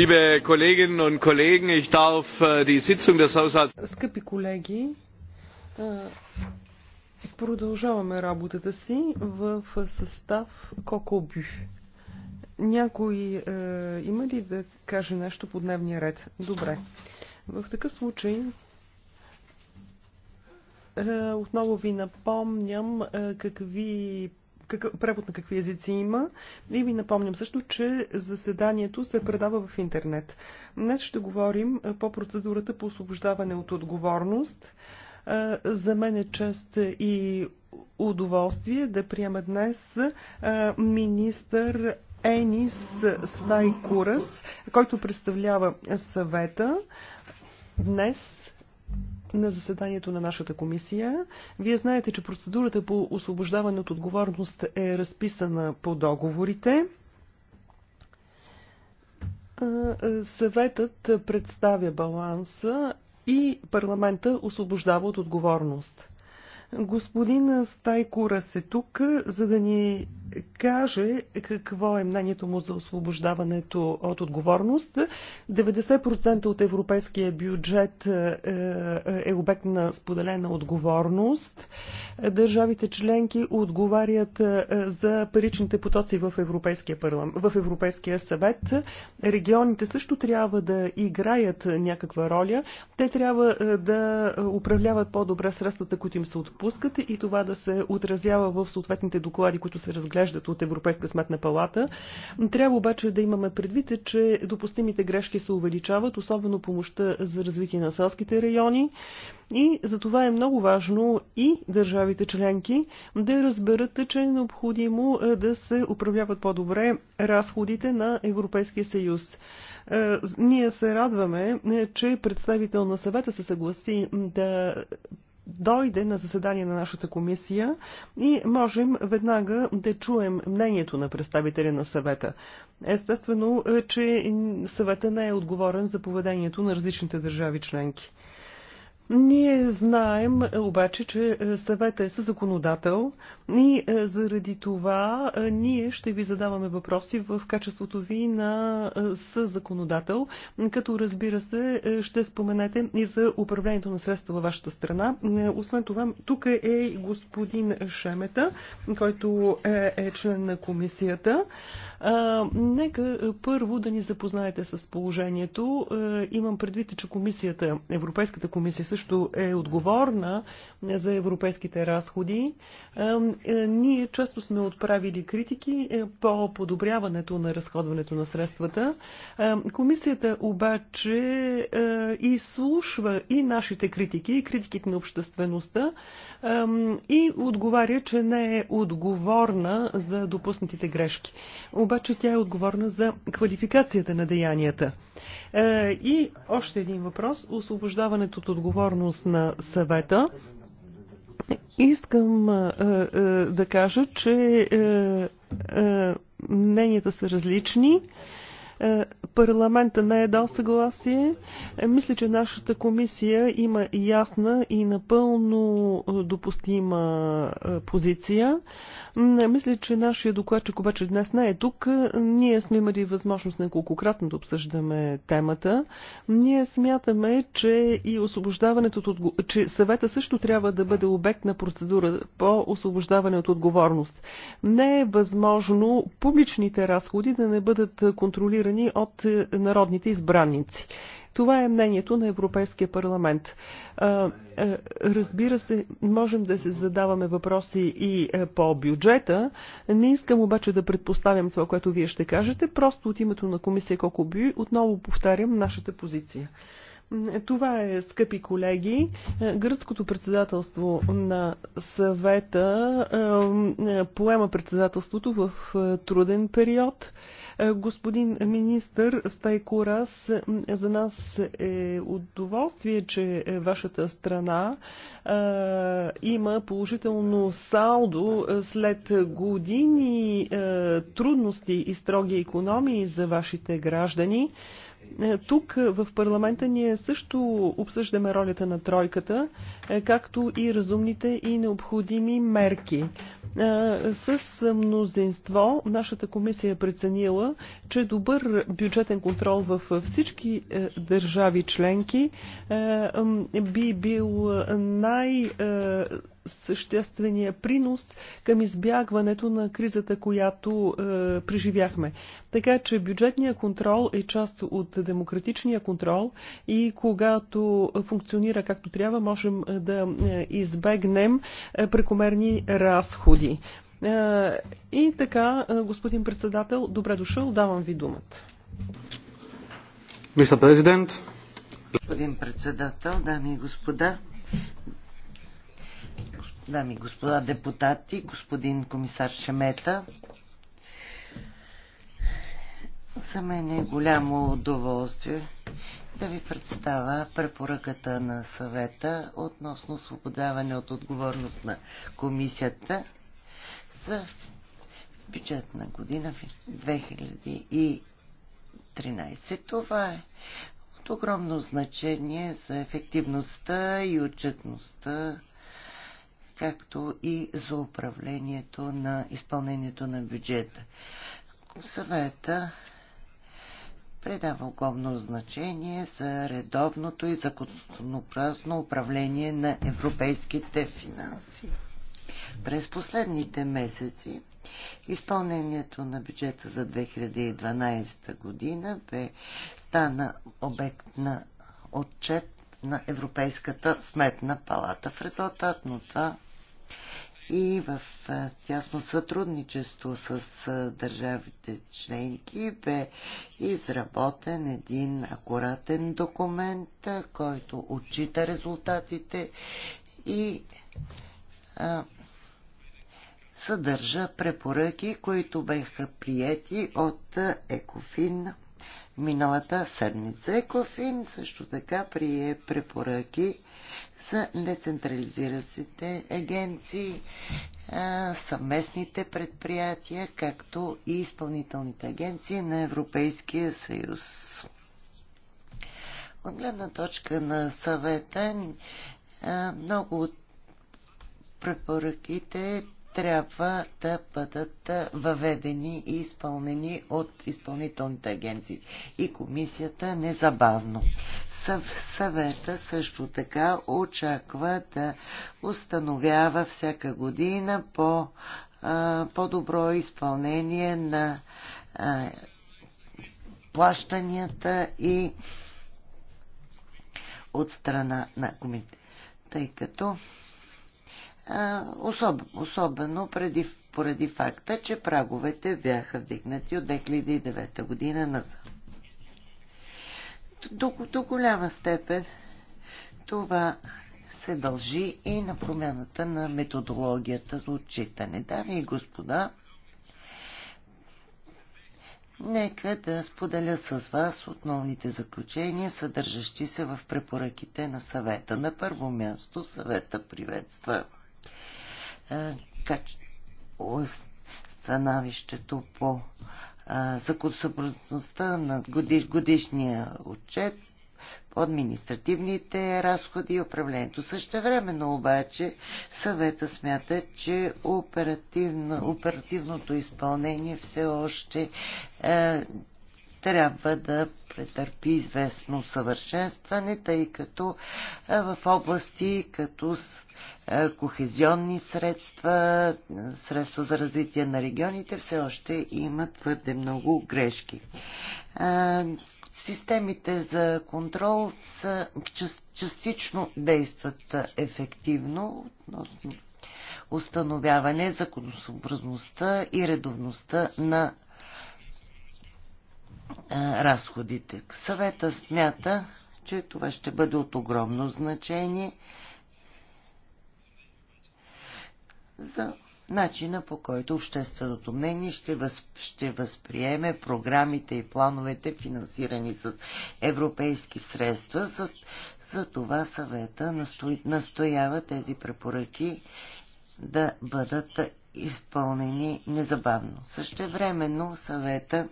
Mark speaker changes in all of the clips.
Speaker 1: Liebe Kolleginnen und Kollegen, ich darf äh, die Sitzung des Haushalts.
Speaker 2: Скъпи колеги, продължаваме работата си в състав Кокобю. Някой е, има ли да каже нещо по дневния ред? Добре. В такъв случай е, отново ви напомням е, какви какъв, превод на какви езици има. И ви напомням също, че заседанието се предава в интернет. Днес ще говорим по процедурата по освобождаване от отговорност. За мен е чест и удоволствие да приема днес министър Енис Слайкурас, който представлява съвета. Днес на заседанието на нашата комисия. Вие знаете, че процедурата по освобождаване от отговорност е разписана по договорите. Съветът представя баланса и парламента освобождава от отговорност. Господин Стайко е тук, за да ни каже какво е мнението му за освобождаването от отговорност. 90% от европейския бюджет е, е, е обект на споделена отговорност. Държавите членки отговарят е, за паричните потоци в Европейския, парлам... в Европейския съвет. Регионите също трябва да играят някаква роля. Те трябва да управляват по-добре средствата, които им се отпускат отпускате и това да се отразява в съответните доклади, които се разглеждат от Европейска сметна палата. Трябва обаче да имаме предвид, че допустимите грешки се увеличават, особено помощта за развитие на селските райони. И за това е много важно и държавите членки да разберат, че е необходимо е, да се управляват по-добре разходите на Европейския съюз. Е, ние се радваме, е, че представител на съвета се съгласи да дойде на заседание на нашата комисия и можем веднага да чуем мнението на представителя на съвета. Естествено, е, че съвета не е отговорен за поведението на различните държави членки. Ние знаем е, обаче, че е, съвета е със законодател и е, заради това е, ние ще ви задаваме въпроси в качеството ви на е, съзаконодател, като разбира се ще споменете и за управлението на средства във вашата страна. Освен това, тук е господин Шемета, който е член на комисията. А, нека първо да ни запознаете с положението. А, имам предвид, че комисията, Европейската комисия също е отговорна за европейските разходи. А, е, ние често сме отправили критики е, по подобряването на разходването на средствата. Е, комисията обаче изслушва и нашите критики, и критиките на обществеността и отговаря, че не е отговорна за допуснатите грешки. Обаче тя е отговорна за квалификацията на деянията. И още един въпрос. Освобождаването от отговорност на съвета. Искам а, а, да кажа, че а, а, мненията са различни. Парламента не е дал съгласие. Мисля, че нашата комисия има ясна и напълно допустима позиция. Мисля, че нашия докладчик обаче днес не е тук. Ние сме имали възможност неколкократно да обсъждаме темата. Ние смятаме, че и освобождаването от че съвета също трябва да бъде обект на процедура по освобождаване от отговорност. Не е възможно публичните разходи да не бъдат контролирани от народните избранници. Това е мнението на Европейския парламент. Разбира се, можем да се задаваме въпроси и по бюджета. Не искам обаче да предпоставям това, което вие ще кажете. Просто от името на комисия Кокоби Би отново повтарям нашата позиция. Това е, скъпи колеги, гръцкото председателство на съвета поема председателството в труден период. Е, господин министр Стайкорас, за нас е удоволствие, че е, вашата страна е, има положително салдо след години трудности и строги економии за вашите граждани. Е, тук е, в парламента ние също обсъждаме ролята на тройката, е, както и разумните и необходими мерки. С мнозинство нашата комисия е преценила, че добър бюджетен контрол в всички държави членки би бил най- съществения принос към избягването на кризата, която е, преживяхме. Така че бюджетния контрол е част от демократичния контрол и когато функционира както трябва, можем е, да е, избегнем е, прекомерни разходи. И така, господин председател, добре дошъл, давам ви думата. президент.
Speaker 3: Господин председател, дами и господа, дами и господа депутати, господин комисар Шемета. За мен е голямо удоволствие да ви представя препоръката на съвета относно освободаване от отговорност на комисията за бюджетна година 2013. Това е от огромно значение за ефективността и отчетността както и за управлението на изпълнението на бюджета. Съвета предава огромно значение за редовното и законопразно управление на европейските финанси. През последните месеци изпълнението на бюджета за 2012 година бе стана обект на отчет на Европейската сметна палата. В резултат на това и в тясно сътрудничество с държавите членки бе изработен един акуратен документ, който отчита резултатите и а, съдържа препоръки, които беха приети от Екофин миналата седмица. Екофин също така прие препоръки са децентрализираните агенции, съвместните предприятия, както и изпълнителните агенции на Европейския съюз. От гледна точка на съвета, много от препоръките трябва да бъдат въведени и изпълнени от изпълнителните агенции и комисията незабавно. Съвета също така очаква да установява всяка година по по-добро изпълнение на плащанията и от страна на комите. Тъй като особ, особено преди, поради факта, че праговете бяха вдигнати от 2009 година назад до, до голяма степен това се дължи и на промяната на методологията за отчитане. Дами и господа, нека да споделя с вас основните заключения, съдържащи се в препоръките на съвета. На първо място съвета приветства е, становището по съпросността на годиш, годишния отчет административните разходи и управлението. Същевременно обаче съвета смята, че оперативно, оперативното изпълнение все още е, трябва да претърпи известно съвършенстване, тъй като е, в области като с е, кохезионни средства, средства за развитие на регионите, все още има твърде много грешки. Е, системите за контрол са, частично действат ефективно относно установяване законосъобразността и редовността на е, разходите. Съвета смята, че това ще бъде от огромно значение за начина по който общественото мнение ще, възп... ще възприеме програмите и плановете, финансирани с европейски средства. За, за това съвета насто... настоява тези препоръки да бъдат изпълнени незабавно. Същевременно съвета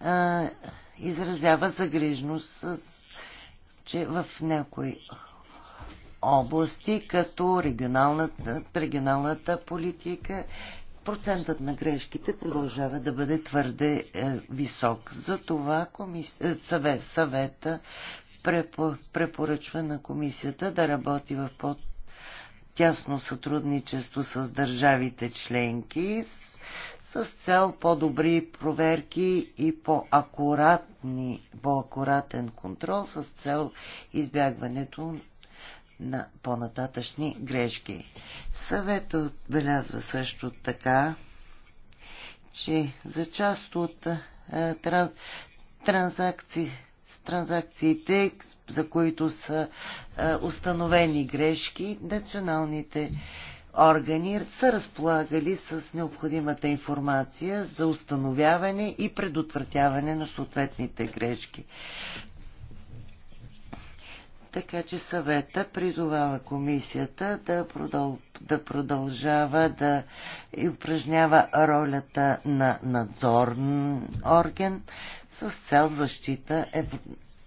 Speaker 3: а, изразява загрижност, че в някои области, като регионалната, регионалната политика, процентът на грешките продължава да бъде твърде е, висок. Затова комис... Е, съвет, съвета препоръчва на комисията да работи в под тясно сътрудничество с държавите членки с, с цел по-добри проверки и по аккуратен по контрол с цел избягването на по-нататъчни грешки. Съветът отбелязва също така, че за част от е, транз, транзакции, транзакциите, за които са а, е, установени грешки, националните органи са разполагали с необходимата информация за установяване и предотвратяване на съответните грешки. Така че съвета призовава комисията да, продъл... да продължава да упражнява ролята на надзорен орган с цел защита ев...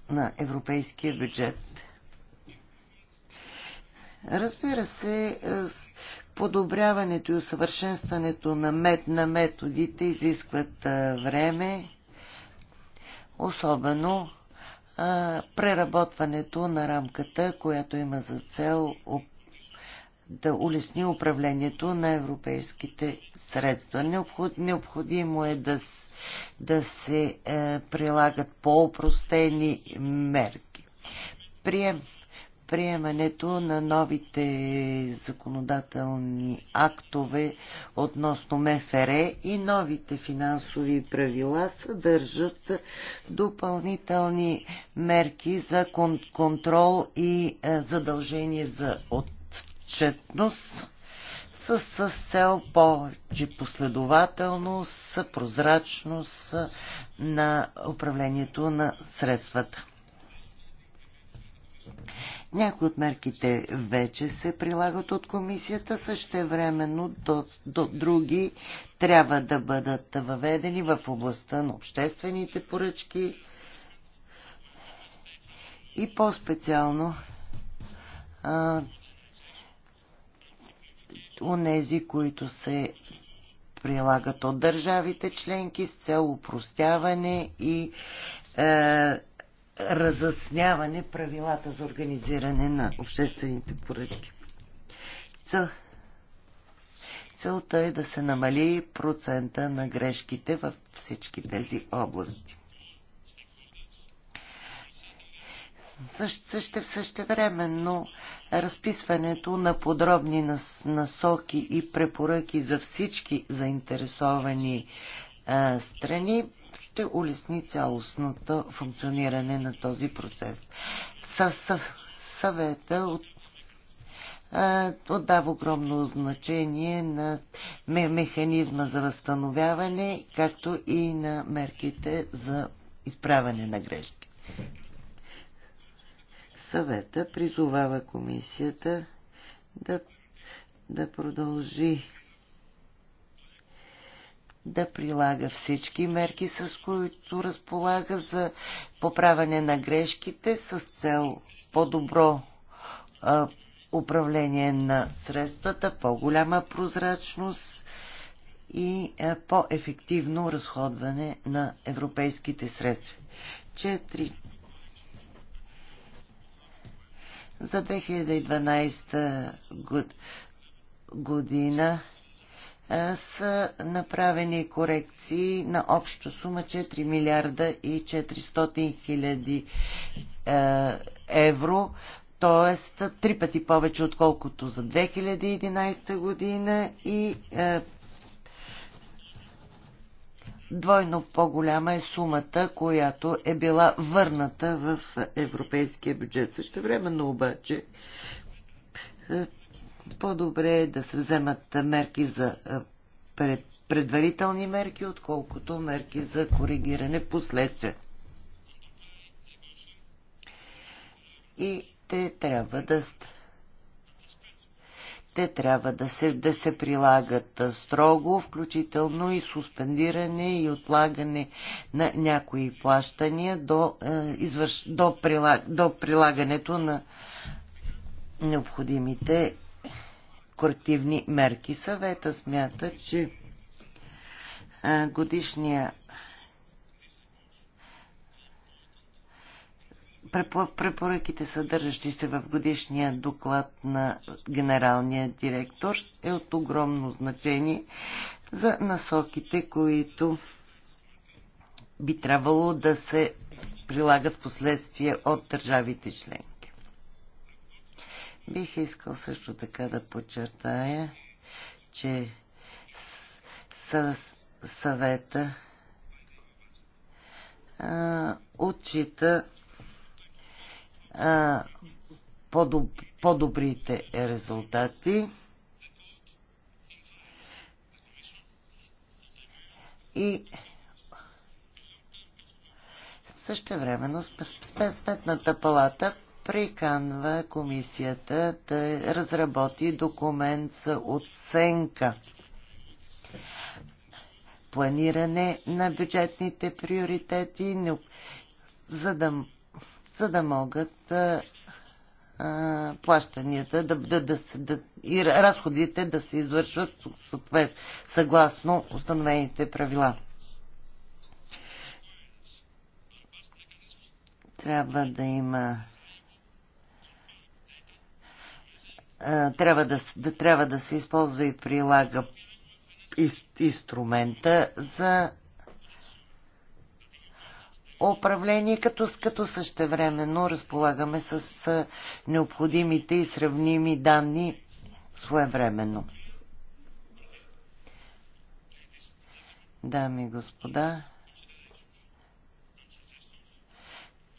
Speaker 3: на европейския бюджет. Разбира се, е, подобряването и усъвършенстването на, мет, на методите изискват е, време, особено преработването на рамката, която има за цел да улесни управлението на европейските средства. Необходимо е да, да се е, прилагат по-опростени мерки. Прием приемането на новите законодателни актове относно МФР и новите финансови правила съдържат допълнителни мерки за кон- контрол и е, задължение за отчетност с, с цел повече последователност, прозрачност на управлението на средствата. Някои от мерките вече се прилагат от комисията, същевременно до, до други трябва да бъдат въведени в областта на обществените поръчки и по-специално нези, които се прилагат от държавите членки с цел упростяване и е, разясняване правилата за организиране на обществените поръчки. Цел... Целта е да се намали процента на грешките във всички тези области. Също, също, същевременно разписването на подробни нас, насоки и препоръки за всички заинтересовани а, страни ще улесни цялостното функциониране на този процес. Със, съвета от отдава огромно значение на механизма за възстановяване, както и на мерките за изправяне на грешки. Съвета призовава комисията да, да продължи да прилага всички мерки, с които разполага за поправяне на грешките с цел по-добро управление на средствата, по-голяма прозрачност и по-ефективно разходване на европейските средства. 4. За 2012 година са направени корекции на общо сума 4 милиарда и 400 хиляди евро, т.е. три пъти повече отколкото за 2011 година и двойно по-голяма е сумата, която е била върната в европейския бюджет. Също времено обаче по-добре е да се вземат мерки за пред, предварителни мерки, отколкото мерки за коригиране последствия. И те трябва да те трябва да се, да се прилагат строго, включително и суспендиране и отлагане на някои плащания до, е, извърш, до, прилаг, до прилагането на необходимите корективни мерки. Съвета смята, че годишния препоръките, съдържащи се в годишния доклад на генералния директор, е от огромно значение за насоките, които би трябвало да се прилагат в последствие от държавите членки. Бих искал също така да подчертая, че съвета а, отчита а, по-добрите резултати и също времено Сметната палата приканва комисията да разработи документ за оценка планиране на бюджетните приоритети, за да, за да могат а, а, плащанията да, да, да, да, и разходите да се извършват съгласно установените правила. Трябва да има трябва да, да, трябва да се използва и прилага из, инструмента за управление, като, като същевременно разполагаме с необходимите и сравними данни своевременно. Дами и господа,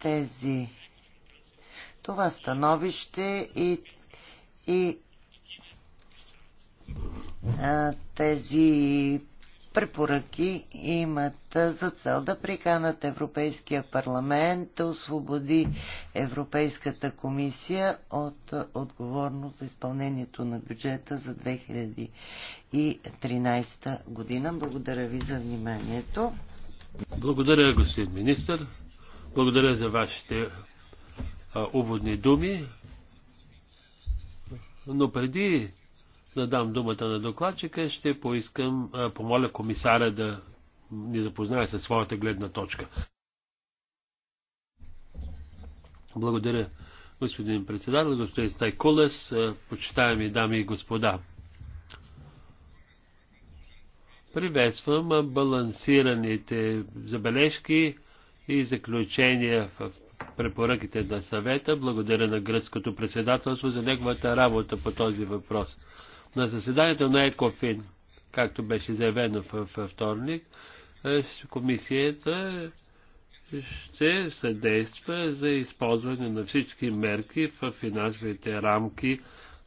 Speaker 3: тези това становище и и а, тези препоръки имат за цел да приканат Европейския парламент да освободи Европейската комисия от отговорност за изпълнението на бюджета за 2013 година. Благодаря ви за вниманието.
Speaker 4: Благодаря, господин министр. Благодаря за вашите уводни думи. Но преди да дам думата на докладчика, ще поискам, помоля комисаря да ни запознае със своята гледна точка. Благодаря, господин председател, господин Стайкулес, почитаеми дами и господа. Приветствам балансираните забележки и заключения в препоръките на съвета. Благодаря на гръцкото председателство за неговата работа по този въпрос. На заседанието на ЕКОФИН, както беше заявено във вторник, е, комисията ще съдейства за използване на всички мерки в финансовите рамки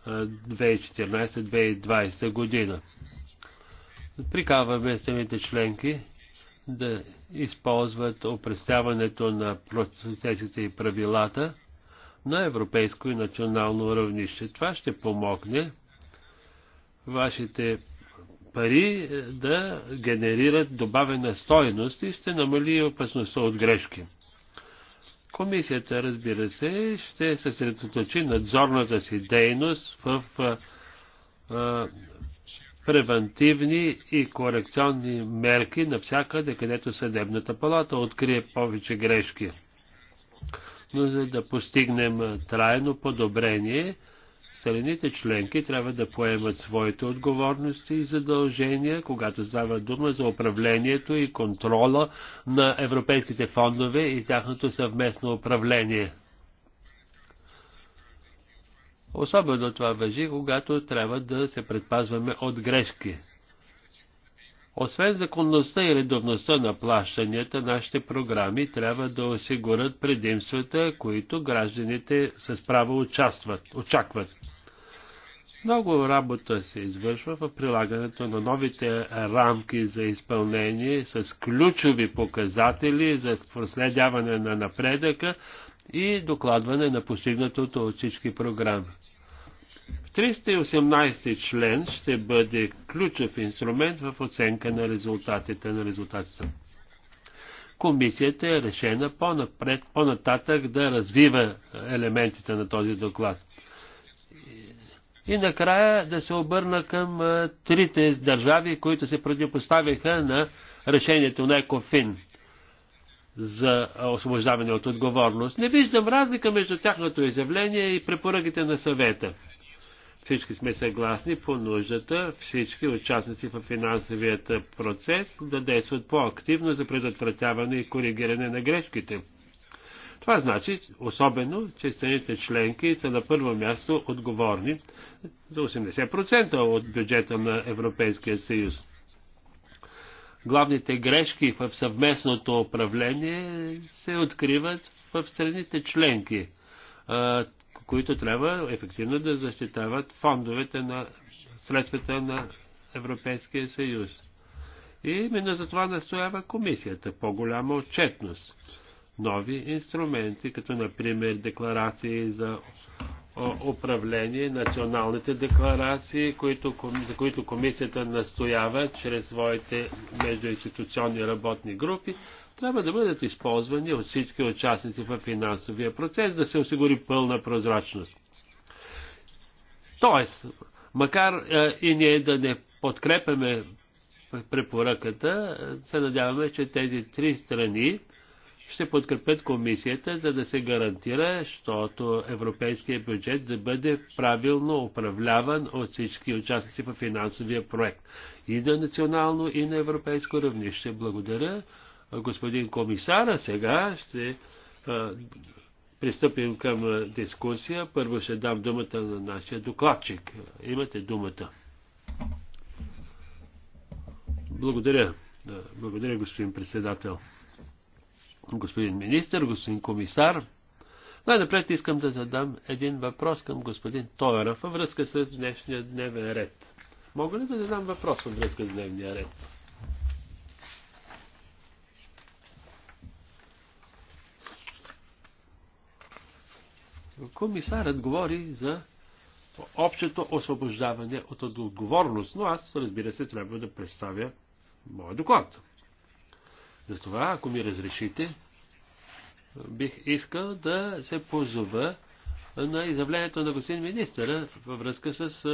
Speaker 4: 2014-2020 е, година. Прикаваме страните членки да използват опрестяването на процесите и правилата на европейско и национално равнище. Това ще помогне вашите пари е, да генерират добавена стойност и ще намали опасността от грешки. Комисията, разбира се, ще съсредоточи надзорната си дейност в е, е, превентивни и корекционни мерки навсякъде, където съдебната палата открие повече грешки. Но за да постигнем трайно подобрение, страните членки трябва да поемат своите отговорности и задължения, когато става дума за управлението и контрола на европейските фондове и тяхното съвместно управление. Особено това въжи, когато трябва да се предпазваме от грешки. Освен законността и редовността на плащанията, нашите програми трябва да осигурят предимствата, които гражданите с право участват, очакват. Много работа се извършва в прилагането на новите рамки за изпълнение с ключови показатели за проследяване на напредъка, и докладване на постигнатото от всички програми. 318 член ще бъде ключов инструмент в оценка на резултатите на резултатите. Комисията е решена по-напред, по-нататък да развива елементите на този доклад. И накрая да се обърна към трите държави, които се противопоставиха на решението на Екофин за освобождаване от отговорност. Не виждам разлика между тяхното изявление и препоръките на съвета. Всички сме съгласни по нуждата всички участници в финансовият процес да действат по-активно за предотвратяване и коригиране на грешките. Това значи особено, че страните членки са на първо място отговорни за 80% от бюджета на Европейския съюз главните грешки в съвместното управление се откриват в страните членки, които трябва ефективно да защитават фондовете на средствата на Европейския съюз. И именно за това настоява комисията по-голяма отчетност. Нови инструменти, като например декларации за управление, националните декларации, които, за които комисията настоява чрез своите междуинституционни работни групи, трябва да бъдат използвани от всички участници в финансовия процес, да се осигури пълна прозрачност. Тоест, макар и ние да не подкрепяме препоръката, се надяваме, че тези три страни ще подкрепят комисията, за да се гарантира, защото европейския бюджет да бъде правилно управляван от всички участници в финансовия проект. И на национално, и на европейско равнище. Благодаря. Господин комисара, сега ще а, пристъпим към дискусия. Първо ще дам думата на нашия докладчик. Имате думата. Благодаря. Благодаря, господин председател господин министр, господин комисар. Най-напред искам да задам един въпрос към господин Тойера във връзка с днешния дневен ред. Мога ли да задам въпрос във връзка с дневния ред? Комисарът говори за общото освобождаване от отговорност, но аз, разбира се, трябва да представя моя доклад. Затова, ако ми разрешите, бих искал да се позова на изявлението на господин министъра във връзка с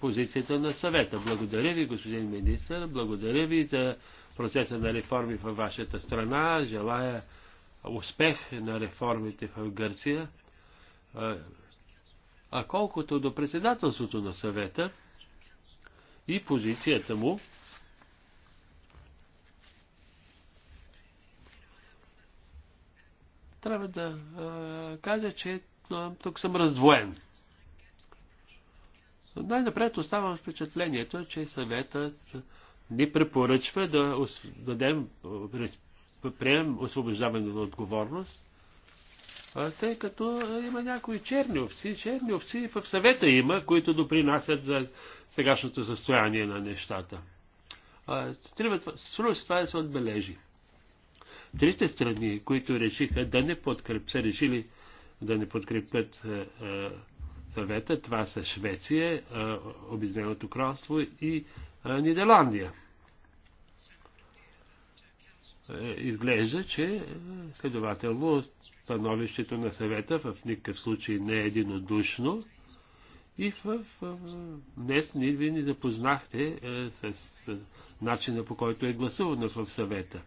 Speaker 4: позицията на съвета. Благодаря ви, господин министър, благодаря ви за процеса на реформи във вашата страна. Желая успех на реформите в Гърция. А колкото до председателството на съвета и позицията му, трябва да а, кажа, че а, тук съм раздвоен. Най-напред оставам впечатлението, че съветът ни препоръчва да дадем, приемем освобождаване от отговорност, тъй като има някои черни овци. Черни овци в съвета има, които допринасят за сегашното състояние на нещата. Струва това да се отбележи трите страни, които решиха да не подкрепят, са решили да не подкрепят съвета, това са Швеция, Обединеното кралство и Нидерландия. Е, изглежда, че следователно становището на съвета в никакъв случай не е единодушно и в, в, днес ние ви ни запознахте с, с начина по който е гласувано в съвета.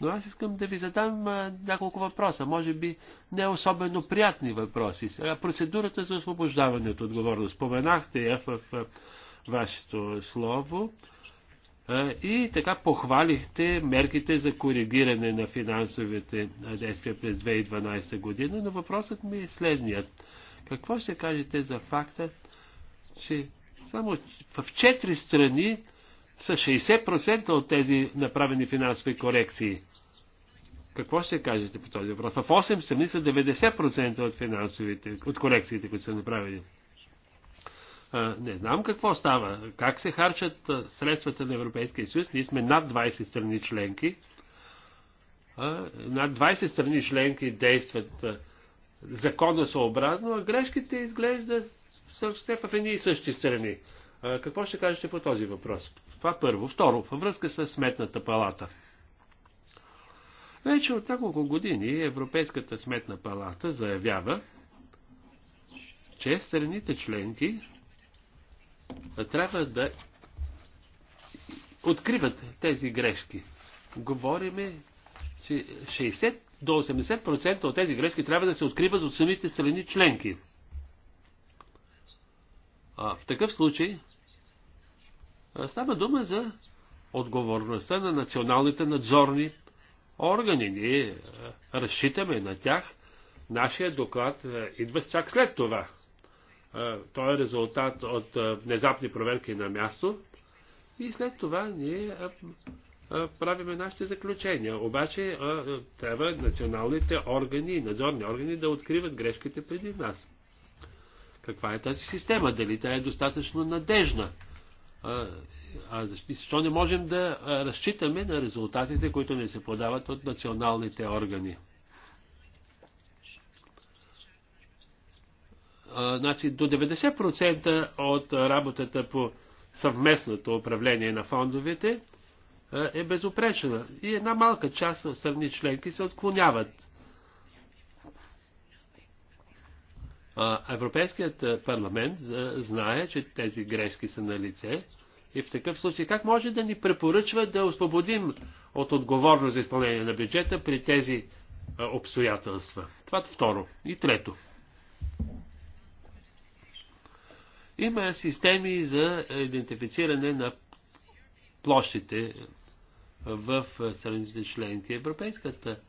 Speaker 4: Но аз искам да ви задам а, няколко въпроса, може би не особено приятни въпроси. Сега процедурата за освобождаване от отговорност. Споменахте я в, в, в вашето слово а, и така похвалихте мерките за коригиране на финансовите действия през 2012 година, но въпросът ми е следният. Какво ще кажете за факта, че само в четири страни са 60% от тези направени финансови корекции. Какво ще кажете по този въпрос? В 8 страни са 90% от финансовите, от корекциите, които са направени. А, не знам какво става. Как се харчат средствата на Европейския съюз? Ние сме над 20 страни членки. А, над 20 страни членки действат законосъобразно, а грешките изглежда са все в едни и същи страни. А, какво ще кажете по този въпрос? Това първо. Второ, във връзка с Сметната палата. Вече от няколко години Европейската сметна палата заявява, че страните членки трябва да откриват тези грешки. Говориме, че 60 до 80% от тези грешки трябва да се откриват от самите страни членки. А, в такъв случай Става дума за отговорността на националните надзорни органи. Ние разчитаме на тях. Нашия доклад идва чак след това. Той е резултат от внезапни проверки на място. И след това ние правиме нашите заключения. Обаче трябва националните органи и надзорни органи да откриват грешките преди нас. Каква е тази система? Дали тя е достатъчно надежна? А защо, не можем да разчитаме на резултатите, които ни се подават от националните органи? значи, до 90% от работата по съвместното управление на фондовете е безупречна. И една малка част от страни членки се отклоняват Европейският парламент знае, че тези грешки са на лице и в такъв случай как може да ни препоръчва да освободим от отговорност за изпълнение на бюджета при тези обстоятелства? Това второ. И трето. Има системи за идентифициране на площите в страните членки. Европейската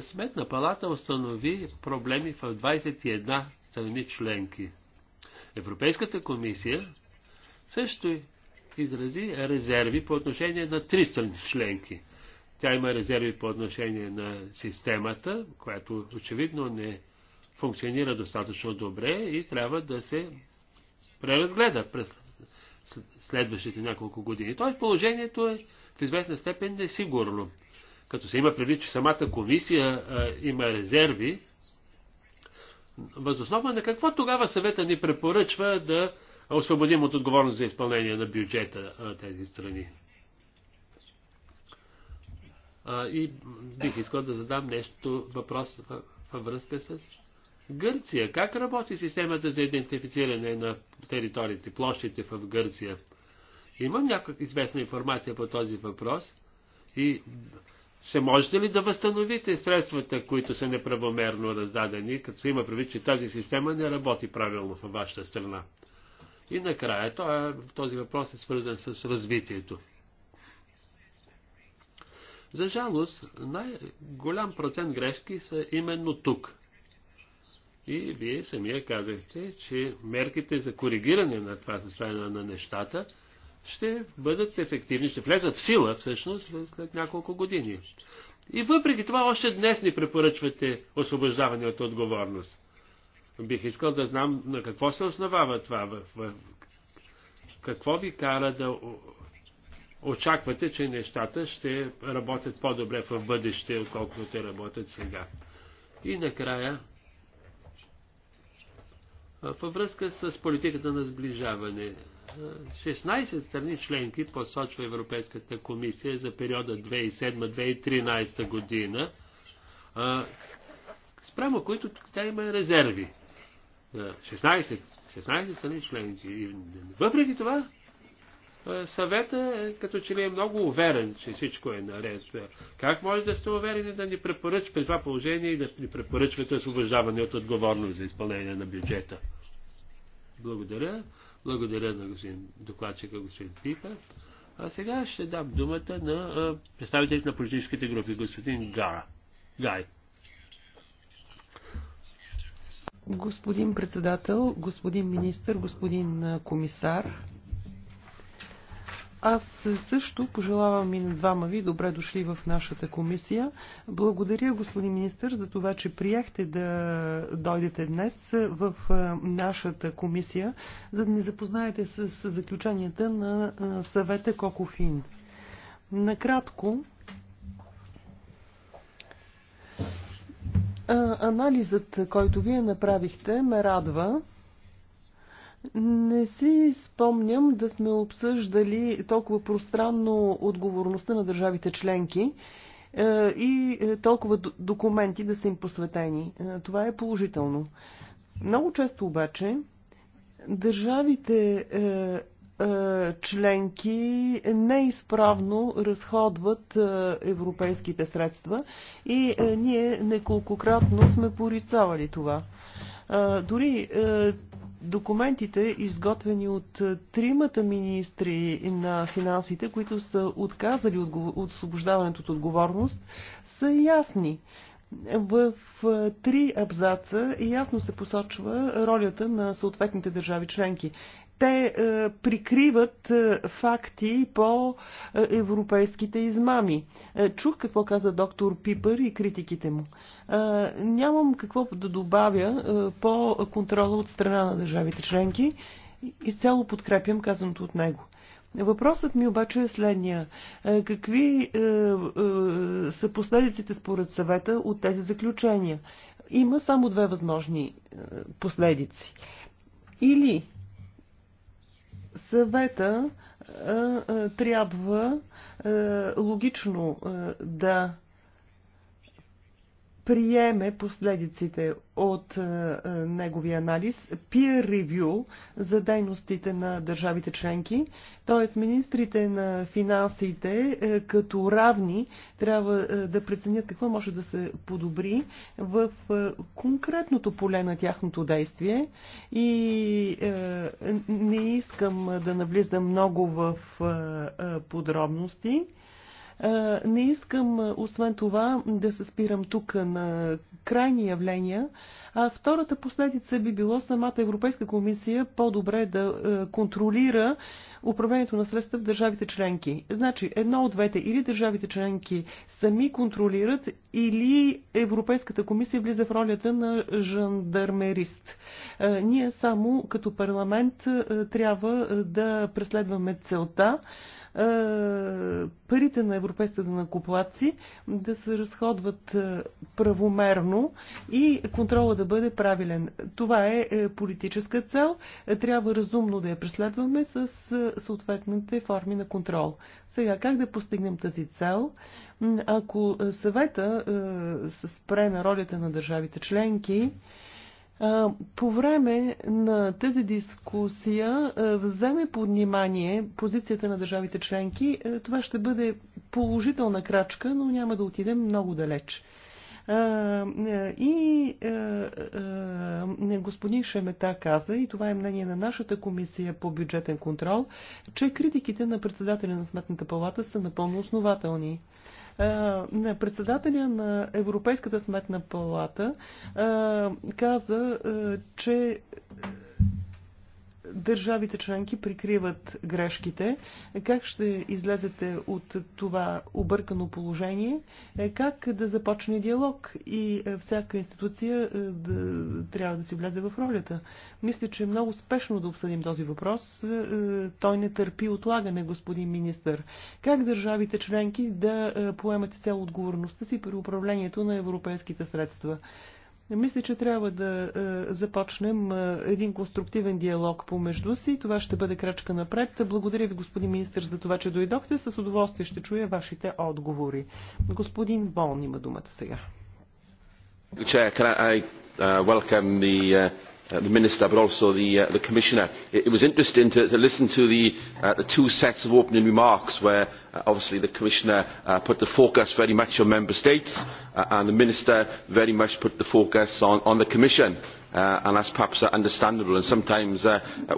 Speaker 4: сметна палата установи проблеми в 21 страни членки. Европейската комисия също изрази резерви по отношение на три страни членки. Тя има резерви по отношение на системата, която очевидно не функционира достатъчно добре и трябва да се преразгледа през следващите няколко години. Тоест положението е в известна степен несигурно. Като се има предвид, че самата комисия а, има резерви, Възоснова на какво тогава съвета ни препоръчва да освободим от отговорност за изпълнение на бюджета тези страни? И бих искал да задам нещо, въпрос във връзка с Гърция. Как работи системата за идентифициране на териториите, площите в Гърция? Имам някаква известна информация по този въпрос и ще можете ли да възстановите средствата, които са неправомерно раздадени, като се има предвид, че тази система не работи правилно във вашата страна? И накрая, е, този въпрос е свързан с развитието. За жалост, най-голям процент грешки са именно тук. И вие самия казахте, че мерките за коригиране на това състояние на нещата – ще бъдат ефективни, ще влезат в сила всъщност след няколко години. И въпреки това още днес ни препоръчвате освобождаване от отговорност. Бих искал да знам на какво се основава това, в, в, какво ви кара да очаквате, че нещата ще работят по-добре в бъдеще, отколкото те работят сега. И накрая, във връзка с политиката на сближаване, 16 страни членки посочва Европейската комисия за периода 2007-2013 година, спрямо които тя има резерви. 16, 16 страни членки. И въпреки това, съвета е като че ли е много уверен, че всичко е наред. Как може да сте уверени да ни препоръчвате при това положение и да ни препоръчвате освобождаване от отговорност за изпълнение на бюджета? Благодаря. Благодаря на господин докладчика, господин Пипа. А сега ще дам думата на представителите на политическите групи, господин Гара. Гай.
Speaker 1: Господин
Speaker 2: председател, господин министр, господин комисар, аз също пожелавам и на двама ви добре дошли в нашата комисия. Благодаря, господин министр, за това, че приехте да дойдете днес в нашата комисия, за да ни запознаете с заключенията на съвета Кокофин. Накратко, анализът, който вие направихте, ме радва. Не си спомням да сме обсъждали толкова пространно отговорността на държавите членки е, и е, толкова документи да са им посветени. Е, това е положително. Много често обаче държавите членки неизправно разходват европейските средства и ние неколкократно сме порицавали това. Дори документите, изготвени от е, тримата министри на финансите, които са отказали от освобождаването от отговорност, са ясни. В е, три абзаца ясно се посочва ролята на съответните държави членки те е, прикриват е, факти по е, европейските измами. Е, чух какво каза доктор Пипър и критиките му. Е, нямам какво да добавя е, по контрола от страна на държавите членки. Изцяло подкрепям казаното от него. Въпросът ми обаче е следния. Е, какви е, е, са последиците според съвета от тези заключения? Има само две възможни е, последици. Или съвета трябва логично да приеме последиците от а, е, е, неговия анализ, peer review за дейностите на държавите членки, т.е. министрите на финансите а, е, като равни трябва а, е, да преценят какво може да се подобри в а, е, конкретното поле на тяхното действие и а, е, не искам да навлизам много в а, а, подробности. Е, не искам, е, освен това, да се спирам тук на крайни явления. А втората последица би било самата Европейска комисия по-добре да е, контролира управлението на средства в държавите членки. Значи, едно от двете или държавите членки сами контролират, или Европейската комисия влиза в ролята на жандармерист. Ние само като парламент трябва да преследваме целта е, парите на европейските накоплаци да се разходват е, правомерно и контрола да бъде правилен. Това е, е политическа цел. Трябва разумно да я преследваме с съответните форми на контрол. Сега, как да постигнем тази цел? Ако съвета се спре на ролята на държавите членки, по време на тази дискусия вземе под внимание позицията на държавите членки. Това ще бъде положителна крачка, но няма да отидем много далеч. И господин Шемета каза, и това е мнение на нашата комисия по бюджетен контрол, че критиките на председателя на Сметната палата са напълно основателни. Председателя на Европейската сметна палата каза, че държавите членки прикриват грешките. Как ще излезете от това объркано положение? Е, как да започне диалог и е, всяка институция е, да, трябва да си влезе в ролята? Мисля, че е много спешно да обсъдим този въпрос. Той не търпи отлагане, господин министър. Как държавите членки да поемат цяло отговорността си при управлението на европейските средства? Мисля, че трябва да е, започнем е, един конструктивен диалог помежду си. Това ще бъде крачка напред. Благодаря ви, господин министр, за това, че дойдохте. С удоволствие ще чуя вашите отговори. Господин Волн има думата сега.
Speaker 5: Uh, uh, uh, the Minister, but also the, uh, the Commissioner. It, it was interesting to, to listen to the, uh, the two sets of opening remarks where obviously the Commissioner put the focus very much on Member States and the Minister very much put the focus on, the Commission. and that is perhaps understandable. And sometimes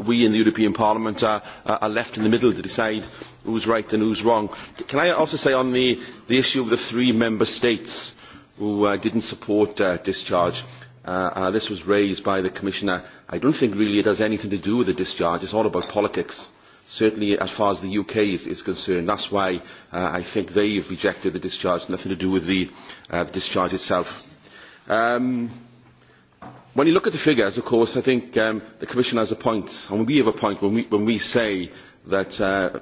Speaker 5: we in the European Parliament are, left in the middle to decide who is right and who is wrong. Can I also say on the, issue of the three Member States who did not support discharge? this was raised by the Commissioner. I do not think really it has anything to do with the discharge. It is all about politics certainly as far as the UK is, is concerned. That's why uh, I think they have rejected the discharge, nothing to do with the, uh, the discharge itself. Um, when you look at the figures, of course, I think um, the Commission has a point, and we have a point when we, when we say that uh,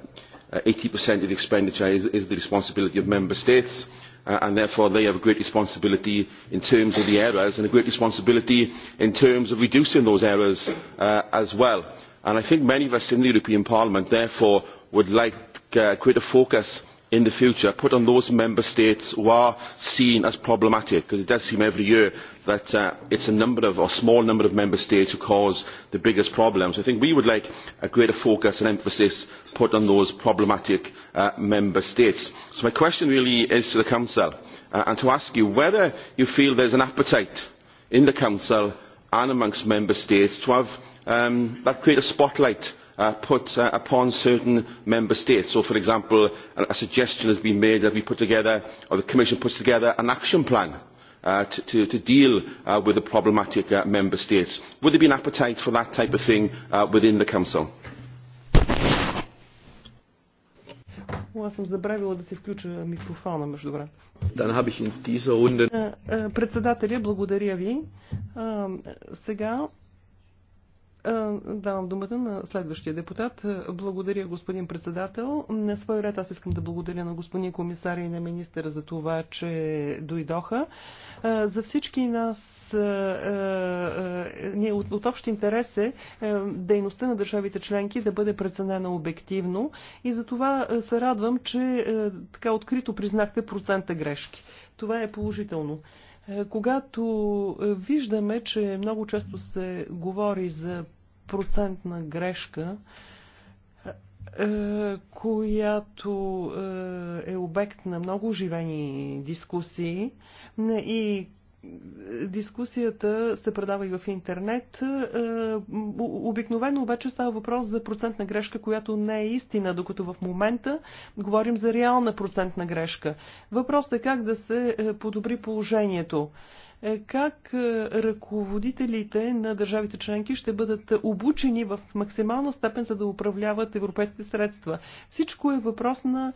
Speaker 5: of the expenditure is, is the responsibility of Member States, uh, and therefore they have a great responsibility in terms of the errors and a great responsibility in terms of reducing those errors uh, as well i think many of us in the european parliament therefore would like greater focus in the future put on those member states which are seen as problematic because it does seem every year that it is a small number of member states which cause the biggest problems. i think we would like a greater focus and emphasis put on those problematic member states. so my question really is to the council and to ask you whether you feel there is an appetite in the council and amongst member states to have that create a spotlight put upon certain member states. so for example a suggestion has been made that we put together or the commission puts together an action plan to deal with the problematic member states. would there be an appetite for that type of thing within the council?
Speaker 2: Аз съм забравила да се включа микрофона между време. Председателя, благодаря ви. Сега е, давам думата на следващия депутат. Е, благодаря, господин председател. На свой ред аз искам да благодаря на господин комисаря и на министъра за това, че дойдоха. Е, за всички нас ние от, от общ интерес е дейността на държавите членки да бъде преценена обективно и за това се радвам, че така открито признахте процента грешки. Това е положително. Е, когато е, виждаме, че много често се говори за процентна грешка, е, която е обект на много оживени дискусии и дискусията се предава и в интернет. Е, обикновено обаче става въпрос за процентна грешка, която не е истина, докато в момента говорим за реална процентна грешка. Въпросът е как да се е, подобри положението. Е как е, ръководителите на държавите членки ще бъдат обучени в максимална степен, за да управляват европейските средства. Всичко е въпрос на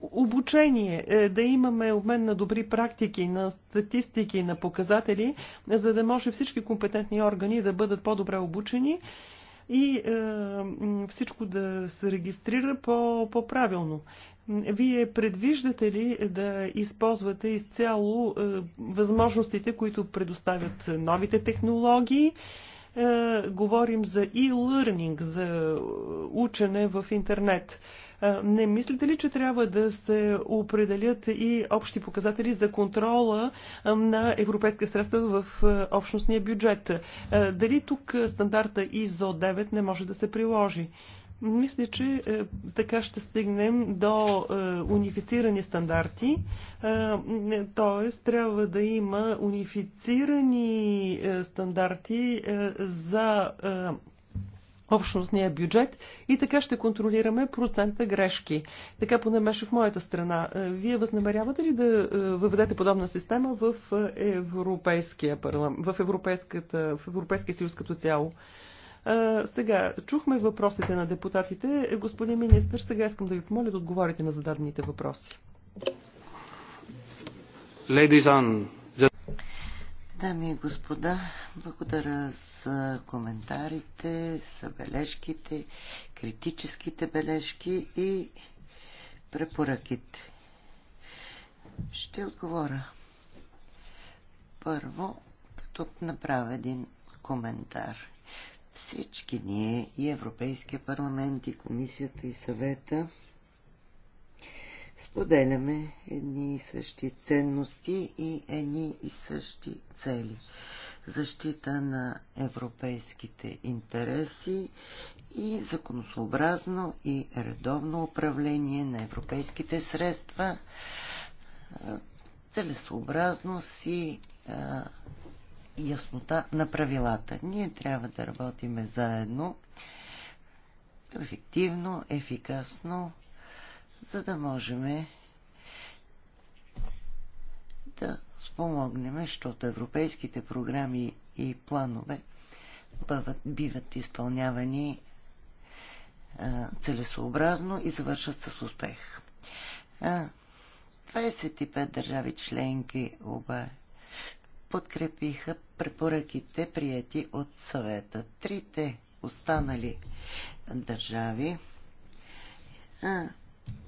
Speaker 2: обучение, е, да имаме обмен на добри практики, на статистики, на показатели, за да може всички компетентни органи да бъдат по-добре обучени и е, всичко да се регистрира по-правилно. По вие предвиждате ли да използвате изцяло е, възможностите, които предоставят новите технологии? Е, говорим за e-learning, за е, учене в интернет. Не мислите ли, че трябва да се определят и общи показатели за контрола на европейски средства в общностния бюджет? Дали тук стандарта Изо 9 не може да се приложи? Мисля, че е, така ще стигнем до е, унифицирани стандарти, т.е. трябва да има унифицирани е, стандарти е, за е, общностния бюджет и така ще контролираме процента грешки. Така поне беше в моята страна. Е, вие възнамерявате ли да е, въведете подобна система в е, Европейския парламент, в, Европейската, в Европейския съюз като цяло? Сега, чухме въпросите на депутатите. Господин министр, сега искам да ви
Speaker 3: помоля да отговорите на зададените въпроси. Дами и господа, благодаря за коментарите, за бележките, критическите бележки и препоръките. Ще отговоря. Първо, тук направя един коментар. Всички ние и Европейския парламент, и комисията, и съвета споделяме едни и същи ценности и едни и същи цели. Защита на европейските интереси и законосообразно и редовно управление на европейските средства, целесообразност и яснота на правилата. Ние трябва да работиме заедно, ефективно, ефикасно, за да можем да спомогнем, защото европейските програми и планове биват, биват изпълнявани а, целесообразно и завършат с успех. А, 25 държави членки обаче подкрепиха препоръките, прияти от съвета. Трите останали държави а,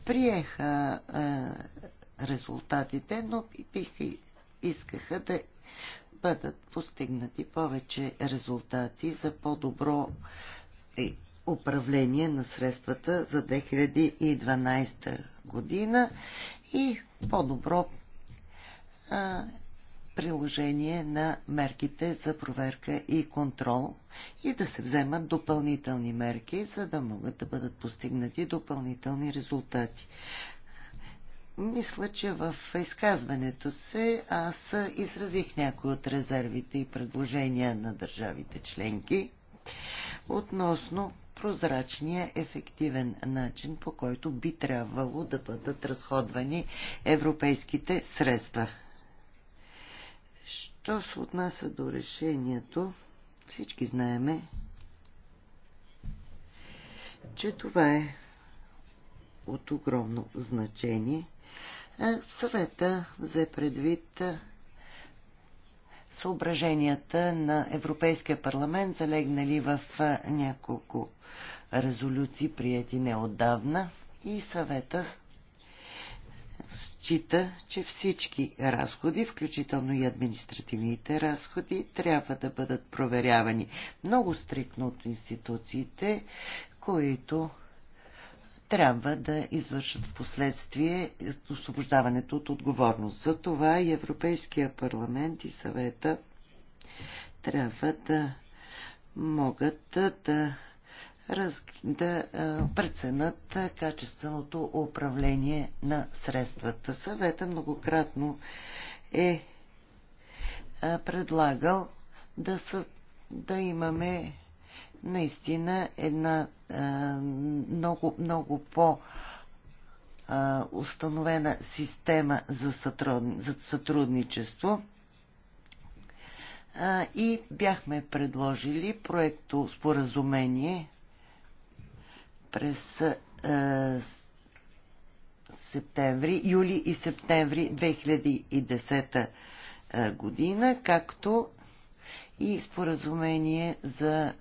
Speaker 3: приеха а, резултатите, но биха, искаха да бъдат постигнати повече резултати за по-добро е, управление на средствата за 2012 година и по-добро приложение на мерките за проверка и контрол и да се вземат допълнителни мерки, за да могат да бъдат постигнати допълнителни резултати. Мисля, че в изказването се аз изразих някои от резервите и предложения на държавите членки относно прозрачния, ефективен начин, по който би трябвало да бъдат разходвани европейските средства. Що се отнася до решението, всички знаеме, че това е от огромно значение. Е, съвета взе предвид е, съображенията на Европейския парламент, залегнали в е, няколко резолюции, прияти неотдавна, и съвета счита, че всички разходи, включително и административните разходи, трябва да бъдат проверявани много стрикно от институциите, които трябва да извършат в последствие освобождаването от отговорност. За това и Европейския парламент и съвета трябва да могат да раз, да преценят качественото управление на средствата. Съвета многократно е предлагал да, са, да имаме наистина една много, много по- установена система за, сътрудничество и бяхме предложили проекто споразумение през е, септември, юли и септември 2010 е, година, както и споразумение за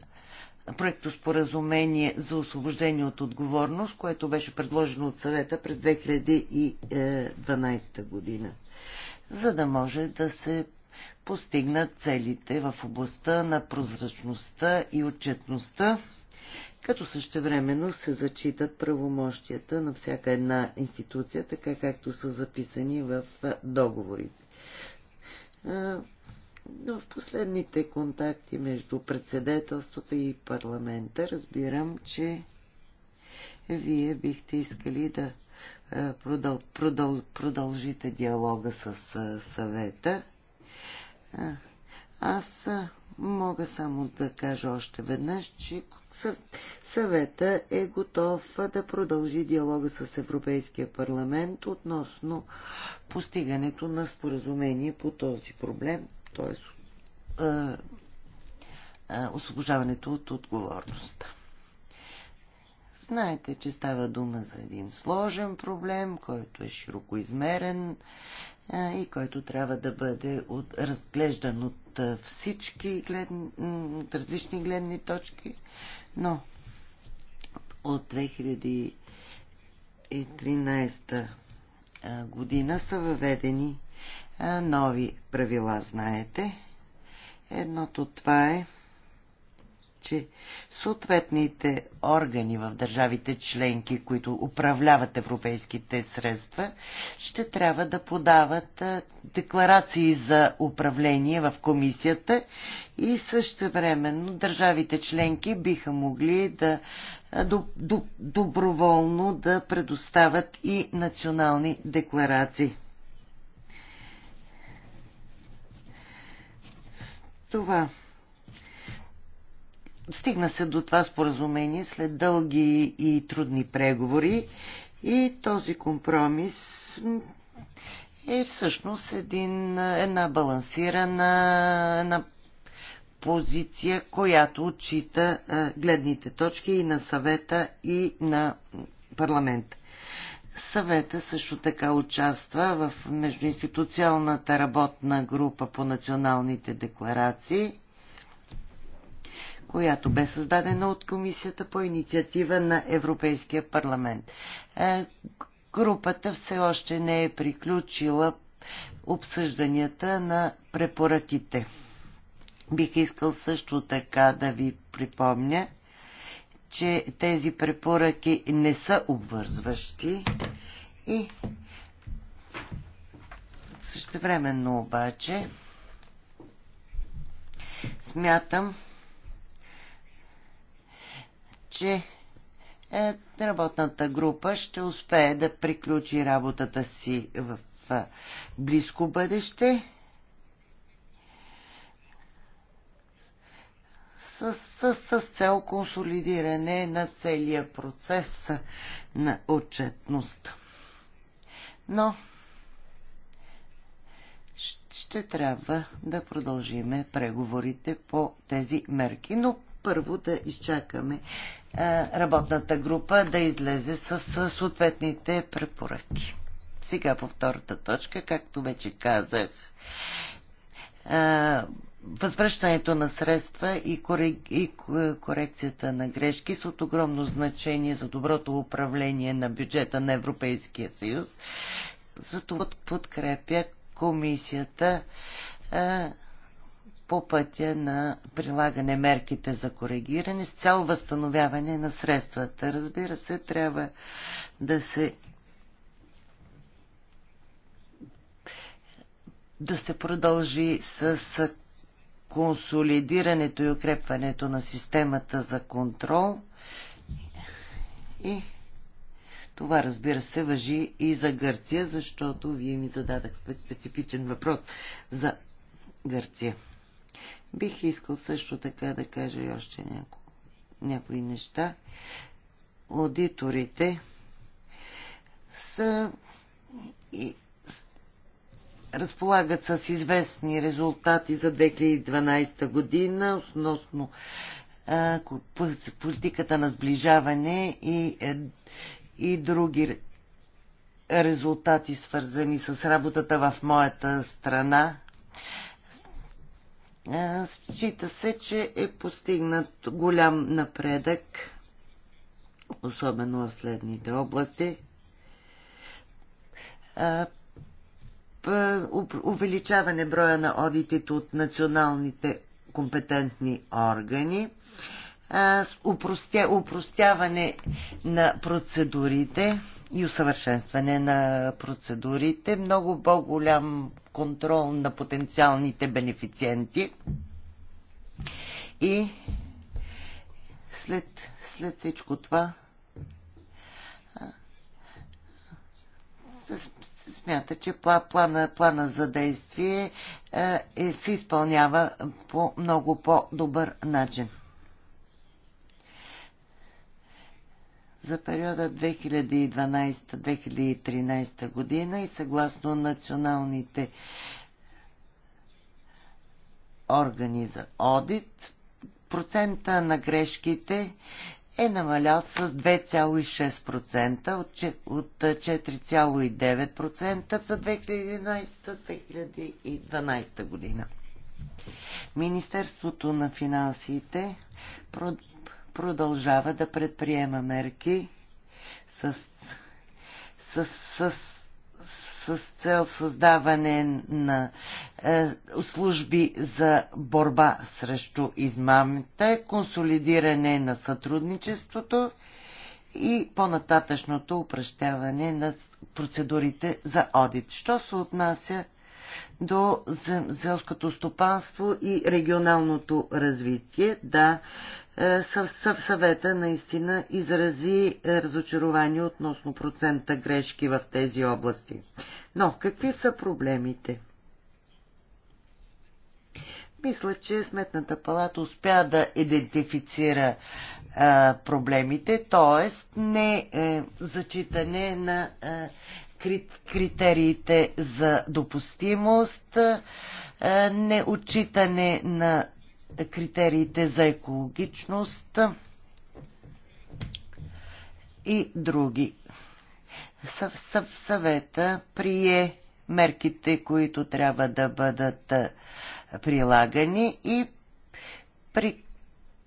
Speaker 3: проекто споразумение за освобождение от отговорност, което беше предложено от съвета през 2012 година, за да може да се постигнат целите в областта на прозрачността и отчетността като същевременно се зачитат правомощията на всяка една институция, така както са записани в договорите. В последните контакти между председателството и парламента разбирам, че вие бихте искали да продъл, продъл, продължите диалога с съвета. Аз Мога само да кажа още веднъж, че съвета е готов да продължи диалога с Европейския парламент относно постигането на споразумение по този проблем, т.е. освобождаването от отговорността. Знаете, че става дума за един сложен проблем, който е широко измерен, и който трябва да бъде от, разглеждан от всички глед, от различни гледни точки, но от 2013 година са въведени нови правила, знаете. Едното това е че съответните органи в държавите членки, които управляват европейските средства, ще трябва да подават декларации за управление в комисията и също времено държавите членки биха могли да доброволно да предоставят и национални декларации. това Стигна се до това споразумение след дълги и трудни преговори и този компромис е всъщност един, една балансирана една позиция, която отчита гледните точки и на съвета и на парламента. Съвета също така участва в междуинституционната работна група по националните декларации която бе създадена от комисията по инициатива на Европейския парламент. Е, групата все още не е приключила обсъжданията на препоръките. Бих искал също така да ви припомня, че тези препоръки не са обвързващи и същевременно обаче смятам, че е, работната група ще успее да приключи работата си в близко бъдеще. С, с, с цел консолидиране на целия процес на отчетност. Но ще трябва да продължиме преговорите по тези мерки, но първо да изчакаме е, работната група да излезе с съответните препоръки. Сега по втората точка, както вече казах, е, възвръщането на средства и, корек... и корекцията на грешки са от огромно значение за доброто управление на бюджета на Европейския съюз. Затова подкрепя комисията е, по пътя на прилагане мерките за коригиране с цел възстановяване на средствата. Разбира се, трябва да се да се продължи с консолидирането и укрепването на системата за контрол и това разбира се въжи и за Гърция, защото вие ми зададах специфичен въпрос за Гърция. Бих искал също така да кажа и още няко, някои неща. Аудиторите са и разполагат с известни резултати за 2012 година относно а, политиката на сближаване и, е, и други резултати, свързани с работата в моята страна. Счита се, че е постигнат голям напредък, особено в следните области. Увеличаване броя на одитите от националните компетентни органи, упростяване на процедурите, и усъвършенстване на процедурите, много по-голям контрол на потенциалните бенефициенти и след, след всичко това се смята, че плана, плана за действие е, се изпълнява по много по-добър начин. за периода 2012-2013 година и съгласно националните органи за одит, процента на грешките е намалял с 2,6% от 4,9% за 2011-2012 година. Министерството на финансите продължава да предприема мерки с, с, с, с, с цел създаване на е, служби за борба срещу измамите, консолидиране на сътрудничеството и по-нататъчното упрощаване на процедурите за одит. Що се отнася до селското стопанство и регионалното развитие. Да, е, съвета наистина изрази е, разочарование относно процента грешки в тези области. Но какви са проблемите? Мисля, че Сметната палата успя да идентифицира а, е, проблемите, т.е. не е, зачитане на критериите за допустимост, е, неочитане на критериите за екологичност и други. Съв, съв, съвета прие мерките, които трябва да бъдат е, прилагани и при,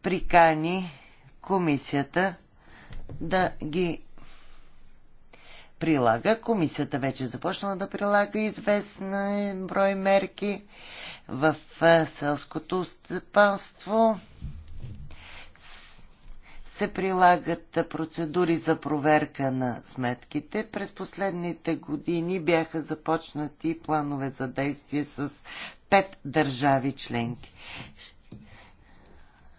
Speaker 3: прикани комисията да ги прилага. Комисията вече започна да прилага известна брой мерки в селското стъпанство. Се прилагат процедури за проверка на сметките. През последните години бяха започнати планове за действие с пет държави членки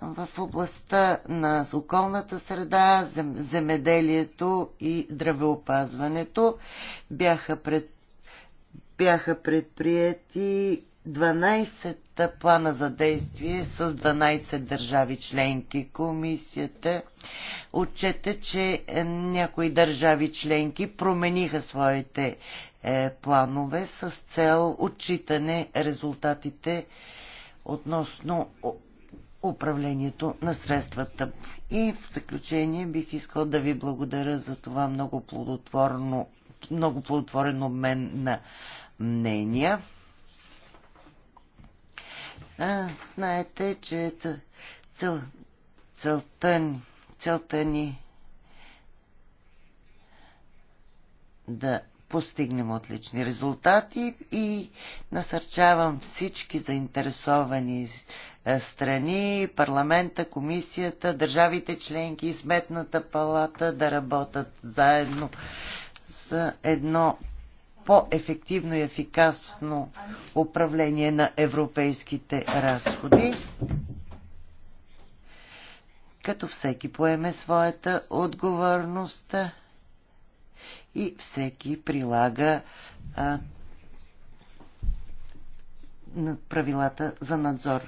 Speaker 3: в областта на околната среда, земеделието и здравеопазването. Бяха, пред, бяха предприяти 12 плана за действие с 12 държави членки. Комисията отчете, че някои държави членки промениха своите е, планове с цел отчитане резултатите относно управлението на средствата. И в заключение бих искал да ви благодаря за това много плодотворно много плодотворен обмен на мнения. А, знаете, че цел, целта, ни, целта ни да постигнем отлични резултати и насърчавам всички заинтересовани е, страни, парламента, комисията, държавите членки и сметната палата да работят заедно за едно по-ефективно и ефикасно управление на европейските разходи, като всеки поеме своята отговорност и всеки прилага а, правилата за надзор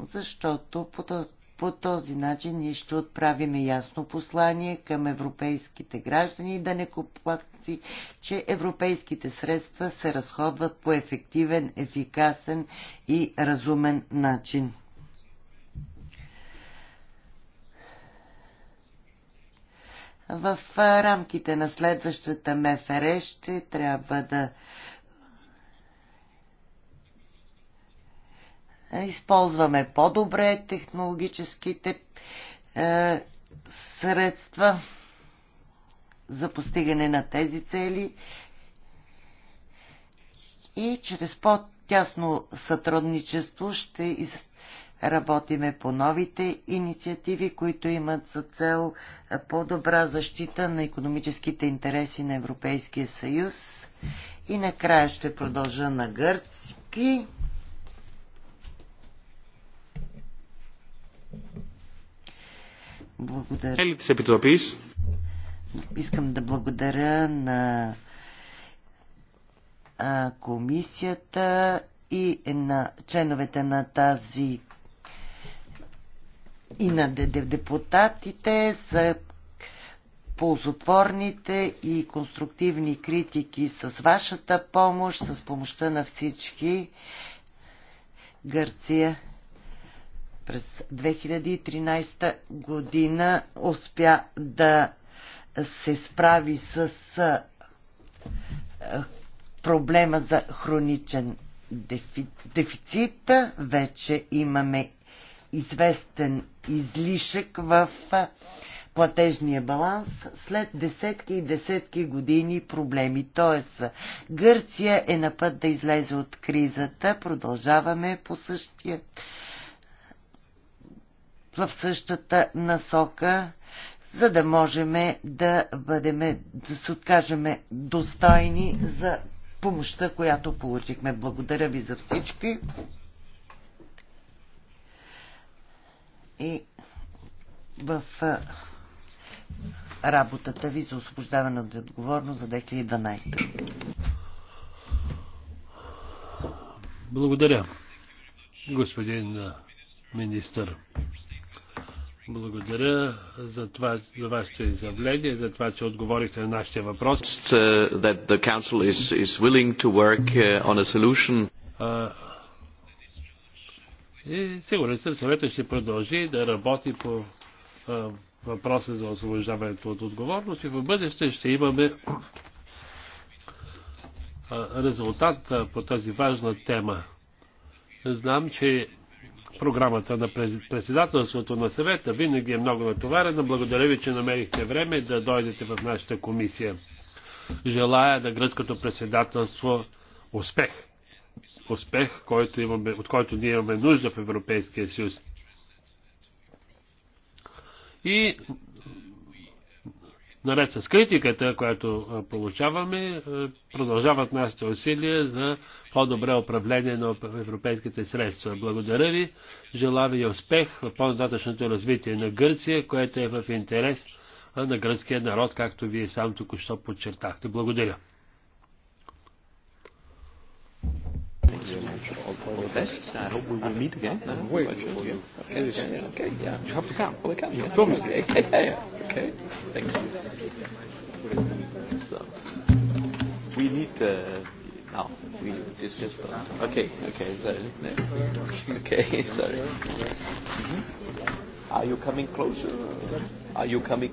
Speaker 3: защото по този по този начин ние ще отправиме ясно послание към европейските граждани да не куплаци, че европейските средства се разходват по ефективен, ефикасен и разумен начин. В рамките на следващата МФР ще трябва да използваме по-добре технологическите е, средства за постигане на тези цели и чрез по-тясно сътрудничество ще работиме по новите инициативи, които имат за цел е, по-добра защита на економическите интереси на Европейския съюз. И накрая ще продължа на гърцки. Благодаря. Искам да благодаря на комисията и на членовете на тази и на депутатите за ползотворните и конструктивни критики с вашата помощ, с помощта на всички. Гърция през 2013 година успя да се справи с проблема за хроничен дефи, дефицит. Вече имаме известен излишък в платежния баланс след десетки и десетки години проблеми. Тоест, Гърция е на път да излезе от кризата. Продължаваме по същия в същата насока, за да можем да бъдем, да се откажем достойни за помощта, която получихме. Благодаря ви за всички. И в работата ви за освобождаване от отговорност за 2012.
Speaker 4: Благодаря, господин министър. Благодаря за, това, за вашето изявление, за това, че отговорихте на
Speaker 5: нашите въпроси. Uh,
Speaker 4: uh, и сигурен съм, съветът ще продължи да работи по а, въпроса за освобождаването от отговорност и в бъдеще ще имаме а, резултат а, по тази важна тема. Знам, че програмата на председателството на съвета винаги е много натоварена. Благодаря ви, че намерихте време да дойдете в нашата комисия. Желая да гръцкото председателство успех. Успех, който имаме, от който ние имаме нужда в Европейския съюз. И наред с критиката, която получаваме, продължават нашите усилия за по-добре управление на европейските средства. Благодаря ви, желая ви успех в по-нататъчното развитие на Гърция, което е в интерес на гръцкия народ, както вие сам току-що подчертахте. Благодаря.
Speaker 5: I hope we will meet again. No? Wait, okay, okay, okay, yeah. You have to come. Well, I come. You promised me. Okay, yeah. okay. Thanks. So, we need. Uh, now. We, it's just. Okay, okay, sorry. Okay, sorry. Mm-hmm. Are you coming closer? Are you coming?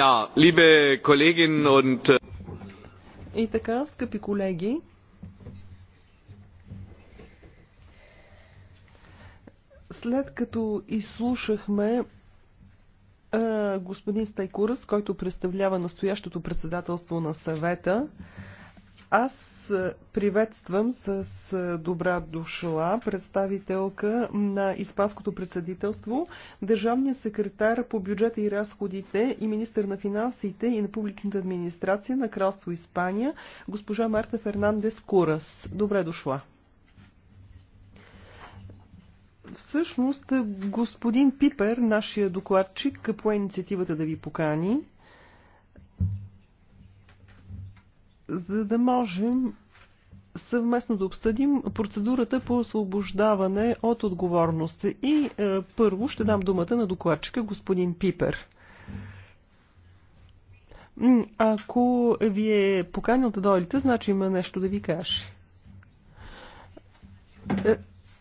Speaker 5: Äh,
Speaker 2: И така, скъпи колеги, след като изслушахме а, господин Стайкурас, който представлява настоящото председателство на съвета, аз приветствам с добра дошла представителка на Испанското председателство, държавния секретар по бюджета и разходите и министър на финансите и на публичната администрация на Кралство Испания, госпожа Марта Фернандес Курас. Добре дошла! Всъщност, господин Пипер, нашия докладчик, по инициативата да ви покани, за да можем съвместно да обсъдим процедурата по освобождаване от отговорност. И е, първо ще дам думата на докладчика господин Пипер. Ако ви е поканил да дойдете, значи има нещо да ви каже.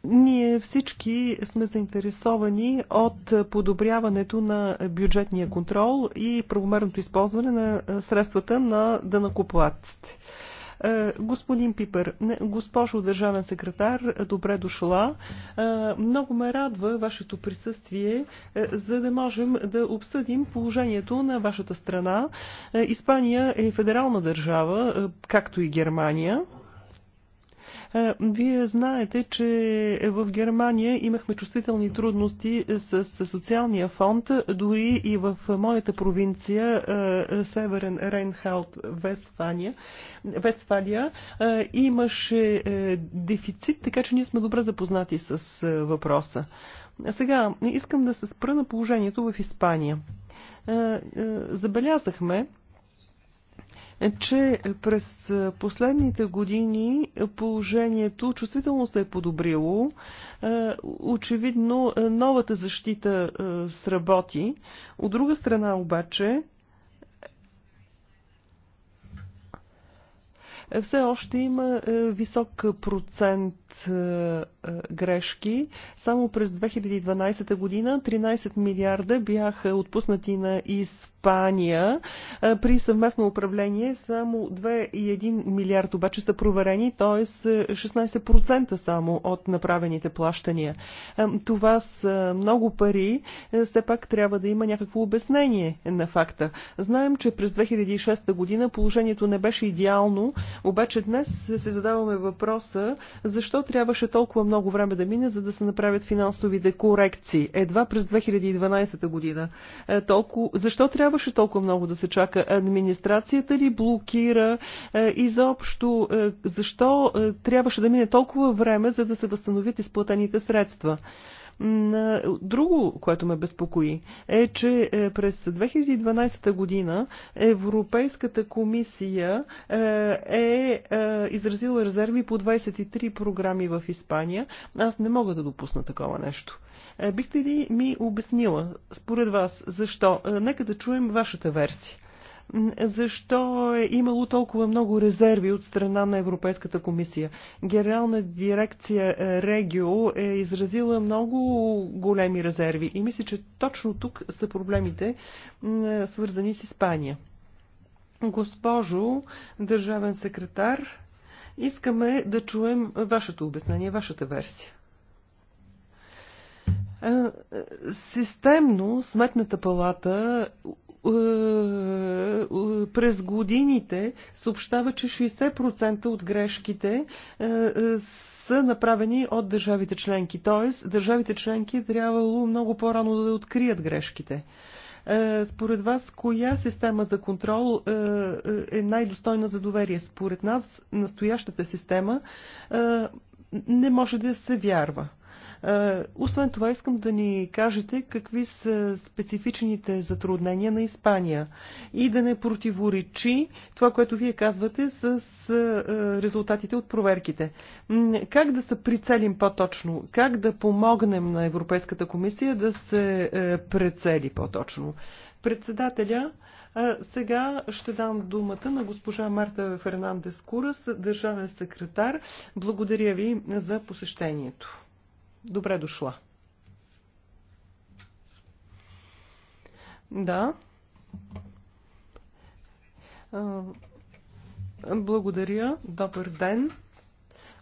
Speaker 2: Ние всички сме заинтересовани от подобряването на бюджетния контрол и правомерното използване на средствата на дънакоплатците. Господин Пипер, госпожо държавен секретар, добре дошла. Много ме радва вашето присъствие, за да можем да обсъдим положението на вашата страна. Испания е федерална държава, както и Германия. Е, вие знаете, че в Германия имахме чувствителни трудности с социалния фонд, дори и в моята провинция, е, Северен Рейнхалт, Вестфания. Вестфалия, е, имаше дефицит, така че ние сме добре запознати с въпроса. Сега искам да се спра на положението в Испания. Забелязахме, че през последните години положението чувствително се е подобрило. Е, очевидно е, новата защита е, сработи. От друга страна обаче все още има висок процент е, е, грешки. Само през 2012 година 13 милиарда бяха отпуснати на Испания. Е, при съвместно управление само 2,1 милиард обаче са проверени, т.е. 16% само от направените плащания. Това са много пари. Все пак трябва да има някакво обяснение на факта. Знаем, че през 2006 година положението не беше идеално, обаче днес се задаваме въпроса защо защо трябваше толкова много време да мине, за да се направят финансовите корекции? Едва през 2012 година. Е, толкова, защо трябваше толкова много да се чака? Администрацията ли блокира? Е, изобщо, е, защо е, трябваше да мине толкова време, за да се възстановят изплатените средства? друго, което ме безпокои, е, че е, през 2012 година Европейската комисия е, е, е изразила резерви по 23 програми в Испания. Аз не мога да допусна такова нещо. Бихте ли ми обяснила, според вас, защо? Нека да чуем вашата версия защо е имало толкова много резерви от страна на Европейската комисия. Генерална дирекция е, Регио е изразила много големи резерви и мисля, че точно тук са проблемите свързани с Испания. Госпожо държавен секретар, искаме да чуем вашето обяснение, вашата версия. Е, системно Сметната палата е, е, през годините съобщава, че 60% от грешките е, са направени от държавите членки. Тоест, държавите членки трябвало много по-рано да открият грешките. Според вас, коя система за контрол е най-достойна за доверие? Според нас, настоящата система не може да се вярва. Е, освен това, искам да ни кажете какви са специфичните затруднения на Испания и да не противоречи това, което вие казвате с е, резултатите от проверките. Как да се прицелим по-точно? Как да помогнем на Европейската комисия да се е, прецели по-точно? Председателя, сега ще дам думата на госпожа Марта Фернандес Курас, държавен секретар. Благодаря ви за посещението. Добре дошла. Да. Благодаря. Добър ден,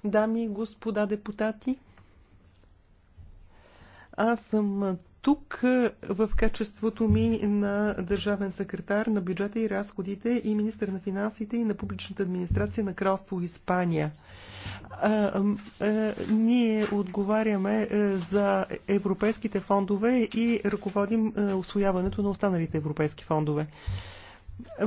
Speaker 2: дами и господа депутати. Аз съм тук в качеството ми на държавен секретар на бюджета и разходите и министър на финансите и на публичната администрация на Кралство Испания ние отговаряме е, за европейските фондове и ръководим е, освояването на останалите европейски фондове.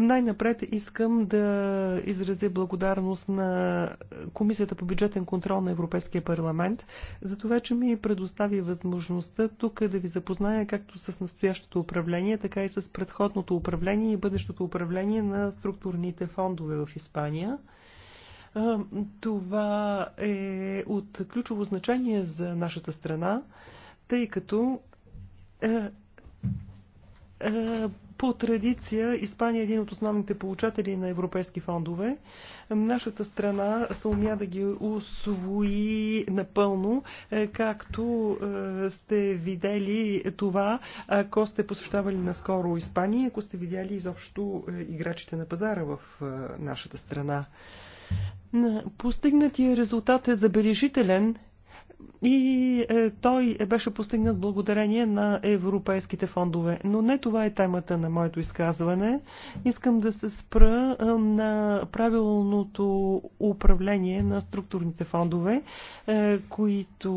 Speaker 2: Най-напред искам да изразя благодарност на Комисията по бюджетен контрол на Европейския парламент за това, че ми предостави възможността тук да ви запозная както с настоящото управление, така и с предходното управление и бъдещото управление на структурните фондове в Испания. Това е от ключово значение за нашата страна, тъй като е, е, по традиция Испания е един от основните получатели на европейски фондове. Нашата страна се умя да ги освои напълно, е, както сте видели това, ако сте посещавали наскоро Испания, ако сте видяли изобщо играчите на пазара в нашата страна. Постигнатия резултат е забележителен и е, той беше постигнат благодарение на европейските фондове. Но не това е темата на моето изказване. Искам да се спра е, на правилното управление на структурните фондове, е, които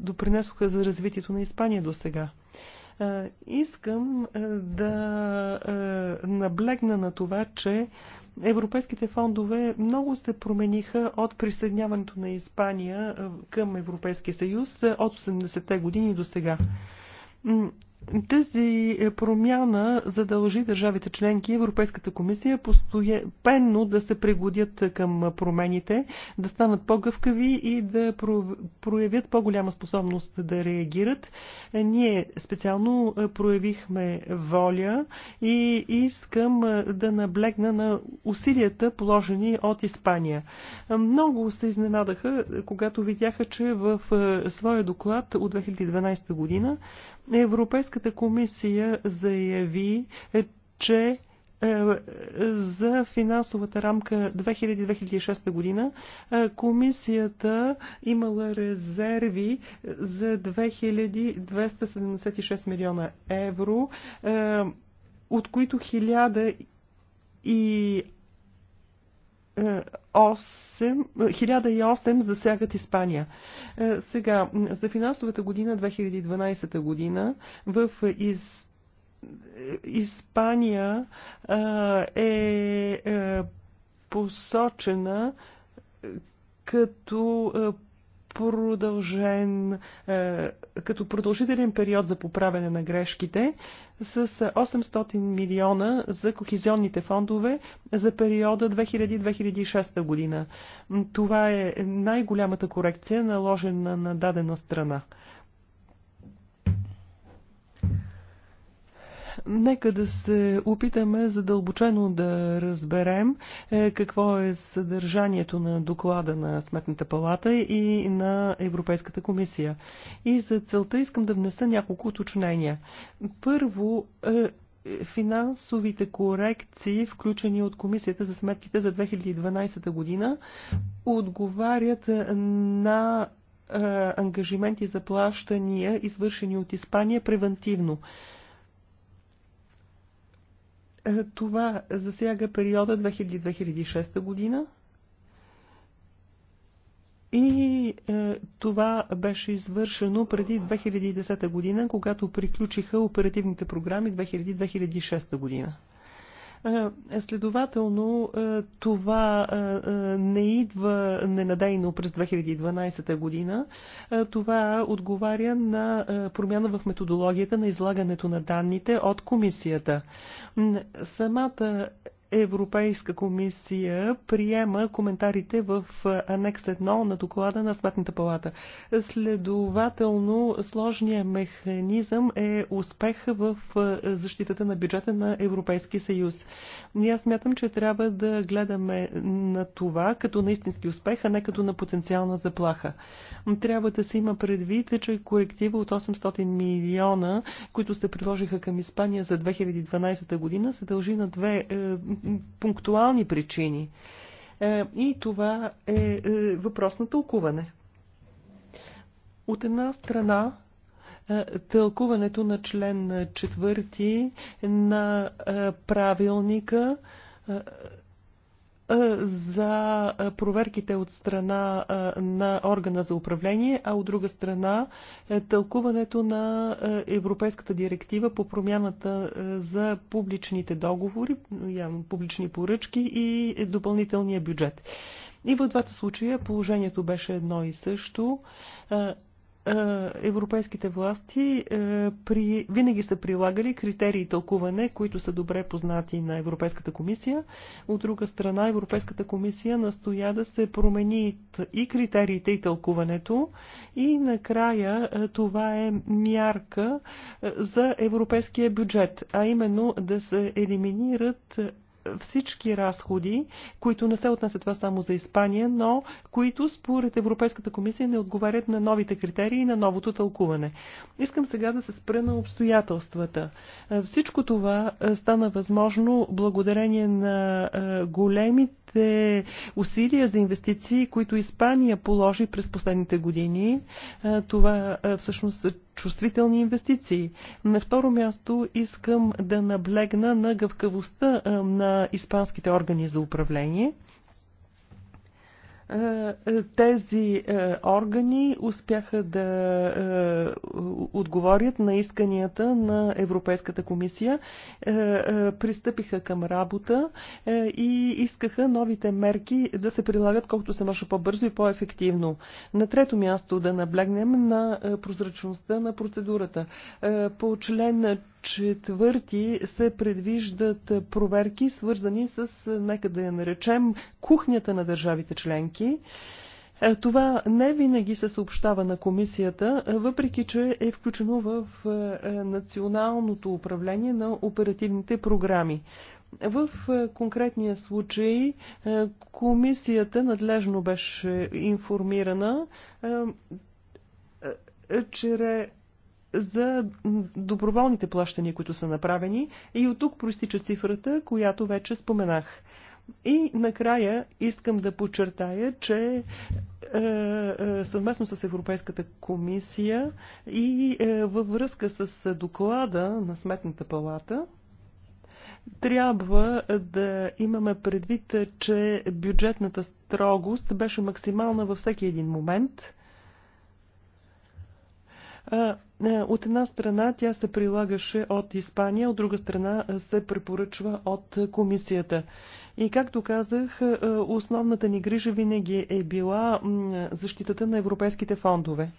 Speaker 2: допринесоха за развитието на Испания до сега. Е, искам е, да е, наблегна на това, че Европейските фондове много се промениха от присъединяването на Испания към Европейския съюз от 80-те години до сега. Тази промяна задължи държавите членки и Европейската комисия постоянно да се пригодят към промените, да станат по-гъвкави и да проявят по-голяма способност да реагират. Ние специално проявихме воля и искам да наблегна на усилията положени от Испания. Много се изненадаха, когато видяха, че в е, своя доклад от 2012 година Европейската комисия заяви, е, че е, за финансовата рамка 2000-2006 година е, комисията имала резерви за 2276 милиона евро, от които 1000 и 1008 засягат Испания. Е, сега, за финансовата година 2012 година в из... Испания е, е, е посочена като продължен, е, като продължителен период за поправяне на грешките с 800 милиона за кохизионните фондове за периода 2000-2006 година. Това е най-голямата корекция, наложена на дадена страна. Нека да се опитаме задълбочено да разберем е, какво е съдържанието на доклада на Сметната палата и на Европейската комисия. И за целта искам да внеса няколко уточнения. Първо, е, финансовите корекции, включени от Комисията за сметките за 2012 година, отговарят на е, ангажименти за плащания, извършени от Испания превентивно. Е, това засяга периода 2000-2006 година. И е, това беше извършено преди 2010 година, когато приключиха оперативните програми 2000-2006 година. Е, следователно, е, това е, не идва ненадейно през 2012 година. Това отговаря на промяна в методологията на излагането на данните от комисията. Самата Европейска комисия приема коментарите в анекс 1 на доклада на Сметната палата. Следователно, сложният механизъм е успех в защитата на бюджета на Европейски съюз. И аз смятам, че трябва да гледаме на това като на истински успех, а не като на потенциална заплаха. Трябва да се има предвид, че коректива от 800 милиона, които се приложиха към Испания за 2012 година, се дължи на две е, пунктуални причини. Е, и това е, е въпрос на тълкуване. От една страна, е, тълкуването на член четвърти на правилника е, за е, проверките от страна е, на органа за управление, а от друга страна тълкуването на Европейската директива по промяната за публичните договори, публични поръчки и допълнителния бюджет. И в двата случая положението беше едно и също. Е, европейските власти е, при, винаги са прилагали критерии тълкуване, които са добре познати на Европейската комисия. От друга страна, Европейската комисия настоя да се промени и критериите и тълкуването. И накрая е, това е мярка за европейския бюджет, а именно да се елиминират всички разходи, които не се отнасят това само за Испания, но които според Европейската комисия не отговарят на новите критерии и на новото тълкуване. Искам сега да се спра на обстоятелствата. Всичко това е, стана възможно благодарение на е, големите големите усилия за инвестиции, които Испания положи през последните години. Това всъщност са чувствителни инвестиции. На второ място искам да наблегна на гъвкавостта на испанските органи за управление. Е, тези е, органи успяха да е, отговорят на исканията на Европейската комисия, пристъпиха към работа и искаха новите мерки да се прилагат колкото се може по-бързо и по-ефективно. На трето място да наблегнем на прозрачността на процедурата. По член четвърти се предвиждат проверки, свързани с, нека да я наречем, кухнята на държавите членки. Е, това не винаги се съобщава на комисията, въпреки че е включено в е, е, националното управление на оперативните програми. В конкретния случай комисията надлежно беше информирана че за доброволните плащания, които са направени и от тук проистича цифрата, която вече споменах. И накрая искам да подчертая, че е, е, съвместно с Европейската комисия и е, във връзка с доклада на Сметната палата, трябва да имаме предвид, че бюджетната строгост беше максимална във всеки един момент. Е, от една страна тя се прилагаше от Испания, от друга страна е, се препоръчва от комисията. И както казах, е, основната ни грижа винаги е била защитата на европейските фондове.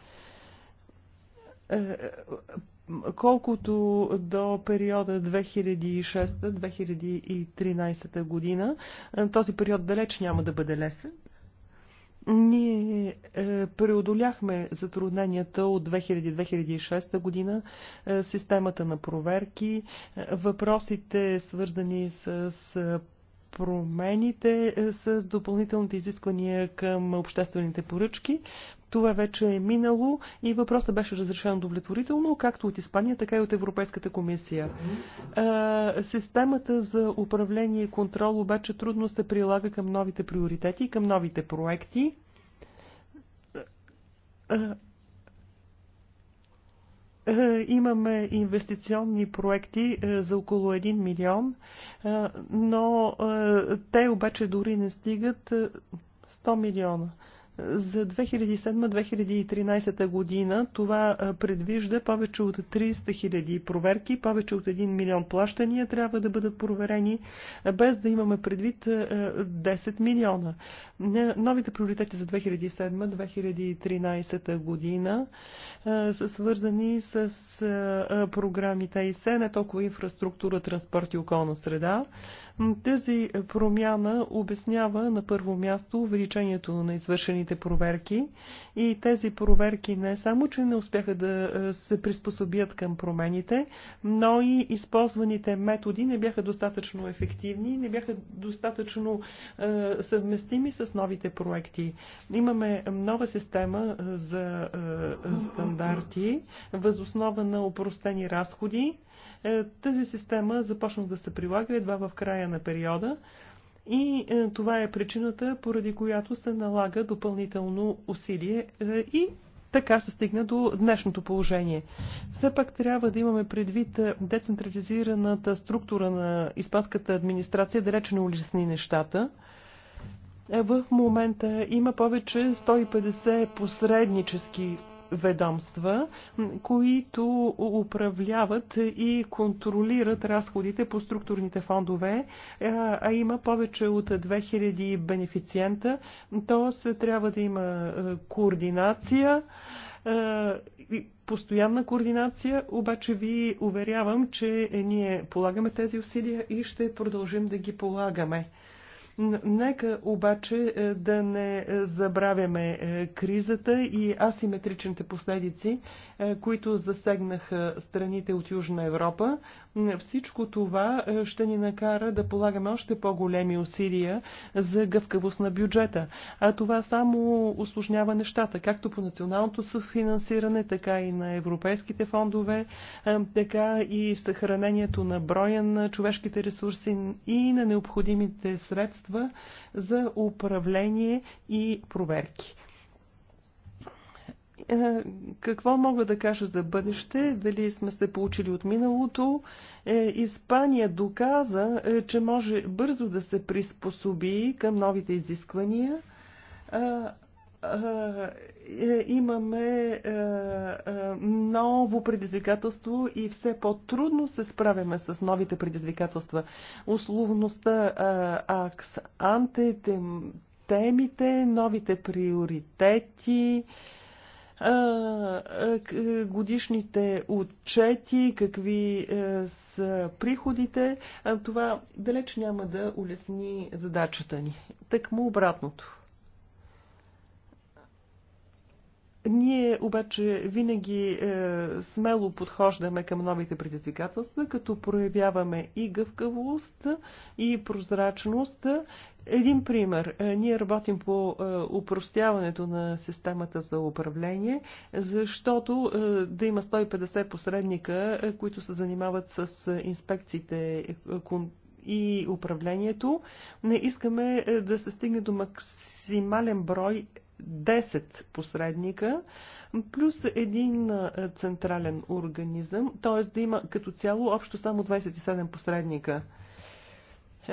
Speaker 2: Колкото до периода 2006-2013 година, този период далеч няма да бъде лесен. Ние е, преодоляхме затрудненията от 2000-2006 година, е, системата на проверки, е, въпросите свързани с промените с допълнителните изисквания към обществените поръчки. Това вече е минало и въпросът беше разрешен удовлетворително, както от Испания, така и от Европейската комисия. Системата за управление и контрол обаче трудно се прилага към новите приоритети към новите проекти. Имаме инвестиционни проекти за около 1 милион, но те обаче дори не стигат 100 милиона. За 2007-2013 година това предвижда повече от 300 000 проверки, повече от 1 милион плащания трябва да бъдат проверени, без да имаме предвид 10 милиона. Новите приоритети за 2007-2013 година са свързани с програмите ИСЕ, не толкова инфраструктура, транспорт и околна среда. Тази промяна обяснява на първо място увеличението на извършените проверки и тези проверки не само, че не успяха да е, се приспособят към промените, но и използваните методи не бяха достатъчно ефективни, не бяха достатъчно е, съвместими с новите проекти. Имаме нова система е, за стандарти, възоснова на упростени разходи, е, тази система започна да се прилага едва в края на периода. И е, това е причината, поради която се налага допълнително усилие е, и така се стигна до днешното положение. Все пак трябва да имаме предвид децентрализираната структура на испанската администрация, далеч не улесни нещата. В момента има повече 150 посреднически ведомства, които управляват и контролират разходите по структурните фондове, а има повече от 2000 бенефициента, т.е. трябва да има координация постоянна координация, обаче ви уверявам, че ние полагаме тези усилия и ще продължим да ги полагаме. Нека обаче е, да не е, забравяме е, кризата и асиметричните последици е, които засегнаха страните от Южна Европа. Всичко това е, ще ни накара да полагаме още по-големи усилия за гъвкавост на бюджета. А това само осложнява нещата, както по националното съфинансиране, така и на европейските фондове, е, така и съхранението на броя на човешките ресурси и на необходимите средства за управление и проверки. Е, какво мога да кажа за бъдеще, дали сме се получили от миналото. Е, Испания доказа, е, че може бързо да се приспособи към новите изисквания. Имаме ново предизвикателство и все по-трудно се справяме с новите предизвикателства. Условността акс анте, темите, новите приоритети, годишните отчети, какви е, са приходите. Това далеч няма да улесни задачата ни. Так му обратното. Ние обаче винаги е, смело подхождаме към новите предизвикателства, като проявяваме и гъвкавост, и прозрачност. Един пример. Е, ние работим по е, упростяването на системата за управление, защото е, да има 150 посредника, е, които се занимават с е, инспекциите, е, и управлението. Не искаме е, да се стигне до максимален брой 10 посредника, плюс един централен организъм, т.е. да има като цяло общо само 27 посредника.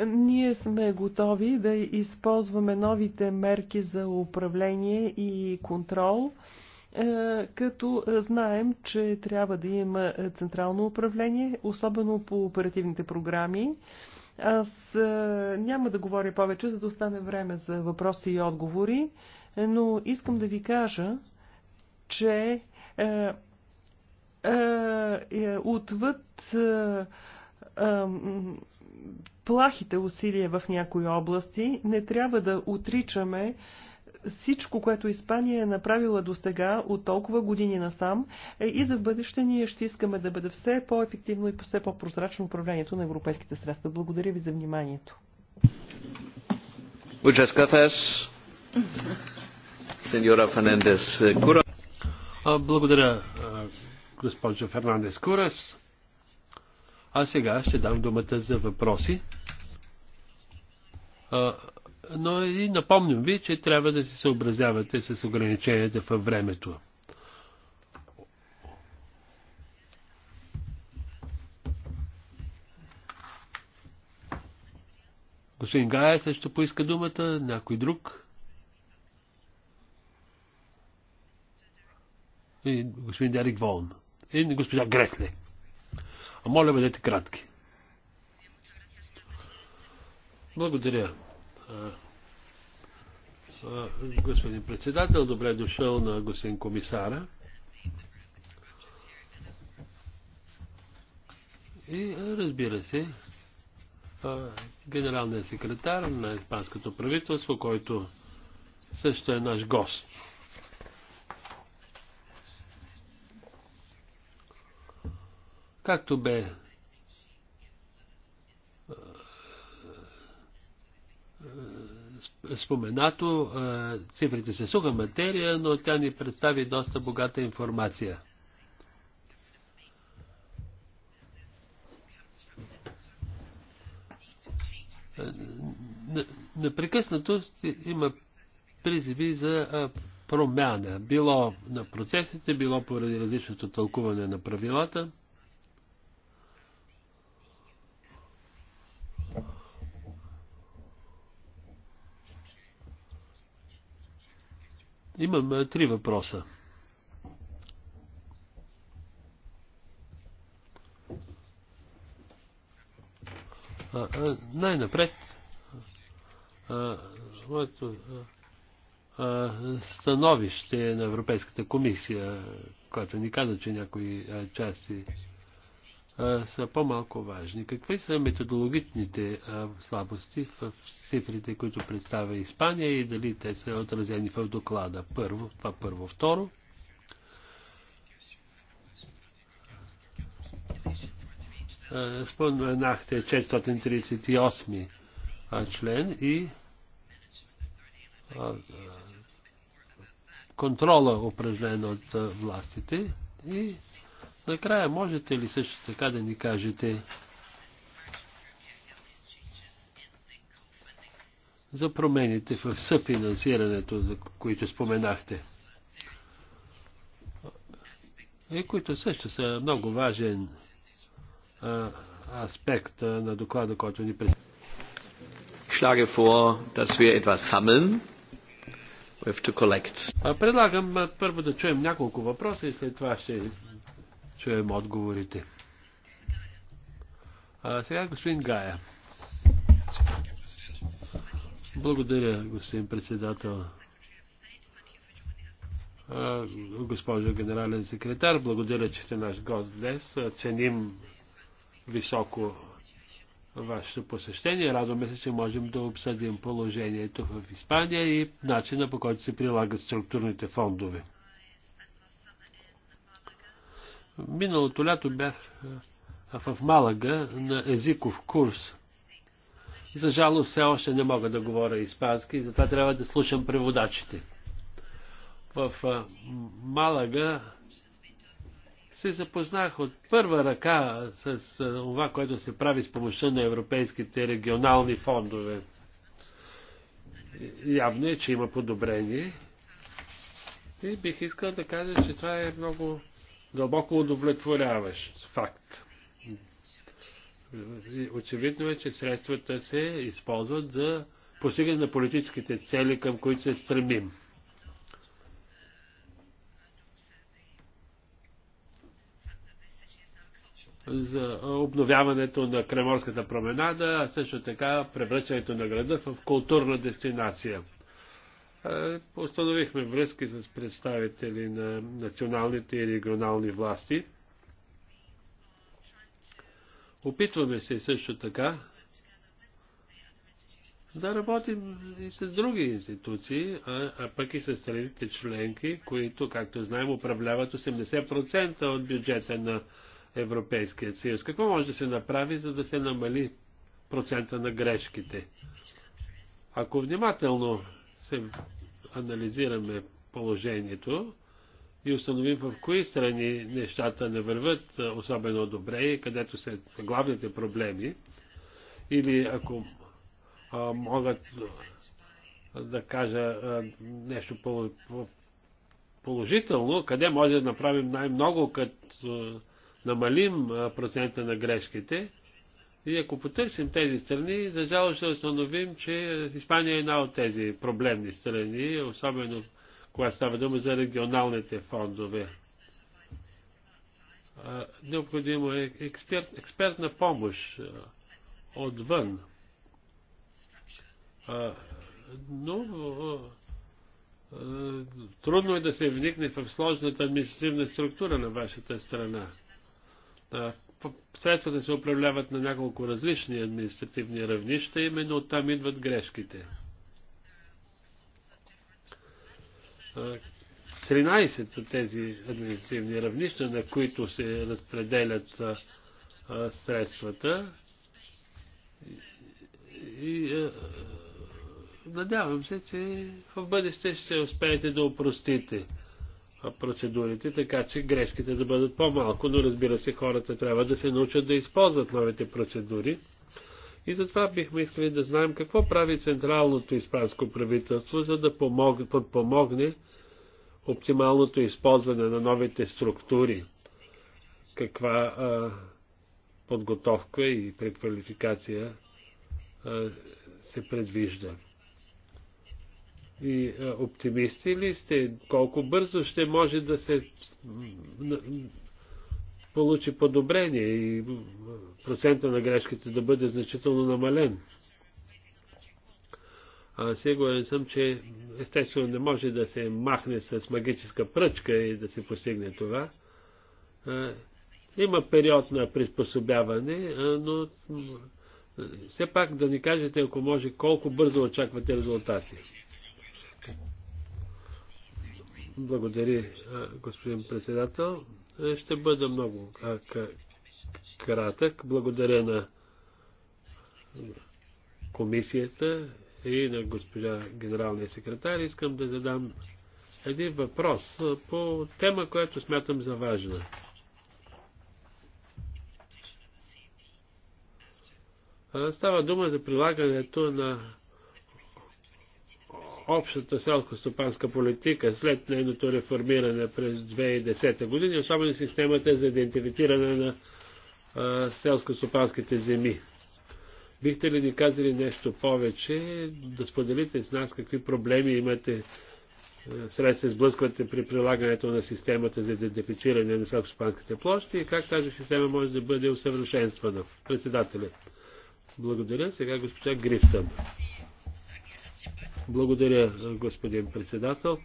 Speaker 2: Ние сме готови да използваме новите мерки за управление и контрол, като знаем, че трябва да има централно управление, особено по оперативните програми. Аз няма да говоря повече, за да остане време за въпроси и отговори но искам да ви кажа, че е, е, е, отвъд е, е, плахите усилия в някои области, не трябва да отричаме всичко, което Испания е направила до сега от толкова години насам е, и за бъдеще ние ще искаме да бъде все по-ефективно и все по-прозрачно управлението на европейските средства. Благодаря ви за вниманието.
Speaker 5: Muchas gracias. Сеньора Фернандес
Speaker 4: Благодаря, госпожо Фернандес Курас. А сега ще дам думата за въпроси. Но и напомням ви, че трябва да се съобразявате с ограниченията във времето. Господин Гая също поиска думата, някой друг. господин, господин Дерик Волн и госпожа Гресли. А моля, бъдете кратки. Благодаря. Господин председател, добре дошъл на господин комисара. И разбира се, генералният секретар на Испанското правителство, който също е наш гост. Както бе е, е, споменато, е, цифрите са суха материя, но тя ни представи доста богата информация. Непрекъснато има призиви за промяна, било на процесите, било поради различното тълкуване на правилата. Имам три въпроса. най-напред своето становище е на Европейската комисия, което ни каза, че някои части са по-малко важни. Какви са методологичните слабости в цифрите, които представя Испания и дали те са отразени в доклада? Първо, това първо. Второ, споменахте 438 член и контрола упражнена от властите и Накрая можете ли също така да ни кажете за промените в съфинансирането, за които споменахте? И които също са много важен а, аспект а, на доклада,
Speaker 5: който ни представя.
Speaker 4: Предлагам първо да чуем няколко въпроса и след това ще чуем отговорите. А сега господин Гая. Благодаря, господин председател. Госпожо генерален секретар, благодаря, че сте наш гост днес. Ценим високо вашето посещение. Радваме се, че можем да обсъдим положението в Испания и начина по който се прилагат структурните фондове. Миналото лято бях в Малага на езиков курс. За жалост все още не мога да говоря испански и затова трябва да слушам преводачите. В Малага се запознах от първа ръка с това, което се прави с помощта на европейските регионални фондове. Явно е, че има подобрение. И бих искал да кажа, че това е много дълбоко удовлетворяващ факт. Очевидно е, че средствата се използват за постигане на политическите цели, към които се стремим. за обновяването на Креморската променада, а също така превръщането на града в културна дестинация. Установихме връзки с представители на националните и регионални власти. Опитваме се също така да работим и с други институции, а, а пък и с страните членки, които, както знаем, управляват 80% от бюджета на Европейския съюз. Какво може да се направи, за да се намали процента на грешките? Ако внимателно се анализираме положението и установим в кои страни нещата не върват особено добре, където са главните проблеми, или ако а, могат да кажа а, нещо по, положително, къде може да направим най-много, като намалим процента на грешките, и ако потърсим тези страни, за жало ще установим, че Испания е една от тези проблемни страни, особено когато става дума за регионалните фондове. Необходимо е експерт, експертна помощ отвън. Но трудно е да се вникне в сложната административна структура на вашата страна средствата се управляват на няколко различни административни равнища, именно оттам идват грешките. 13 са тези административни равнища, на които се разпределят средствата. И надявам се, че в бъдеще ще успеете да опростите процедурите, така че грешките да бъдат по-малко, но разбира се, хората трябва да се научат да използват новите процедури. И затова бихме искали да знаем какво прави Централното испанско правителство, за да подпомогне оптималното използване на новите структури. Каква а, подготовка и преквалификация а, се предвижда и оптимисти ли сте? Колко бързо ще може да се получи подобрение и процента на грешките да бъде значително намален? А, сигурен съм, че естествено не може да се махне с магическа пръчка и да се постигне това. има период на приспособяване, но все пак да ни кажете, ако може, колко бързо очаквате резултати. Благодаря, е, господин председател. Е, ще бъда много кратък. Благодаря на комисията и на госпожа генералния секретар. Искам да задам един въпрос по тема, която смятам за важна. Е, става дума за прилагането на общата селско-стопанска политика след нейното реформиране през 2010 година, особено системата за идентифициране на селско-стопанските земи. Бихте ли ни казали нещо повече, да споделите с нас какви проблеми имате, сред се сблъсквате при прилагането на системата за идентифициране на селско-стопанските площи и как тази система може да бъде усъвършенствана? Председателя. Благодаря. Сега госпожа Грифтън. Благодаря, господин председател.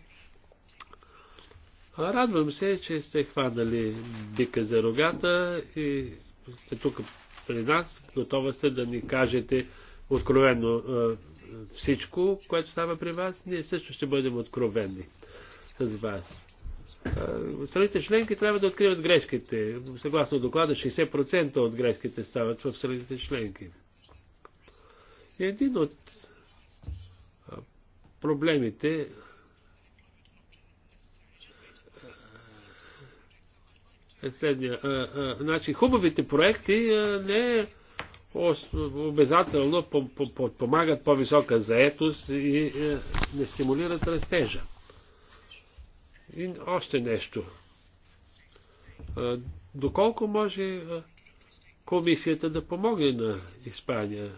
Speaker 4: Радвам се, че сте хванали бика за рогата и сте тук при нас. Готова сте да ни кажете откровенно всичко, което става при вас. Ние също ще бъдем откровени с вас. Страните членки трябва да откриват грешките. Съгласно доклада, 60% от грешките стават в страните членки. Един от проблемите е следния. А, а, значи, хубавите проекти а, не е обязателно подпомагат по-висока заетост и а, е, не стимулират растежа. И още нещо. А, доколко може комисията да помогне на Испания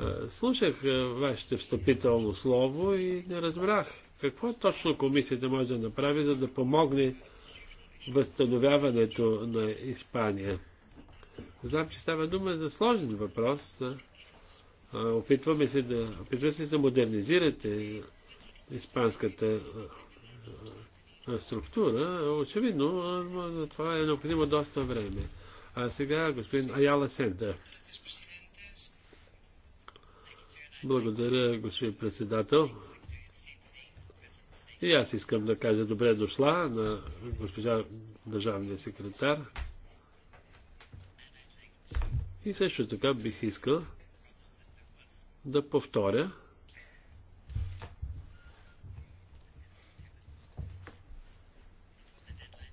Speaker 4: е, слушах е, вашето встъпително слово и не разбрах какво точно комисията може да направи, за да помогне възстановяването на Испания. Знам, че става дума за сложен въпрос. Е, опитваме се да, опитваме се да модернизирате испанската структура. Очевидно, това е необходимо доста време. А сега господин Аяла Сендър. Благодаря, господин председател. И аз искам да кажа добре дошла на госпожа държавния секретар. И също така бих искал да повторя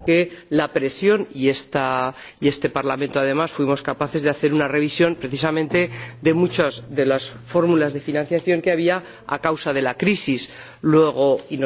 Speaker 2: que la presión y este parlamento además fuimos capaces de hacer una revisión precisamente de muchas de las fórmulas de financiación que había a causa de la crisis. luego
Speaker 3: y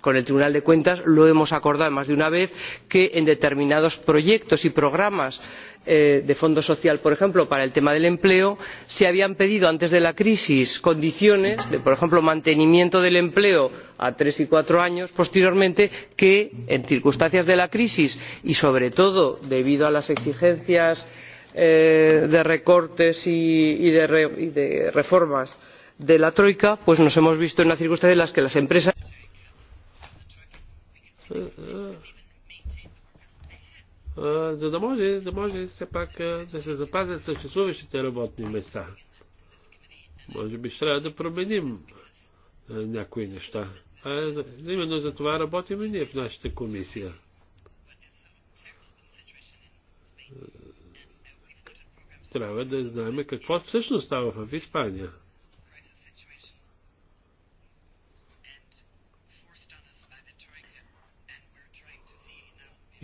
Speaker 3: con el tribunal de cuentas hemos acordado más de una vez que en determinados proyectos y programas del fondo social por ejemplo para el tema del empleo se habían pedido antes de la crisis condiciones de por ejemplo mantenimiento del empleo a tres y cuatro años posteriormente que en circunstancias de la crisis y sobre todo debido a las exigencias de recortes y
Speaker 2: de reformas de la troika pues nos hemos visto en una circunstancia en la que las empresas
Speaker 4: за да може, да може все пак да се запазят съществуващите работни места. Може би ще трябва да променим някои неща. А, именно за това работим и ние в нашата комисия. Трябва да знаем какво всъщност става в Испания.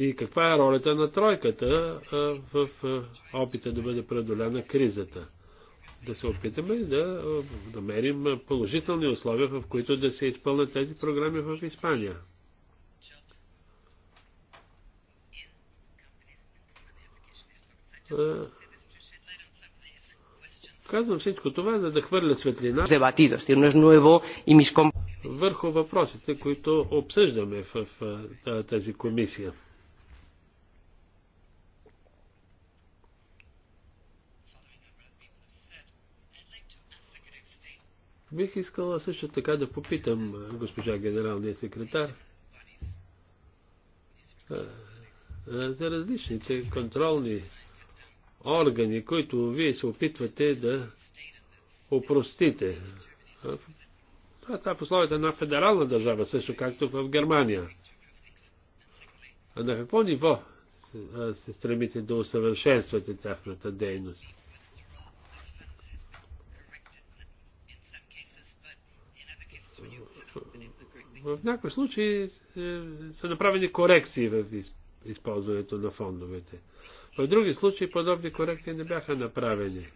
Speaker 4: и каква е ролята на тройката в опита да бъде преодолена кризата. Да се опитаме да намерим положителни условия, в които да се изпълнят тези програми в Испания. Казвам всичко това, за да хвърля светлина
Speaker 3: е
Speaker 4: върху въпросите, които обсъждаме в тази комисия. Бих искала също така да попитам е, госпожа генералния секретар е, е, за различните контролни органи, които вие се опитвате да опростите. Това, е пословията на федерална държава, също както в Германия. А на какво ниво се стремите да усъвършенствате тяхната дейност? в някои случаи е, са направени корекции в използването на фондовете. В други случаи подобни корекции не бяха направени. Е,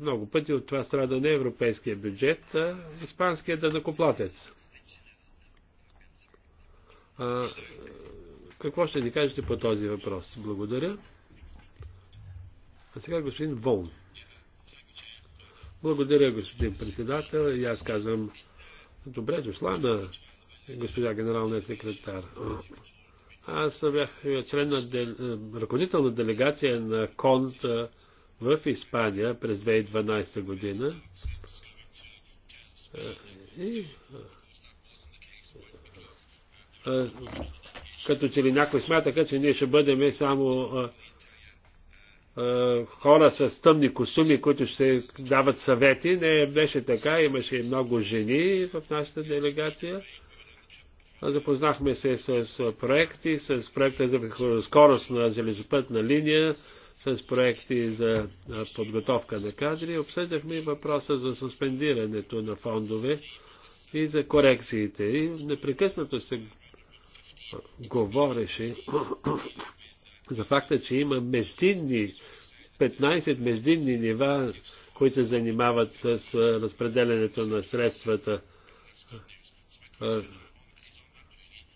Speaker 4: много пъти от това страда не европейския бюджет, а испанския дънакоплатец. Какво ще ни кажете по този въпрос? Благодаря. А сега господин Волн. Благодаря, господин председател. И аз казвам Добре дошла на госпожа генералния секретар. Аз бях член на дел... ръководител на делегация на КОНТ в Испания през 2012 година. И... Като че ли някой смятаха, че ние ще бъдем само хора с тъмни костюми, които ще дават съвети. Не беше така, имаше и много жени в нашата делегация. Запознахме се с проекти, с проекта за скорост на железопътна линия, с проекти за подготовка на кадри. Обсъждахме и въпроса за суспендирането на фондове и за корекциите. И непрекъснато се говореше за факта, че има междинни, 15 междинни нива, които се занимават с разпределянето на средствата.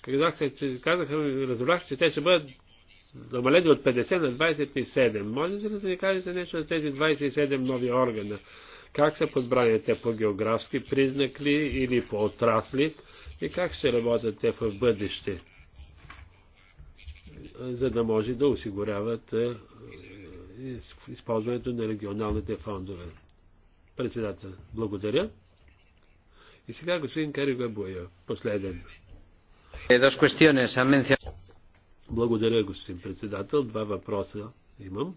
Speaker 4: Казаха, че, казаха, разбрах, че те ще бъдат намалени от 50 на 27. Може ли да ни кажете нещо за тези 27 нови органа? Как са подбрани те по географски признак ли или по отрасли и как ще работят те в бъдеще? за да може да осигуряват е, е, използването на регионалните фондове. Председател, благодаря. И сега господин Буя, последен. Е, благодаря, господин председател. Два въпроса имам.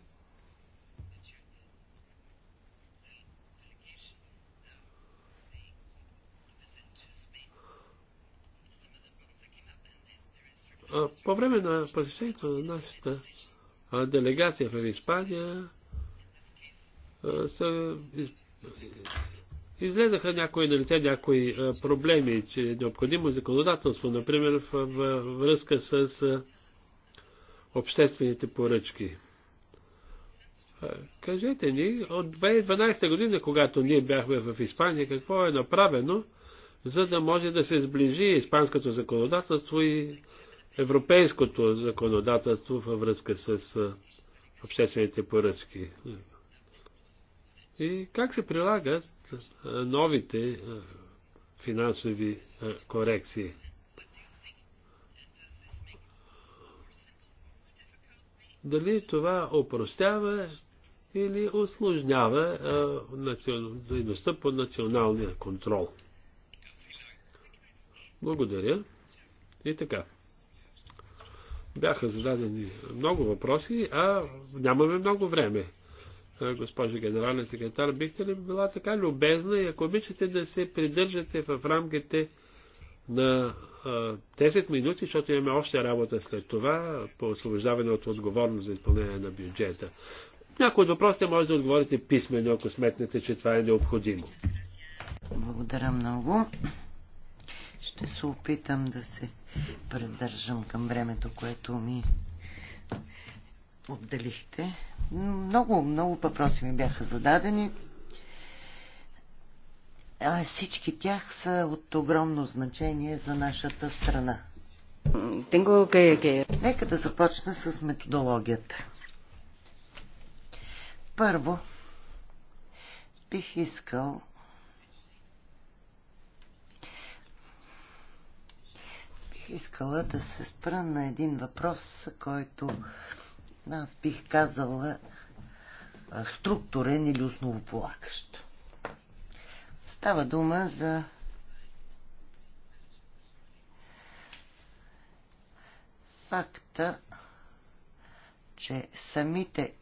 Speaker 4: По време на посещението на нашата делегация в Испания се излезаха някои на лице някои проблеми, че е необходимо законодателство, например в връзка с обществените поръчки. Кажете ни, от 2012 година, когато ние бяхме в Испания, какво е направено, за да може да се сближи испанското законодателство и европейското законодателство във връзка с обществените поръчки. И как се прилагат новите финансови корекции? Дали това опростява или осложнява дейността по националния контрол? Благодаря. И така. Бяха зададени много въпроси, а нямаме много време. Госпожо генерален секретар, бихте ли била така любезна и ако обичате да се придържате в рамките на 10 минути, защото имаме още работа след това по освобождаване от отговорност за изпълнение на бюджета. Някои от въпросите може да отговорите писменно, ако сметнете, че това е необходимо.
Speaker 3: Благодаря много. Ще се опитам да се придържам към времето, което ми отделихте. Много, много въпроси ми бяха зададени. А всички тях са от огромно значение за нашата страна. Нека да започна с методологията. Първо, бих искал искала да се спра на един въпрос, който аз бих казала структурен или основополагащ. Става дума за факта, че самите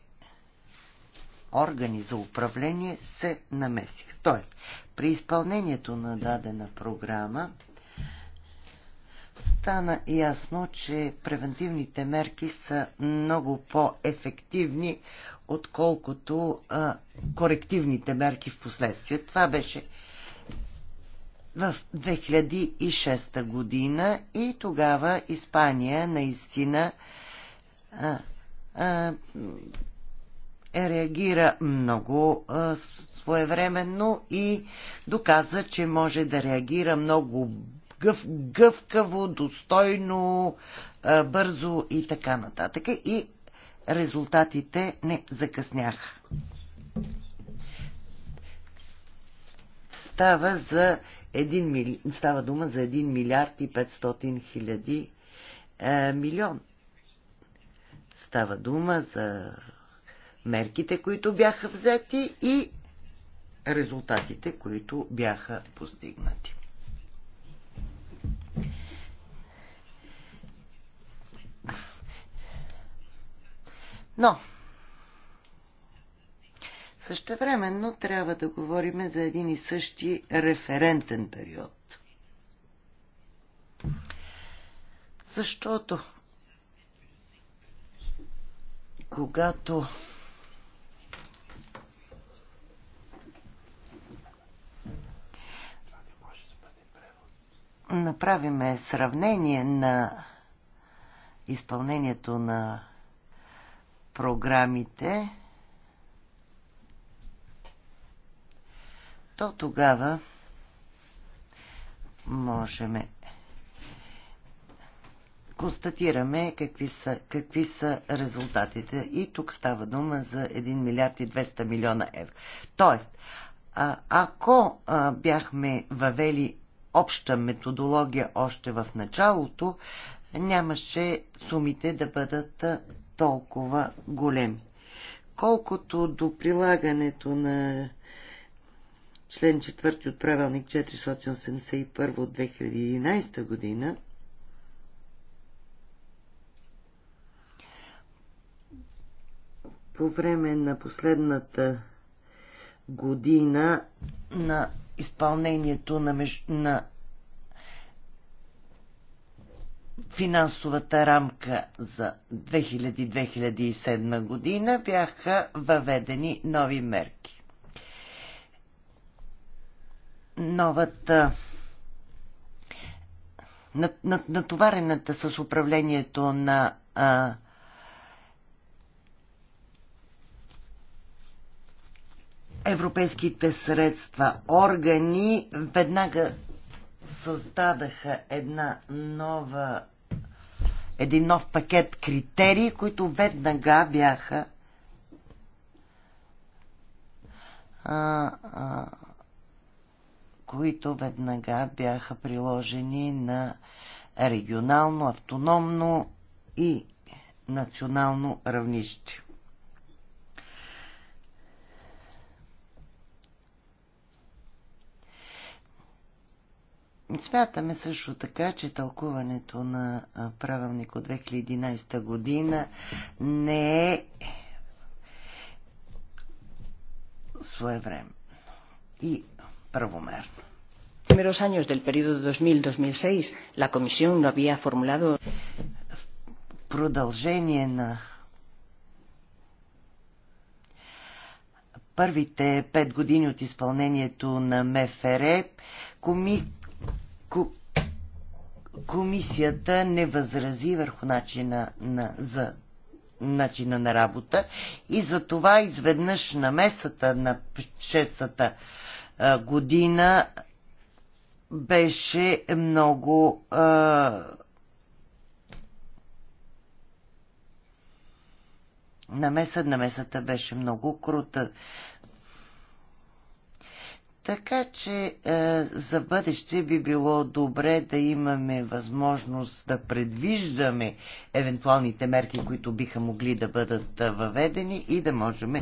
Speaker 3: органи за управление се намесиха. Тоест, при изпълнението на дадена програма стана ясно, че превентивните мерки са много по-ефективни, отколкото а, корективните мерки в последствие. Това беше в 2006 година и тогава Испания наистина а, а, е реагира много а, своевременно и доказа, че може да реагира много гъв, гъвкаво, достойно, бързо и така нататък. И резултатите не закъсняха. Става, за един мили... Става дума за 1 милиард и 500 хиляди е, милион. Става дума за мерките, които бяха взети и резултатите, които бяха постигнати. Но, същевременно трябва да говорим за един и същи референтен период. Защото когато направиме сравнение на изпълнението на програмите, то тогава можем констатираме какви са, какви са резултатите. И тук става дума за 1 милиард и 200 милиона евро. Тоест, ако бяхме въвели обща методология още в началото, нямаше сумите да бъдат толкова големи. Колкото до прилагането на член 4 от правилник 481 от 2011 година, по време на последната година на изпълнението на, меж... на финансовата рамка за 2000-2007 година бяха въведени нови мерки. Новата натоварената с управлението на а, европейските средства органи веднага създадаха една нова един нов пакет критерии, които веднага бяха а, а, които веднага бяха приложени на регионално, автономно и национално равнище. Смятаме също така, че тълкуването на правилник от 2011 година не е своевременно и правомерно. В primeros años del periodo 2000-2006 la Comisión no había formulado продължение на първите пет години от изпълнението на МФР, комисията не възрази върху начина на, за начина на работа и за това изведнъж на месата на 6-та година беше много а, на намесата беше много крута. Така че е, за бъдеще би било добре да имаме възможност да предвиждаме евентуалните мерки, които биха могли да бъдат е, въведени и да можем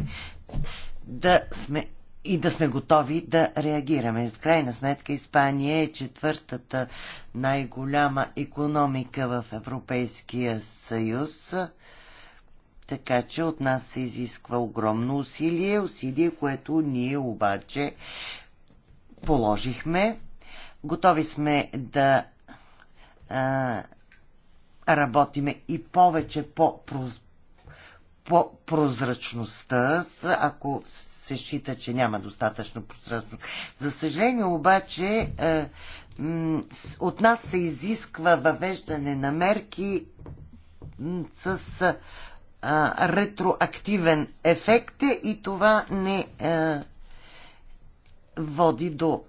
Speaker 3: да сме и да сме готови да реагираме. В крайна сметка Испания е четвъртата най-голяма економика в Европейския съюз, така че от нас се изисква огромно усилие, усилие, което ние обаче положихме. Готови сме да а, работиме и повече по, проз, по прозрачността, ако се счита, че няма достатъчно прозрачност. За съжаление обаче а, от нас се изисква въвеждане на мерки с а, ретроактивен ефект и това не а, води до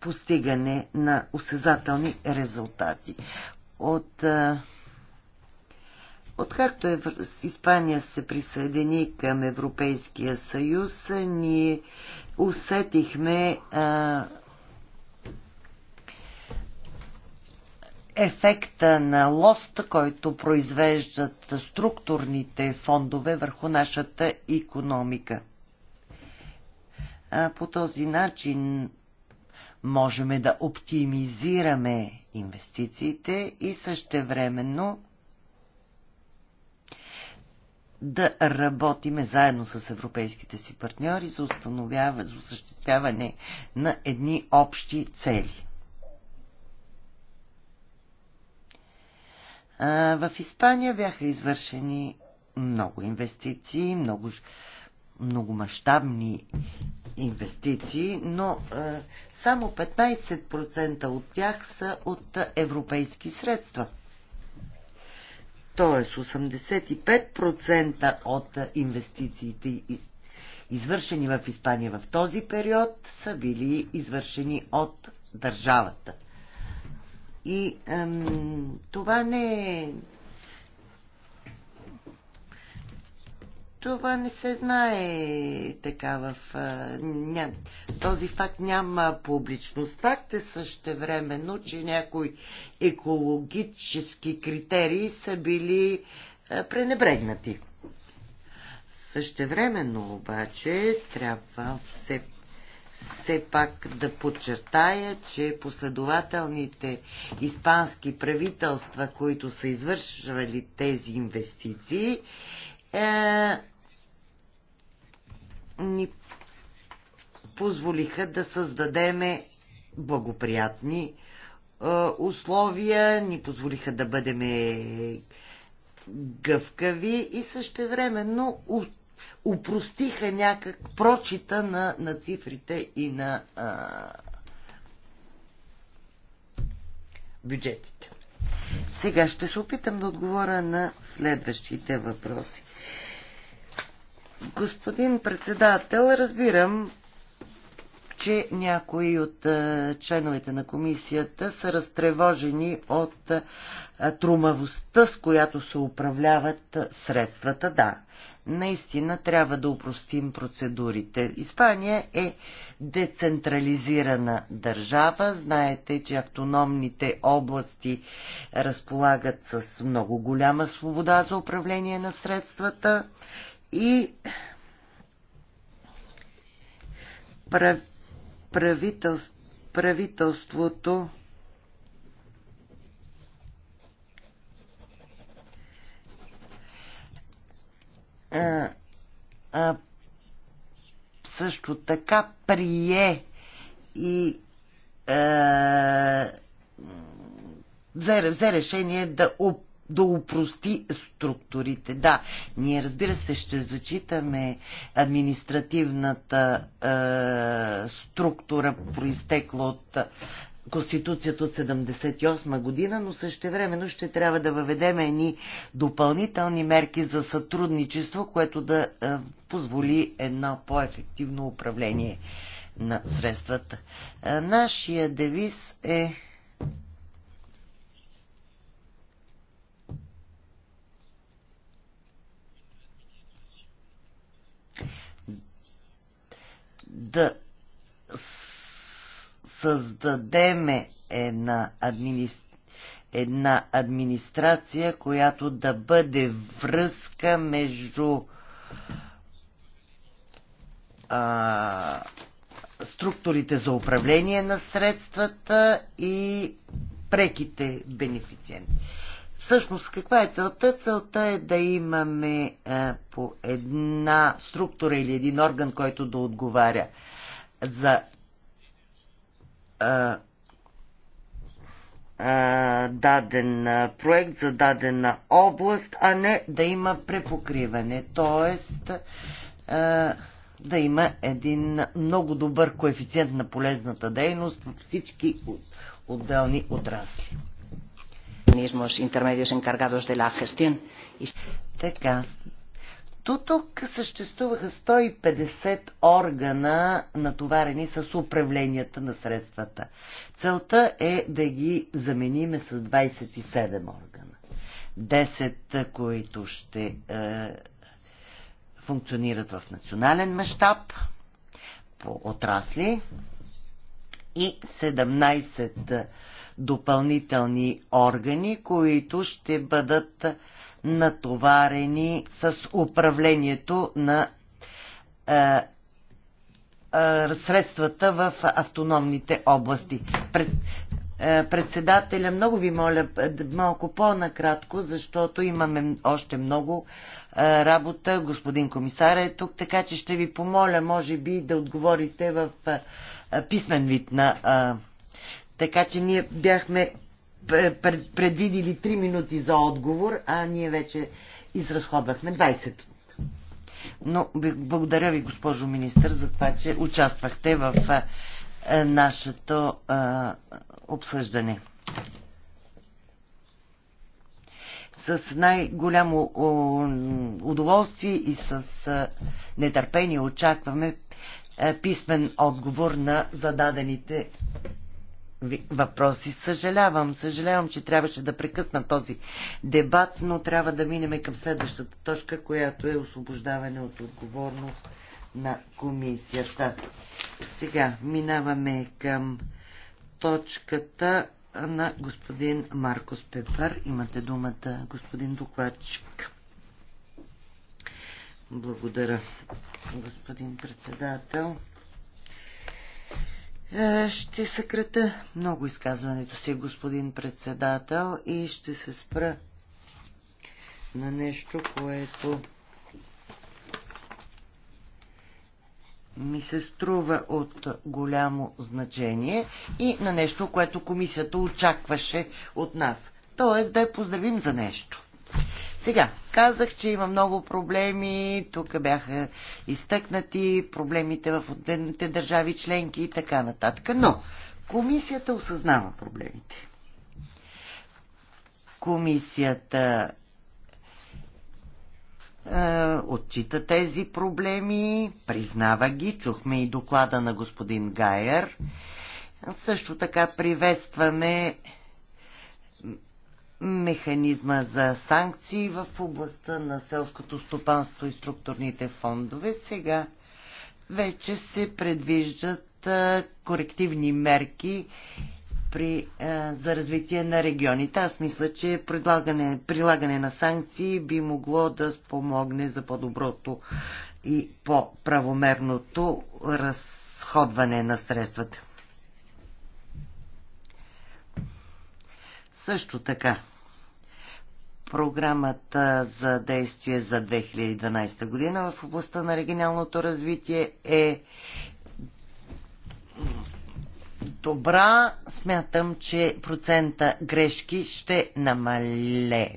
Speaker 3: постигане на осезателни резултати. От Откакто е, Испания се присъедини към Европейския съюз, ние усетихме а, ефекта на лост, който произвеждат структурните фондове върху нашата економика. По този начин можем да оптимизираме инвестициите и същевременно да работиме заедно с европейските си партньори за установяване, за осъществяване на едни общи цели. В Испания бяха извършени много инвестиции, много многомащабни инвестиции, но е, само 15% от тях са от европейски средства. Тоест 85% от инвестициите извършени в Испания в този период са били извършени от държавата. И ем, това не е това не се знае така в... ня, този факт няма публичност. Факт е същевременно, че някои екологически критерии са били пренебрегнати. Същевременно обаче трябва все, все пак да подчертая, че последователните испански правителства, които са извършвали тези инвестиции, е, ни позволиха да създадеме благоприятни е, условия, ни позволиха да бъдеме гъвкави и същевременно упростиха някак прочита на, на цифрите и на а, бюджетите. Сега ще се опитам да отговоря на следващите въпроси. Господин председател, разбирам, че някои от членовете на комисията са разтревожени от трумавостта, с която се управляват средствата. Да, наистина трябва да упростим процедурите. Испания е децентрализирана държава. Знаете, че автономните области разполагат с много голяма свобода за управление на средствата и правителство, правителството а, а, също така прие и а, взе, взе решение да оп да упрости структурите. Да, ние разбира се ще зачитаме административната е, структура, проистекла от Конституцията от 78 година, но същевременно ще трябва да въведем едни допълнителни мерки за сътрудничество, което да е, позволи едно по-ефективно управление на средствата. Е, нашия девиз е да създадеме една, админи... една администрация, която да бъде връзка между а, структурите за управление на средствата и преките бенефициенти. Всъщност, каква е целта? Целта е да имаме е, по една структура или един орган, който да отговаря за е, е, даден е, проект, за дадена област, а не да има препокриване. Тоест, е, да има един много добър коефициент на полезната дейност във всички отделни отрасли organismos intermedios encargados de la gestión. Така, тук съществуваха 150 органа, натоварени с управленията на средствата. Целта е да ги замениме с 27 органа. 10, които ще е, функционират в национален мащаб по отрасли и 17 допълнителни органи, които ще бъдат натоварени с управлението на е, е средствата в автономните области. Пред, е, председателя, много ви моля малко по-накратко, защото имаме още много е, работа. Господин комисар е тук, така че ще ви помоля, може би, да отговорите в писмен вид на така че ние бяхме предвидили 3 минути за отговор, а ние вече изразходвахме 20. Но благодаря ви, госпожо министър, за това, че участвахте в нашето обсъждане. С най-голямо удоволствие и с нетърпение очакваме писмен отговор на зададените въпроси. Съжалявам, съжалявам, че трябваше да прекъсна този дебат, но трябва да минеме към следващата точка, която е освобождаване от отговорност на комисията. Сега минаваме към точката на господин Маркос Пепър. Имате думата, господин докладчик. Благодаря, господин председател. Е, ще съкрата много изказването си, господин председател, и ще се спра на нещо, което ми се струва от голямо значение и на нещо, което комисията очакваше от нас. Тоест да я поздравим за нещо. Сега, казах, че има много проблеми, тук бяха изтъкнати проблемите в отделните държави членки и така нататък. Но комисията осъзнава проблемите. Комисията е, отчита тези проблеми, признава ги, чухме и доклада на господин Гайер. Също така приветстваме механизма за санкции в областта на селското стопанство и структурните фондове. Сега вече се предвиждат корективни мерки при, за развитие на регионите. Аз мисля, че предлагане, прилагане на санкции би могло да спомогне за по-доброто и по-правомерното разходване на средствата. Също така, Програмата за действие за 2012 година в областта на регионалното развитие е добра. Смятам, че процента грешки ще намале.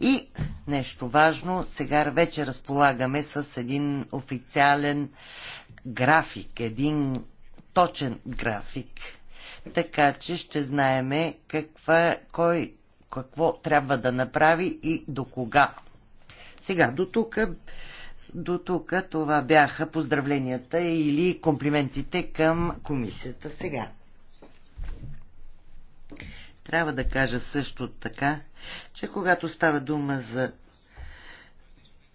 Speaker 3: И нещо важно, сега вече разполагаме с един официален график, един точен график. Така че ще знаеме каква, кой какво трябва да направи и до кога. Сега, до тук, до тук това бяха поздравленията или комплиментите към комисията. Сега. Трябва да кажа също така, че когато става дума за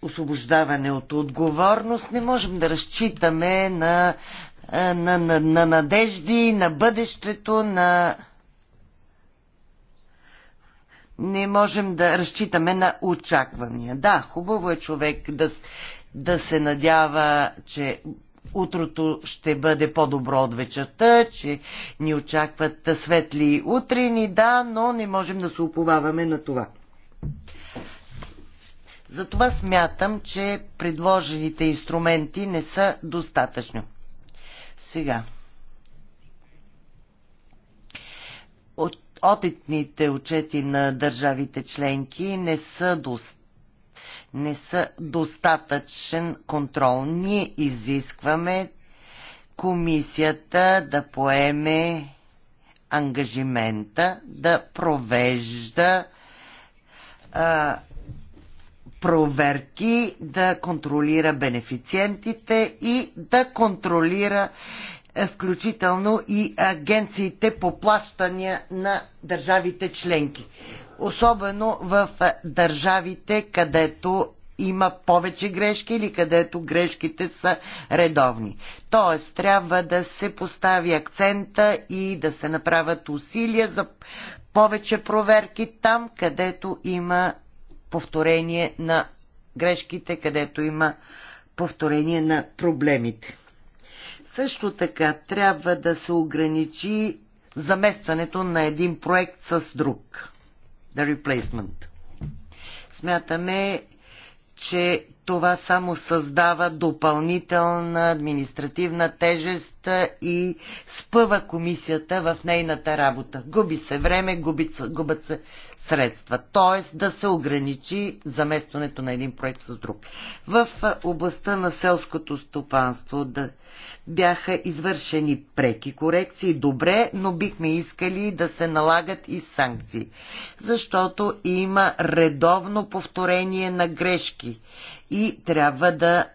Speaker 3: освобождаване от отговорност, не можем да разчитаме на, на, на, на надежди, на бъдещето, на не можем да разчитаме на очаквания. Да, хубаво е човек да, да се надява, че утрото ще бъде по-добро от вечерта, че ни очакват светли утрини, да, но не можем да се уповаваме на това. Затова смятам, че предложените инструменти не са достатъчно. Сега. От Одитните отчети на държавите членки не са достатъчни не са достатъчен контрол. Ние изискваме комисията да поеме ангажимента да провежда а, проверки, да контролира бенефициентите и да контролира е, включително и агенциите по плащания на държавите членки. Особено в е, държавите, където има повече грешки или където грешките са редовни. Тоест, трябва да се постави акцента и да се направят усилия за повече проверки там, където има повторение на грешките, където има повторение на проблемите. Също така трябва да се ограничи заместването на един проект с друг. The replacement. Смятаме, че това само създава допълнителна административна тежест и спъва комисията в нейната работа. Губи се време, губи, губят се средства, т.е. да се ограничи заместването на един проект с друг. В областта на селското стопанство да бяха извършени преки корекции, добре, но бихме искали да се налагат и санкции, защото има редовно повторение на грешки и трябва да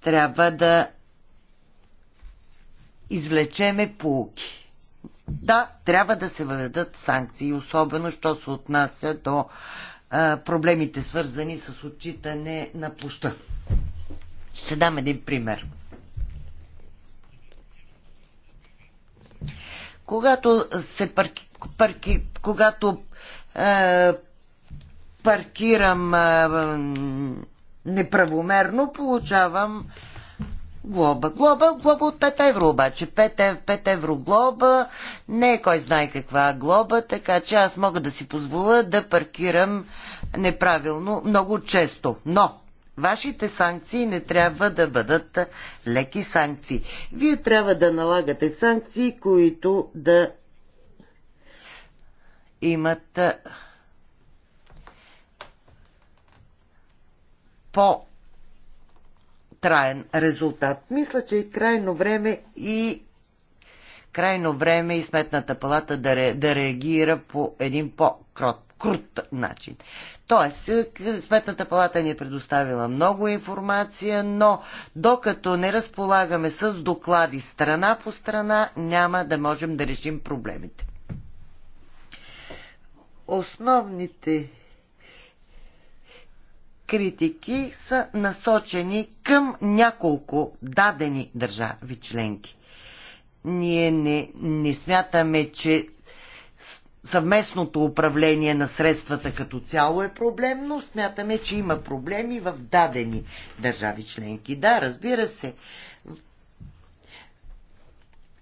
Speaker 3: трябва да извлечеме полки да, трябва да се въведат санкции, особено що се отнася до а, проблемите свързани с отчитане на площа. Ще дам един пример. Когато се парки, парки когато е, паркирам е, неправомерно, получавам е, глоба. Глоба, глоба от 5 евро обаче. 5, 5 евро глоба не е кой знае каква глоба, така че аз мога да си позволя да паркирам неправилно много често. Но вашите санкции не трябва да бъдат леки санкции. Вие трябва да налагате санкции, които да имат по траен резултат. Мисля, че е крайно време и крайно време и Сметната палата да, ре, да реагира по един по-крут начин. Тоест, Сметната палата ни е предоставила много информация, но докато не разполагаме с доклади страна по страна, няма да можем да решим проблемите. Основните критики са насочени към няколко дадени държави членки. Ние не, не смятаме, че съвместното управление на средствата като цяло е проблем, но смятаме, че има проблеми в дадени държави членки. Да, разбира се.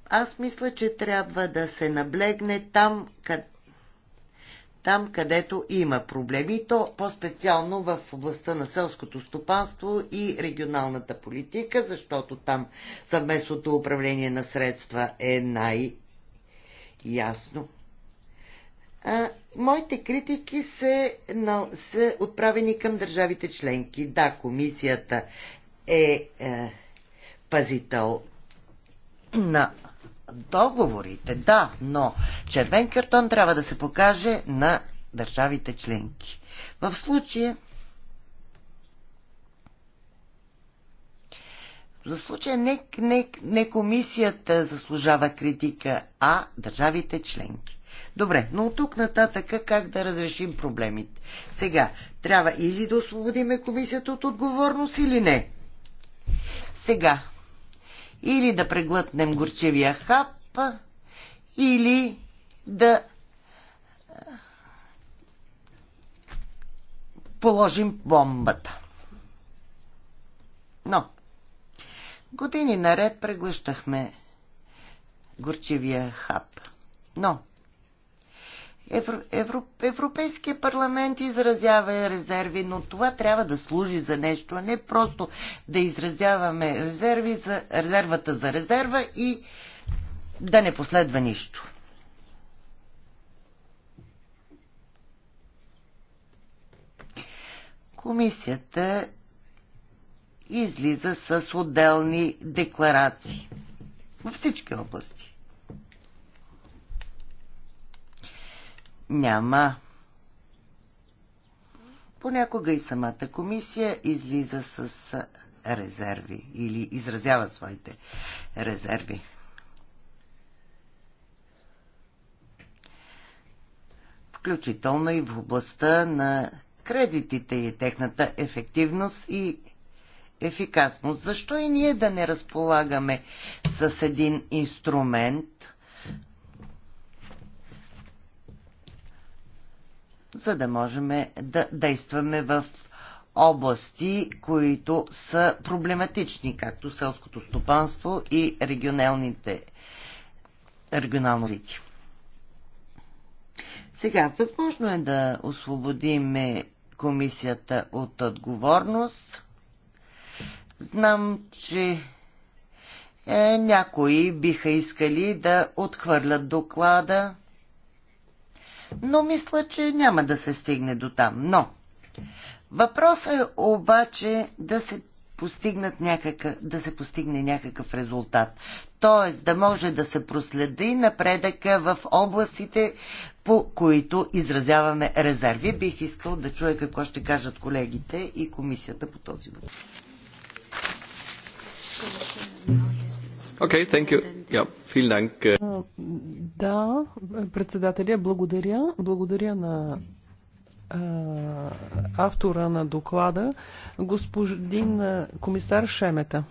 Speaker 3: Аз мисля, че трябва да се наблегне там, къде там, където има проблеми, то по-специално в областта на селското стопанство и регионалната политика, защото там съвместното управление на средства е най-ясно. А, моите критики се, на, са отправени към държавите членки. Да, комисията е, е пазител на договорите, да, но червен картон трябва да се покаже на държавите членки. В случая За случая не, не, не комисията заслужава критика, а държавите членки. Добре, но от тук нататъка как да разрешим проблемите? Сега, трябва или да освободиме комисията от отговорност или не. Сега, или да преглътнем горчевия хап, или да положим бомбата. Но, години наред преглъщахме горчевия хап. Но, Европейския парламент изразява резерви, но това трябва да служи за нещо, а не просто да изразяваме резерви за резервата за резерва и да не последва нищо. Комисията излиза с отделни декларации във всички области. няма. Понякога и самата комисия излиза с резерви или изразява своите резерви. Включително и в областта на кредитите и техната ефективност и ефикасност. Защо и ние да не разполагаме с един инструмент, за да можем да действаме в области, които са проблематични, както селското стопанство и регионалните регионално лити. Сега, възможно е да освободим комисията от отговорност. Знам, че е, някои биха искали да отхвърлят доклада, но мисля, че няма да се стигне до там. Но въпросът е обаче да се постигнат някакъв, да се постигне някакъв резултат. Тоест да може да се проследи напредъка в областите, по които изразяваме резерви. Бих искал да чуя какво ще кажат колегите и комисията по този въпрос.
Speaker 5: Okay, thank you. Yeah, vielen Dank. Uh,
Speaker 2: да, председателя, благодаря. Благодаря на автора на доклада, господин комисар Шемета.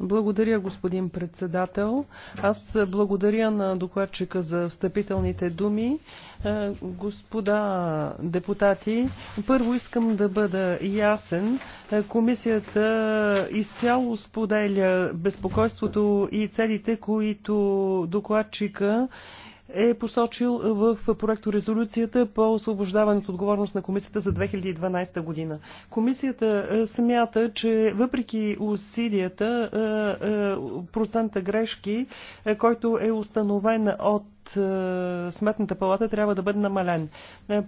Speaker 2: Благодаря, господин председател. Аз благодаря на докладчика за встъпителните думи. Е, господа депутати, първо искам да бъда ясен. Е, комисията изцяло споделя безпокойството и целите, които докладчика е посочил в проекто резолюцията по освобождаването отговорност на комисията за 2012 година. Комисията е, смята, че въпреки усилията, е, е, процента грешки, който е установен от Сметната палата, трябва да бъде намален.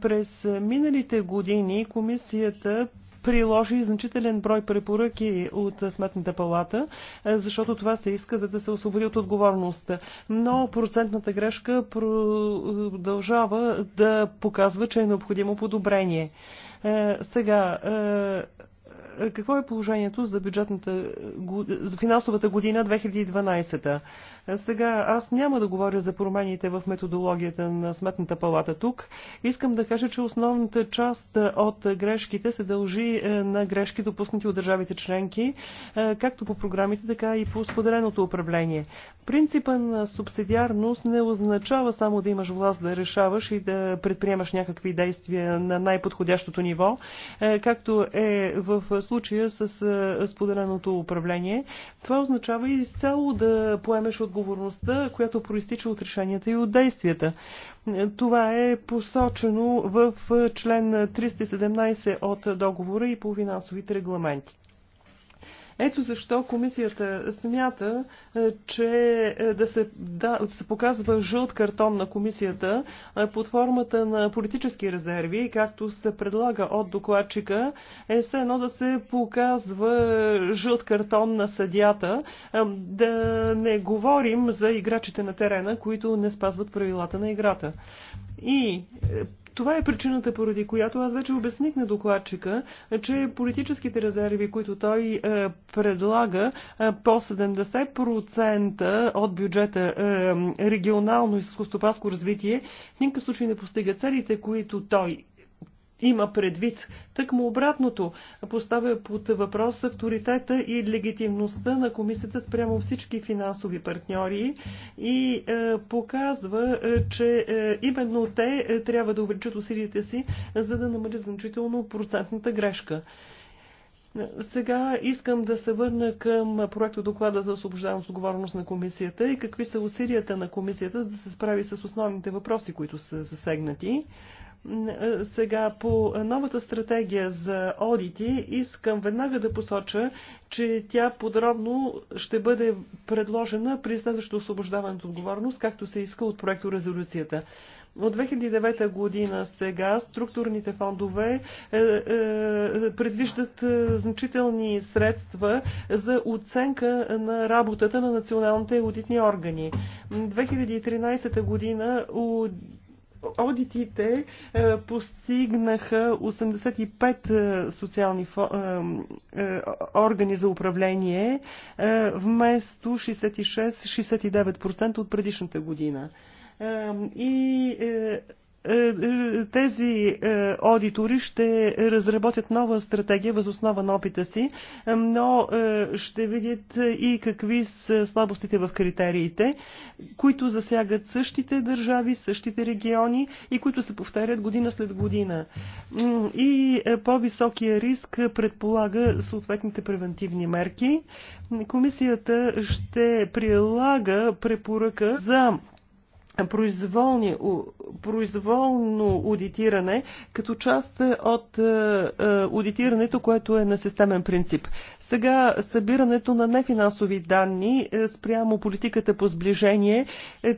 Speaker 2: През миналите години комисията приложи значителен брой препоръки от Сметната палата, е, защото това се иска, за да се освободи от отговорност. Но процентната грешка продължава да показва, че е необходимо подобрение. Е, сега, е, какво е положението за, бюджетната, за финансовата година 2012? Е, сега аз няма да говоря за промените в методологията на Сметната палата тук. Искам да кажа, че основната част е, от грешките се дължи е, на грешки, допуснати от държавите членки, както по програмите, така и по споделеното управление. Принципа на субсидиарност не означава само да имаш власт да решаваш и да предприемаш някакви действия на най-подходящото ниво, както е в случая с споделеното управление. Това означава и изцяло да поемеш отговорност отговорността, която проистича от решенията и от действията. Това е посочено в член 317 от договора и по финансовите регламенти. Ето защо комисията смята, е, че е, да се, да, се показва жълт картон на комисията е, под формата на политически резерви, както се предлага от докладчика, е все едно да се показва жълт картон на съдята, да не говорим за играчите на терена, които не спазват правилата на играта. И това е причината, поради която аз вече обясних на докладчика, че политическите резерви, които той е, предлага е, по 70% от бюджета е, регионално и скостопаско развитие, в никакъв случай не постига целите, които той има предвид. Тък му обратното поставя под въпрос авторитета и легитимността на комисията спрямо всички финансови партньори и е, показва, е, че е, именно те е, трябва да увеличат усилията си, за да намалят значително процентната грешка. Сега искам да се върна към проекта доклада за освобождаване от отговорност на комисията и какви са усилията на комисията за да се справи с основните въпроси, които са засегнати. Сега по новата стратегия за одити искам веднага да посоча, че тя подробно ще бъде предложена при следващото освобождаване от отговорност, както се иска от проекто резолюцията. От 2009 година сега структурните фондове е, е, предвиждат е, значителни средства за оценка на работата на националните аудитни органи. 2013 година Одитите е, постигнаха 85 е, социални е, органи за управление вместо 66-69% от предишната година. И е, е, тези е, аудитори ще разработят нова стратегия въз основа на опита си, но ще видят и какви са слабостите в критериите, които засягат същите държави, същите региони и които се повтарят година след година. И по-високия риск предполага съответните превентивни мерки. Комисията ще прилага препоръка за произволно аудитиране като част от е, е, аудитирането, което е на системен принцип. Сега събирането на нефинансови данни е, спрямо политиката по сближение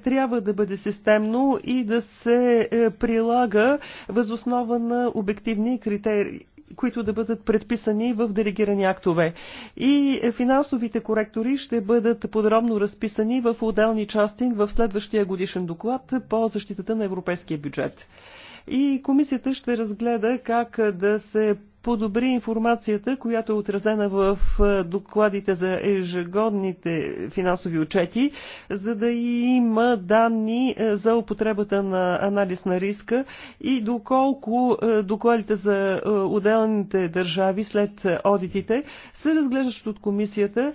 Speaker 2: трябва да бъде системно и да се прилага възоснова на обективни критерии които да бъдат предписани в делегирани актове. И финансовите коректори ще бъдат подробно разписани в отделни части в следващия годишен доклад по защитата на европейския бюджет. И комисията ще разгледа как да се подобри информацията, която е отразена в е, докладите за ежегодните финансови отчети, за да има данни е, за употребата на анализ на риска и доколко е, докладите за отделните държави след одитите се разглеждат от комисията,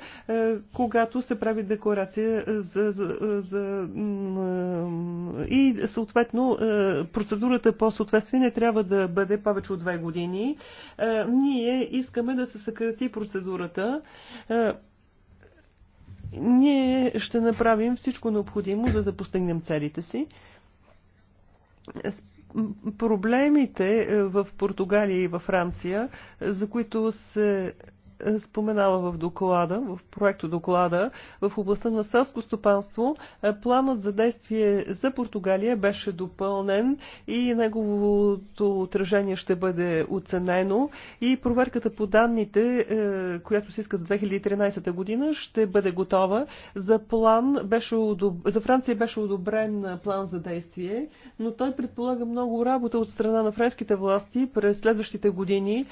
Speaker 2: когато се прави декларация за, за, за и съответно процедурата по съответствие не трябва да бъде повече от две години. Е, ние искаме да се съкрати процедурата. Е, ние ще направим всичко необходимо, за да постигнем целите си проблемите е, в Португалия и във Франция, за които се е, споменава в доклада, в проекто доклада, в областта на селско стопанство, е, планът за действие за Португалия беше допълнен и неговото отражение ще бъде оценено и проверката по данните, е, която се иска за 2013 година, ще бъде готова. За план беше одоб... за Франция беше одобрен план за действие, но той предполага много работа от страна на френските власти през следващите години,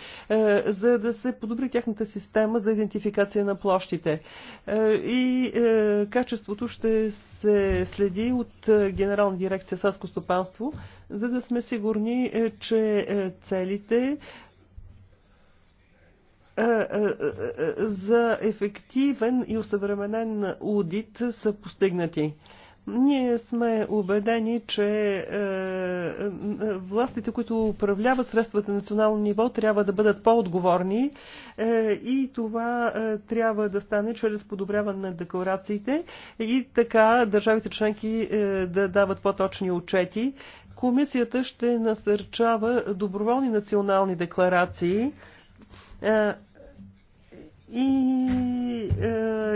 Speaker 2: за да се подобри тяхната система за идентификация на площите. Е, и е, качеството ще се следи от е, Генерална дирекция Саско стопанство, за да сме сигурни, че целите за ефективен и усъвременен аудит са постигнати. Ние сме убедени, че е, е, властите, които управляват средствата на национално ниво, трябва да бъдат по-отговорни е, и това е, трябва да стане чрез подобряване на декларациите и така държавите членки е, да дават по-точни отчети. Комисията ще насърчава доброволни национални декларации. Е, и е,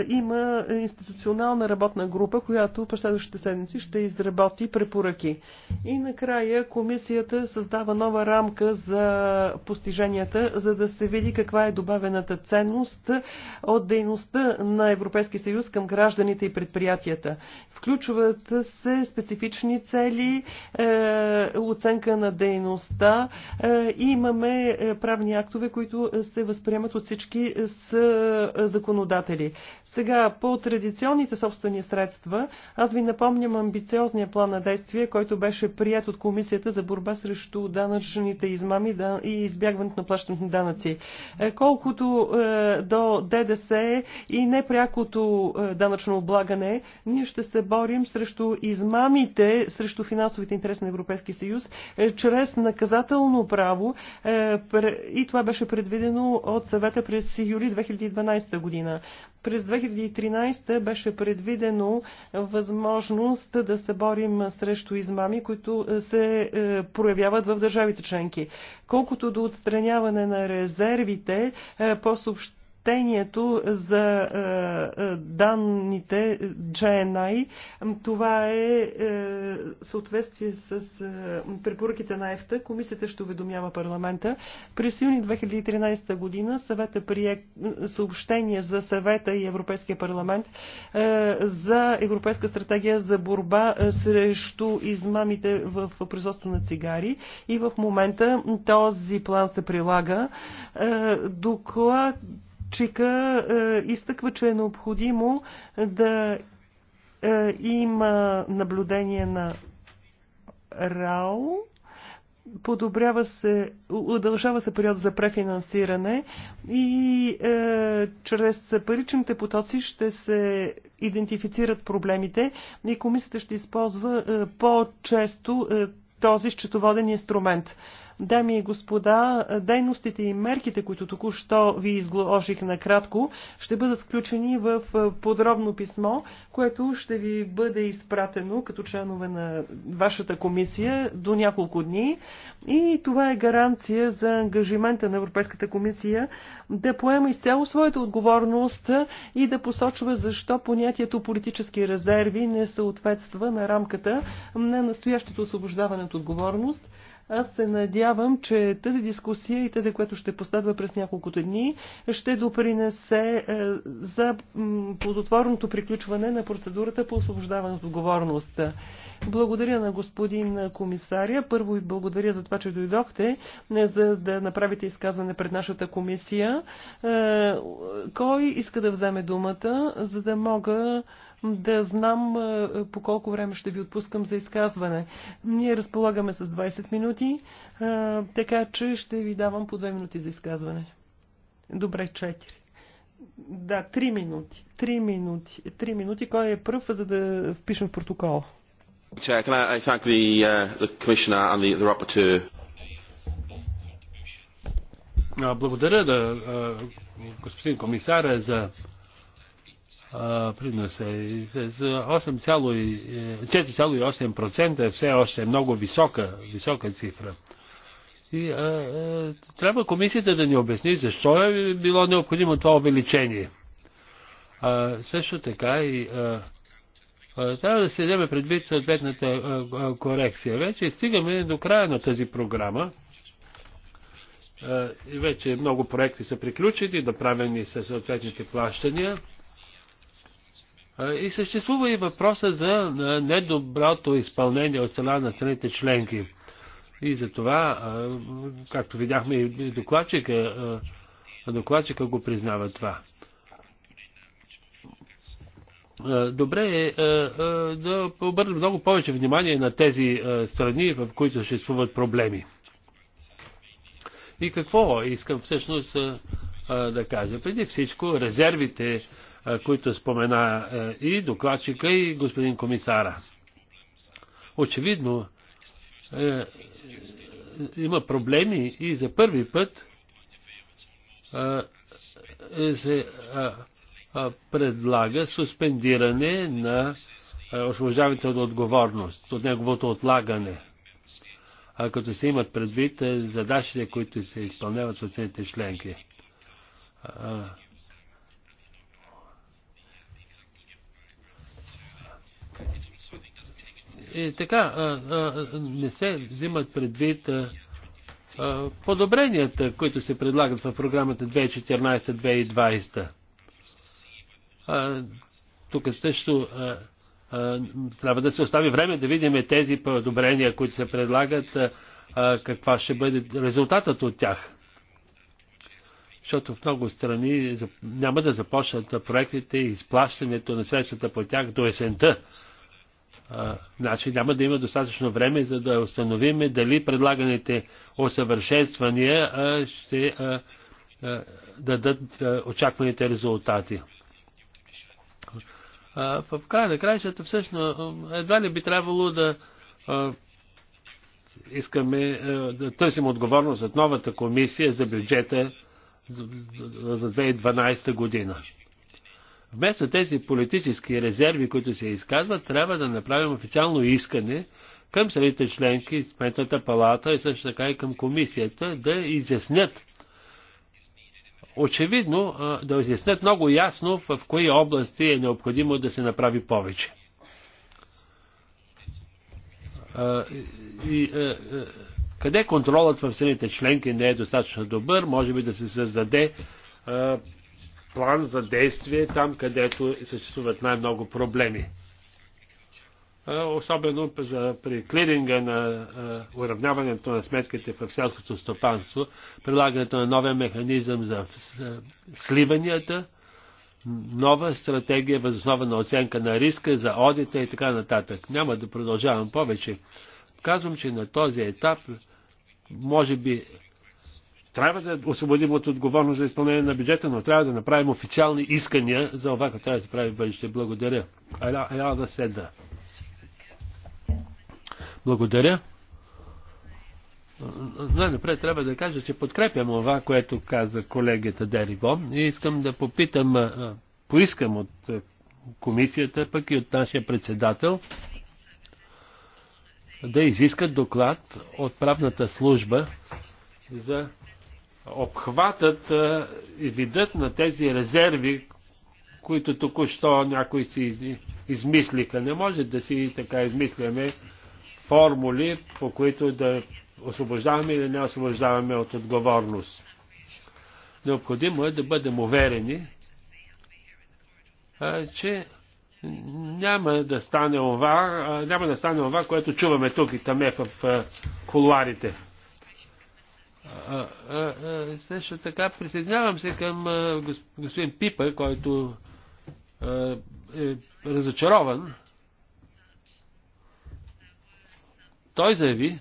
Speaker 2: има институционална работна група, която през следващите седмици ще изработи препоръки. И накрая комисията създава нова рамка за постиженията, за да се види каква е добавената ценност от дейността на Европейския съюз към гражданите и предприятията. Включват се специфични цели, е, оценка на дейността. Е, имаме е, правни актове, които се възприемат от всички с е, законодатели. Сега, по традиционните собствени средства, аз ви напомням амбициозния план на действие, който беше прият от Комисията за борба срещу данъчните измами и избягването на плащането на данъци. Е, колкото е, до ДДС и непрякото данъчно облагане, ние ще се борим срещу измамите, срещу финансовите интереси на Европейския съюз, чрез наказателно право и това беше предвидено от съвета през юли 2000 2012 година. През 2013 беше предвидено възможност да се борим срещу измами, които се е, проявяват в държавите членки. Колкото до отстраняване на резервите е, по съобщението, съобщението за е, е, данните GNI. Това е, е съответствие с препоръките на ЕФТА. Комисията ще уведомява парламента. През юни 2013 година съвета прие съобщение за съвета и Европейския парламент за Европейска стратегия за борба срещу измамите в производство на цигари и в момента този план се прилага. Доклад е, изтъква, че е необходимо да е, има наблюдение на РАО, подобрява се, удължава се период за префинансиране и е, чрез паричните потоци ще се идентифицират проблемите и комисията ще използва е, по-често е, този счетоводен инструмент. Е, Дами и господа, дейностите и мерките, които току-що ви изложих накратко, ще бъдат включени в подробно писмо, което ще ви бъде изпратено като членове на вашата комисия до няколко дни. И това е гаранция за ангажимента на Европейската комисия да поема изцяло своята отговорност и да посочва защо понятието политически резерви не съответства на рамката на настоящото освобождаване от отговорност. Аз се надявам, че тази дискусия и тази, която ще последва през няколкото дни, ще допринесе е, за плодотворното приключване на процедурата по освобождаване от отговорност. Благодаря на господин комисаря. Първо и благодаря за това, че дойдохте, е, за да направите изказване пред нашата комисия. Е, кой иска да вземе думата, за да мога да знам е, е, по колко време ще ви отпускам за изказване. Ние разполагаме с 20 минути, е, така че ще ви давам по 2 минути за изказване. Добре, 4. Да, 3 минути. 3 минути. Три минути. Кой е пръв, за да впишем в протокол?
Speaker 4: Uh, благодаря да, господин комисар за приноса е с 4,8% е все още много висока, висока цифра. И а, а, трябва комисията да ни обясни защо е било необходимо това увеличение. А, също така и а, а, трябва да се вземе предвид съответната а, а, корекция. Вече стигаме до края на тази програма. А, и вече много проекти са приключени, направени са съответните плащания. И съществува и въпроса за недоброто изпълнение от страна на страните членки. И за това, както видяхме и докладчика, докладчика го признава това. Добре е да обърнем много повече внимание на тези страни, в които съществуват проблеми. И какво искам всъщност да кажа? Преди всичко резервите които спомена и докладчика, и господин комисара. Очевидно, е, има проблеми и за първи път е, се е, предлага суспендиране на освобождаването от отговорност, от неговото отлагане. А като се имат предвид е, задачите, които се изпълняват в страните членки. А, И така, не се взимат предвид подобренията, които се предлагат в програмата 2014-2020. Тук също трябва да се остави време да видим тези подобрения, които се предлагат, каква ще бъде резултатът от тях. Защото в много страни няма да започнат проектите и изплащането на средствата по тях до есента значи няма да има достатъчно време, за да установим дали предлаганите усъвършенствания ще дадат очакваните резултати. В края на краищата всъщност едва ли би трябвало да искаме да търсим отговорност от новата комисия за бюджета за 2012 година. Вместо тези политически резерви, които се изказват, трябва да направим официално искане към самите членки, Сметната палата и също така и към комисията да изяснят очевидно да изяснят много ясно в кои области е необходимо да се направи повече. И, къде контролът в страните членки не е достатъчно добър, може би да се създаде план за действие там, където съществуват най-много проблеми. Особено за, при клиринга на уравняването на сметките в селското стопанство, прилагането на новия механизъм за сливанията, нова стратегия възоснова на оценка на риска за одита и така нататък. Няма да продължавам повече. Казвам, че на този етап може би трябва да освободим от отговорност за изпълнение на бюджета, но трябва да направим официални искания за това, което трябва да се прави в бъдеще. Благодаря. Айла да седа. Благодаря. Най-напред трябва да кажа, че подкрепям това, което каза колегата Дерибо и искам да попитам, поискам от комисията, пък и от нашия председател, да изискат доклад от правната служба за обхватът и видът на тези резерви, които току-що някои си измислиха. Не може да си така измисляме формули, по които да освобождаваме или не освобождаваме от отговорност. Необходимо е да бъдем уверени, че няма да стане това, няма да стане това, което чуваме тук и е в куларите. Също така присъединявам се към господин Пипа, който е разочарован. Той заяви,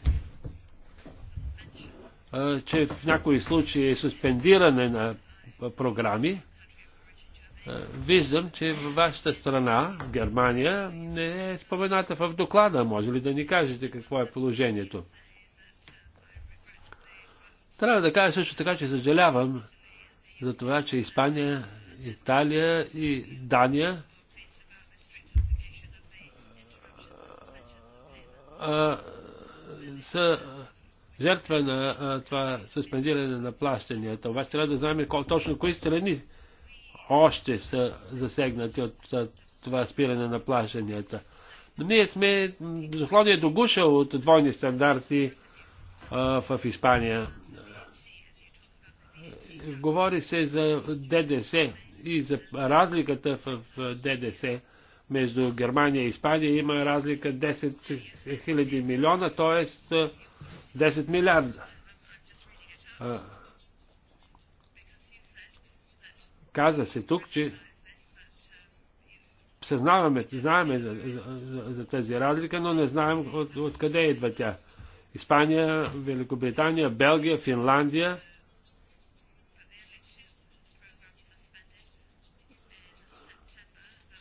Speaker 4: че в някои случаи е суспендиране на програми. Виждам, че във вашата страна, Германия, не е спомената в доклада. Може ли да ни кажете какво е положението? Трябва да кажа също така, че съжалявам за това, че Испания, Италия и Дания а, са жертва на а, това суспендиране на плащанията. Обаче трябва да знаем кол, точно кои страни още са засегнати от а, това спиране на плащанията. Но ние сме захлония е гуша от двойни стандарти а, в Испания. Говори се за ДДС и за разликата в ДДС между Германия и Испания. Има разлика 10 000 милиона, т.е. 10 милиарда. Каза се тук, че съзнаваме, знаеме за, за, за тази разлика, но не знаем откъде от, идва тя. Испания, Великобритания, Белгия, Финландия –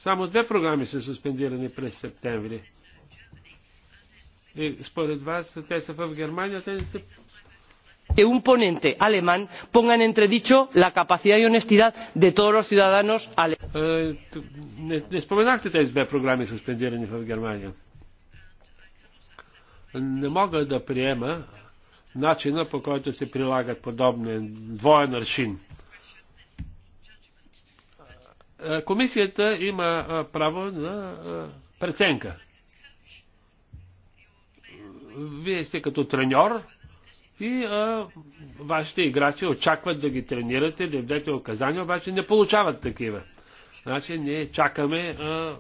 Speaker 4: Само две програми са суспендирани през септември. И според вас те са в Германия, те са
Speaker 3: que un ponente alemán ponga en entredicho la capacidad y honestidad de todos los ciudadanos
Speaker 4: alemanes. Е, не мога да приема начина по който се прилагат подобен двоен аршин. Е, комисията има е, право на е, преценка. Вие сте като треньор и а, вашите играчи очакват да ги тренирате, да им дадете указания, обаче не получават такива. Значи ние чакаме а,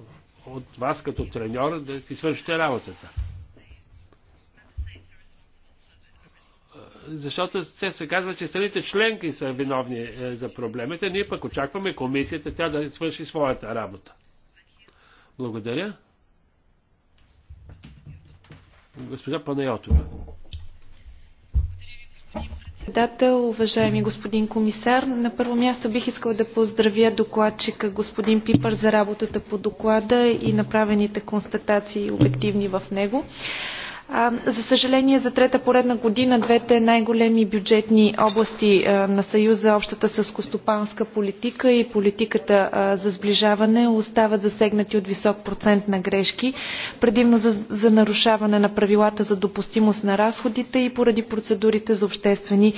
Speaker 4: от вас като треньор да си свършите работата. защото те се казва, че страните членки са виновни е, за проблемите, ние пък очакваме комисията тя да свърши своята работа. Благодаря. Госпожа Панайотова.
Speaker 1: Председател, уважаеми господин комисар, на първо място бих искал да поздравя докладчика господин Пипър за работата по доклада и направените констатации обективни в него. За съжаление, за трета поредна година двете най-големи бюджетни области на Съюза, общата сълскостопанска политика и политиката за сближаване, остават засегнати от висок процент на грешки, предимно за, за нарушаване на правилата за допустимост на разходите и поради процедурите за обществени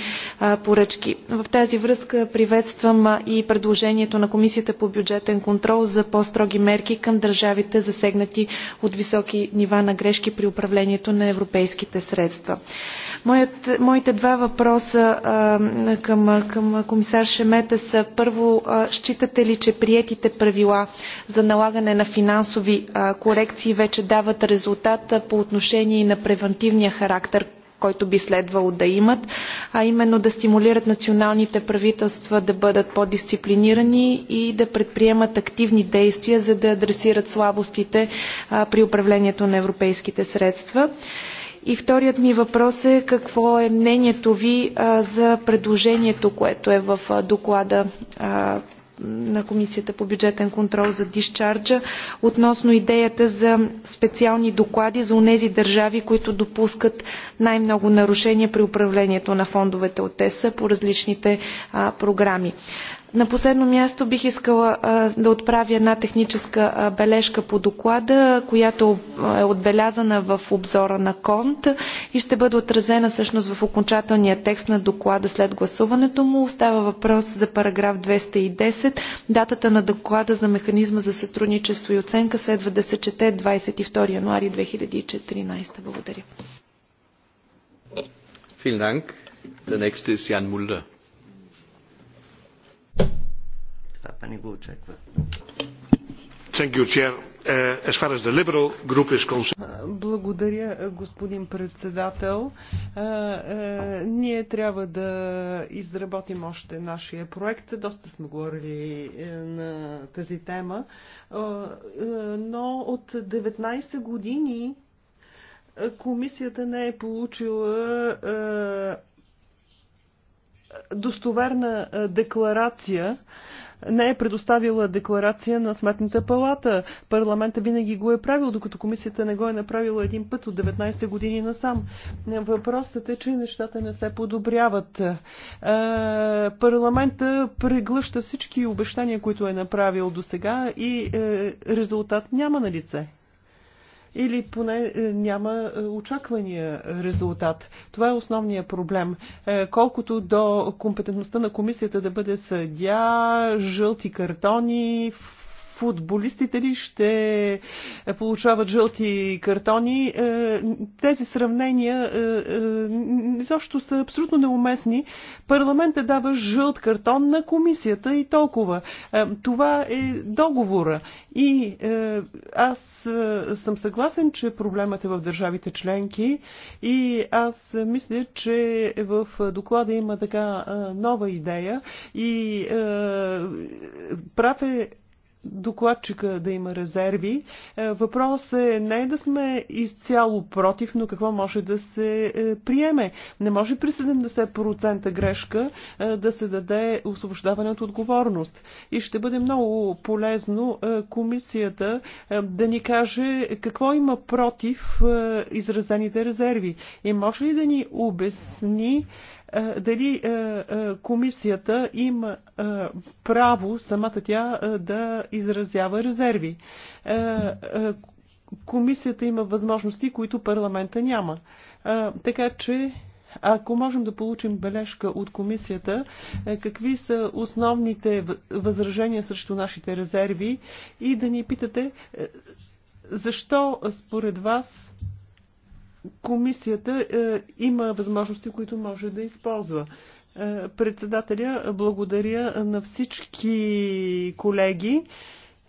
Speaker 1: поръчки. В тази връзка приветствам и предложението на Комисията по бюджетен контрол за по-строги мерки към държавите засегнати от високи нива на грешки при управлението на европейските средства. Моят, моите два въпроса а, към, към комисар Шемета са първо, а, считате ли, че приетите правила за налагане на финансови а, корекции вече дават резултат по отношение и на превентивния характер, който би следвало да имат, а именно да стимулират националните правителства да бъдат по-дисциплинирани и да предприемат активни действия, за да адресират слабостите при управлението на европейските средства. И вторият ми въпрос е какво е мнението ви за предложението, което е в доклада на Комисията по бюджетен контрол за дисчарджа относно идеята за специални доклади за унези държави, които допускат най-много нарушения при управлението на фондовете от ЕСА по различните а, програми. На последно място бих искала а, да отправя една техническа а, бележка по доклада, която е отбелязана в обзора на КОНТ и ще бъде отразена всъщност в окончателния текст на доклада след гласуването му. Остава въпрос за параграф 210. Датата на доклада за механизма за сътрудничество и оценка следва да се чете 22 януари 2014. Благодаря.
Speaker 5: Vielen Jan Mulder.
Speaker 2: Благодаря, господин председател. Uh, uh, ние трябва да изработим още нашия проект. Доста сме говорили е, на тази тема. Uh, но от 19 години е, комисията не е получила е, достоверна декларация не е предоставила декларация на Сметната палата. Парламента винаги го е правил, докато комисията не го е направила един път от 19 години насам. Въпросът е, че нещата не се подобряват. Е, парламента преглъща всички обещания, които е направил до сега и е, резултат няма на лице или поне е, няма е, очаквания резултат. Това е основният проблем. Е, колкото до компетентността на комисията да бъде съдя, жълти картони, футболистите ли ще получават жълти картони. Е, тези сравнения е, е, изобщо са абсолютно неуместни. Парламентът дава жълт картон на комисията и толкова. Това е договора. И аз съм съгласен, че проблемът е в държавите членки и аз мисля, че в доклада има така нова идея и прав е докладчика да има резерви. Е, въпрос е не да сме изцяло против, но какво може да се е, приеме. Не може при 70% грешка е, да се даде освобождаване от отговорност. И ще бъде много полезно комисията да ни каже какво има против изразените резерви. И може ли да ни обясни е, дали е, е, комисията има право самата тя да изразява резерви. Комисията има възможности, които парламента няма. Така че ако можем да получим бележка от комисията, какви са основните възражения срещу нашите резерви и да ни питате защо според вас комисията е, има възможности, които може да използва. Е, председателя, благодаря на всички колеги.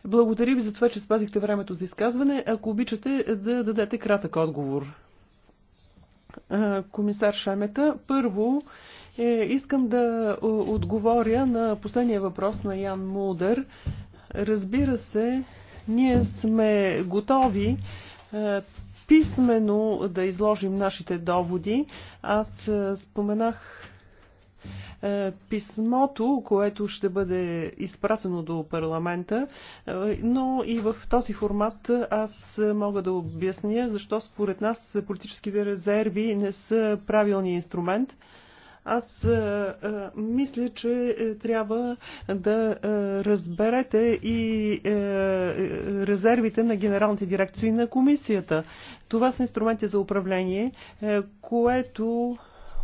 Speaker 2: Благодаря ви за това, че спазихте времето за изказване. Ако обичате да дадете кратък отговор. Е, комисар Шамета, първо е, искам да е, отговоря на последния въпрос на Ян Мудър. Разбира се, ние сме готови е, Писмено да изложим нашите доводи. Аз е, споменах е, писмото, което ще бъде изпратено до парламента, е, но и в този формат аз мога да обясня защо според нас политическите резерви не са правилният инструмент. Аз е, е, мисля, че е, трябва да разберете и резервите на генералните дирекции на комисията. Това са инструменти за управление, което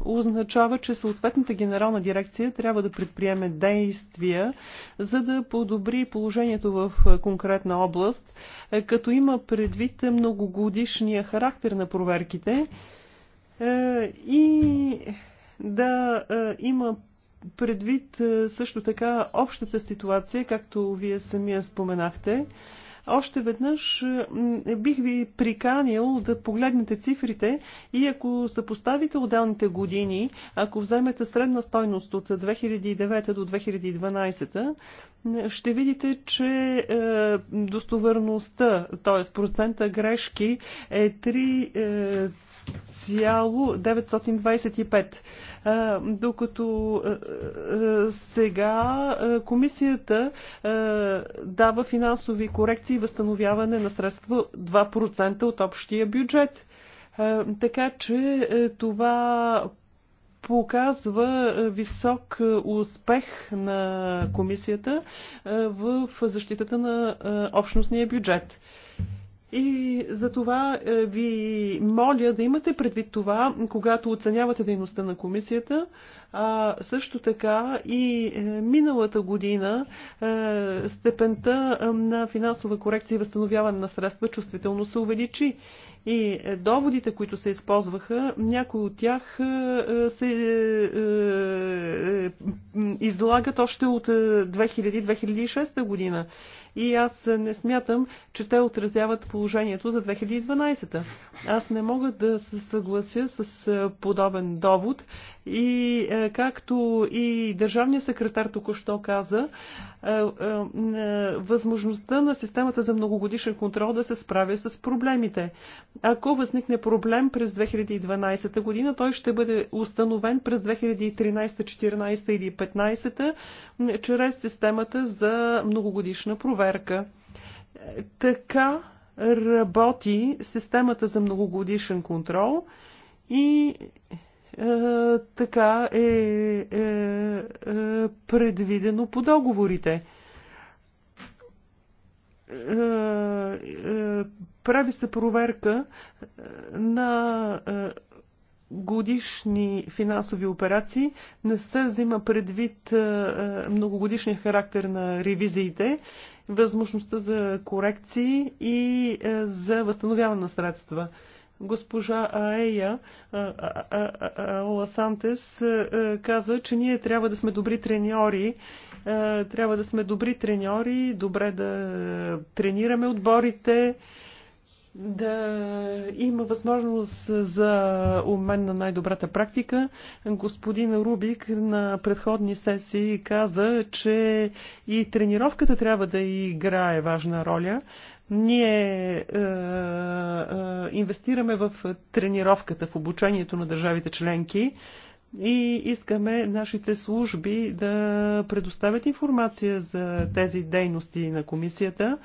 Speaker 2: означава, че съответната генерална дирекция трябва да предприеме действия, за да подобри положението в конкретна област, като има предвид многогодишния характер на проверките и да е, има предвид е, също така общата ситуация, както вие самия споменахте. Още веднъж е, бих ви приканил да погледнете цифрите и ако съпоставите отделните години, ако вземете средна стойност от 2009 до 2012, ще видите, че достоверността, т.е. процента грешки е 3, 925. Докато сега комисията дава финансови корекции и възстановяване на средства 2% от общия бюджет. Така че това показва висок успех на комисията в защитата на общностния бюджет. И за това е, ви моля да имате предвид това, когато оценявате дейността на комисията. А, също така и е, миналата година е, степента на финансова корекция и възстановяване на средства чувствително се увеличи. И доводите, които се използваха, някои от тях се излагат още от 2000-2006 година и аз не смятам, че те отразяват положението за 2012. Аз не мога да се съглася с подобен довод и както и държавният секретар току-що каза, възможността на системата за многогодишен контрол да се справя с проблемите. Ако възникне проблем през 2012 година, той ще бъде установен през 2013, 2014 или 2015 чрез системата за многогодишна проверка проверка. Така работи системата за многогодишен контрол и е, така е, е, е предвидено по договорите. Е, е, прави се проверка на е, годишни финансови операции не се взима предвид е, е, многогодишния характер на ревизиите, възможността за корекции и е, за възстановяване на средства госпожа Аея Ласантес каза, че ние трябва да сме добри треньори. Трябва да сме добри треньори, добре да тренираме отборите, да има възможност за обмен на най-добрата практика. Господин Рубик на предходни сесии каза, че и тренировката трябва да играе важна роля. Ние е, е, инвестираме в тренировката, в обучението на държавите членки и искаме нашите служби да предоставят информация за тези дейности на комисията.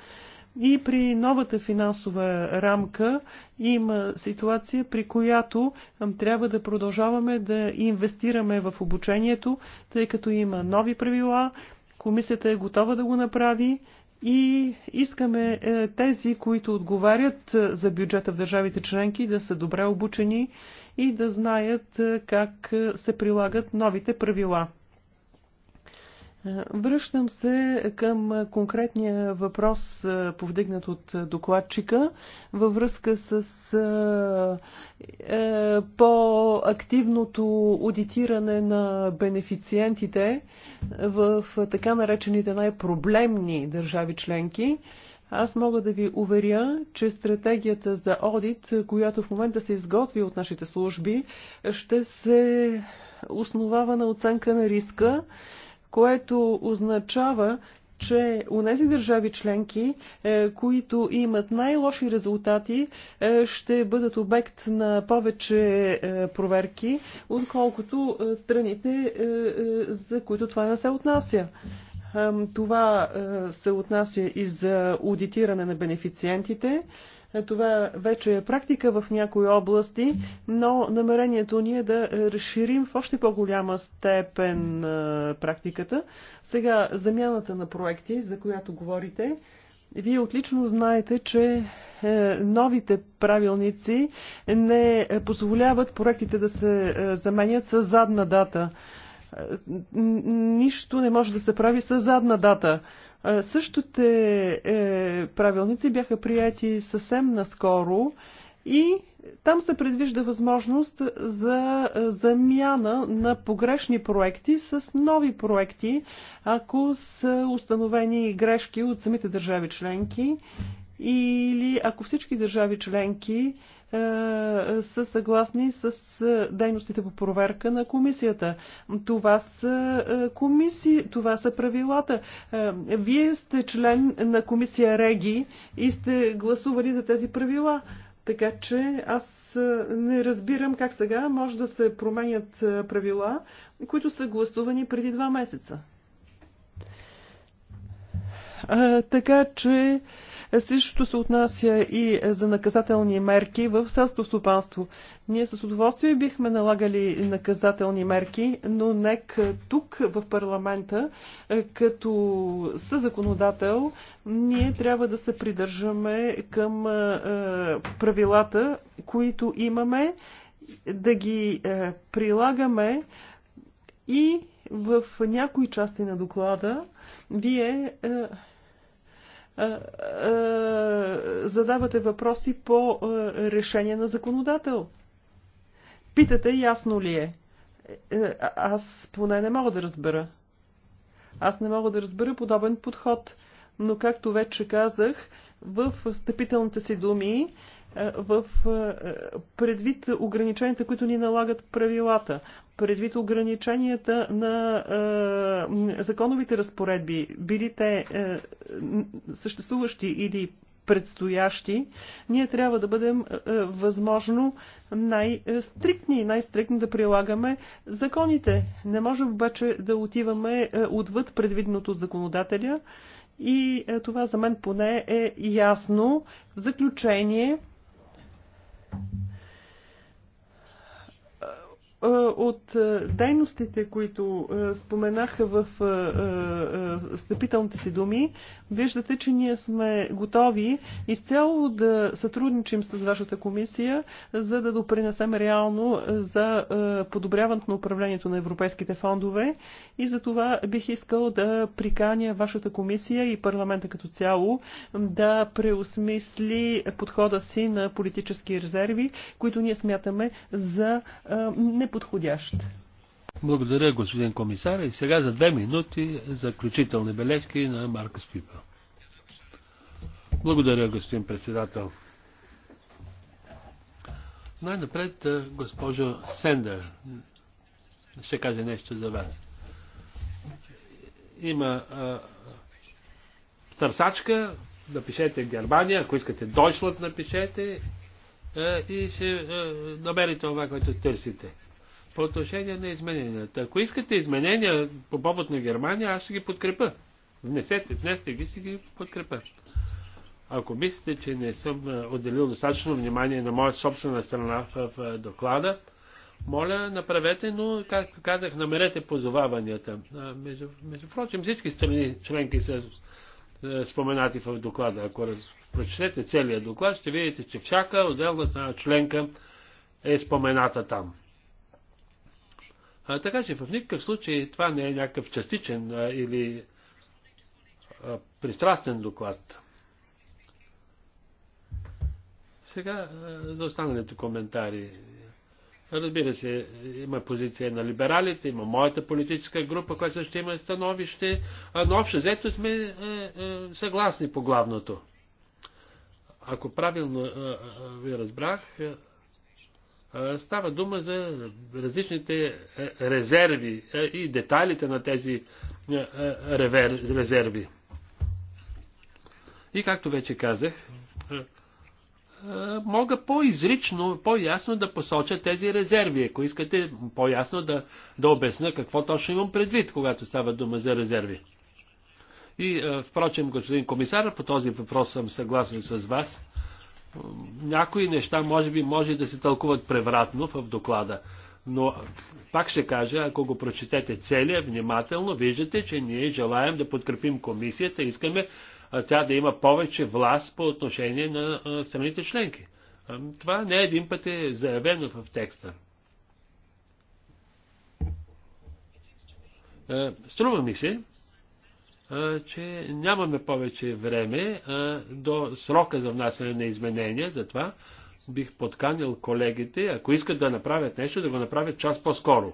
Speaker 2: И при новата финансова рамка има ситуация, при която трябва да продължаваме да инвестираме в обучението, тъй като има нови правила, комисията е готова да го направи и искаме е, тези, които отговарят е, за бюджета в държавите членки, да са добре обучени и да знаят е, как се прилагат новите правила. Връщам се към конкретния въпрос, повдигнат от докладчика, във връзка с е, по-активното аудитиране на бенефициентите в така наречените най-проблемни държави членки. Аз мога да ви уверя, че стратегията за одит, която в момента се изготви от нашите служби, ще се основава на оценка на риска което означава, че у нези държави членки, е, които имат най-лоши резултати, е, ще бъдат обект на повече е, проверки, отколкото страните, за които това не се отнася. Това се отнася и за аудитиране на бенефициентите. Това вече е практика в някои области, но намерението ни е да разширим в още по-голяма степен практиката. Сега, замяната на проекти, за която говорите, вие отлично знаете, че е, новите правилници не позволяват проектите да се е, заменят с задна дата. Е, нищо не може да се прави с задна дата. Същите е, правилници бяха прияти съвсем наскоро и там се предвижда възможност за е, замяна на погрешни проекти с нови проекти, ако са установени грешки от самите държави членки или ако всички държави членки е, са съгласни с е, дейностите по проверка на комисията. Това са, е, комисии, това са правилата. Вие сте член на комисия Реги и сте гласували за тези правила. Така че аз не разбирам как сега може да се променят правила, които са гласувани преди два месеца. А, така че Същото се отнася и за наказателни мерки в селско стопанство. Ние с удоволствие бихме налагали наказателни мерки, но нека тук в парламента, като съзаконодател, ние трябва да се придържаме към е, правилата, които имаме, да ги е, прилагаме и в някои части на доклада вие е, задавате въпроси по решение на законодател. Питате ясно ли е. е аз поне не мога да разбера. Аз не мога да разбера подобен подход. Но както вече казах, в встъпителните си думи е, в е, предвид ограниченията, които ни налагат правилата, предвид ограниченията на е, законовите разпоредби, били те съществуващи или предстоящи, ние трябва да бъдем възможно най-стриктни най-стриктно да прилагаме законите. Не можем обаче да отиваме отвъд предвиденото от законодателя и това за мен поне е ясно. В заключение, Е, от е, дейностите, които е, споменаха в встъпителните си думи, виждате, че ние сме готови изцяло да сътрудничим с вашата комисия, за да допринесем реално за подобряването на управлението на европейските фондове. И за това бих искал да приканя вашата комисия и парламента като цяло да преосмисли подхода си на политически резерви, които ние смятаме за не неподходящ.
Speaker 4: Благодаря, господин комисар. И сега за две минути заключителни бележки на Марка Спипа. Благодаря, господин председател. Най-напред, госпожо Сендер, ще каже нещо за вас. Има а, търсачка, напишете Германия, ако искате Дойшлът, напишете а, и ще а, намерите това, което търсите по отношение на измененията. Ако искате изменения по повод на Германия, аз ще ги подкрепа. Внесете, внесете ги, ще ги подкрепа. Ако мислите, че не съм отделил достатъчно внимание на моя собствена страна в доклада, моля, направете, но, както казах, намерете позоваванията. Между, между прочим, всички страни членки са споменати в доклада. Ако прочетете целият доклад, ще видите, че всяка отделна страна членка е спомената там. А, така че в никакъв случай това не е някакъв частичен а, или а, пристрастен доклад. Сега а, за останалите коментари. Разбира се, има позиция на либералите, има моята политическа група, която също има становище, но общо взето сме а, е, а, е, съгласни по главното. Ако правилно а, ви разбрах, е, Става дума за различните е, резерви е, и детайлите на тези е, резерви. И както вече казах, мога по-изрично, по-ясно да посоча тези резерви. Ако искате по-ясно да, да обясна какво точно имам предвид, когато става дума за резерви. И, впрочем, господин комисар, по този въпрос съм съгласен с вас някои неща може би може да се тълкуват превратно в доклада. Но пак ще кажа, ако го прочетете целия внимателно, виждате, че ние желаем да подкрепим комисията, искаме тя да има повече власт по отношение на страните членки. Това не един път е заявено в текста. Струва ми се, че нямаме повече време до срока за внасяне на изменения, затова бих подканил колегите, ако искат да направят нещо, да го направят час по-скоро.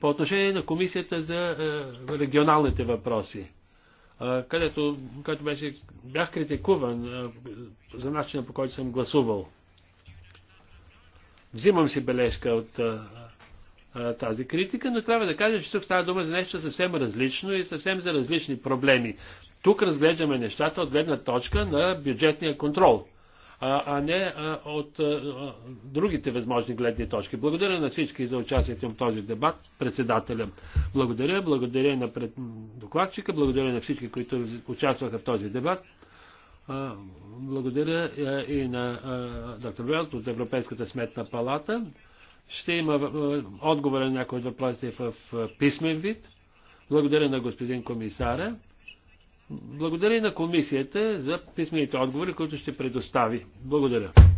Speaker 4: По отношение на комисията за регионалните въпроси, където, където беше, бях критикуван за начина по който съм гласувал. Взимам си бележка от тази критика, но трябва да кажа, че тук става дума за нещо съвсем различно и съвсем за различни проблеми. Тук разглеждаме нещата от гледна точка на бюджетния контрол, а, а не а, от а, другите възможни гледни точки. Благодаря на всички за участието в този дебат, председателя. Благодаря, благодаря на пред... докладчика, благодаря на всички, които участваха в този дебат. Благодаря и на доктор Велт от Европейската сметна палата. Ще има е, отговор на някои въпроси в писмен вид. Благодаря на господин комисара. Благодаря и на комисията за писмените отговори, които ще предостави. Благодаря.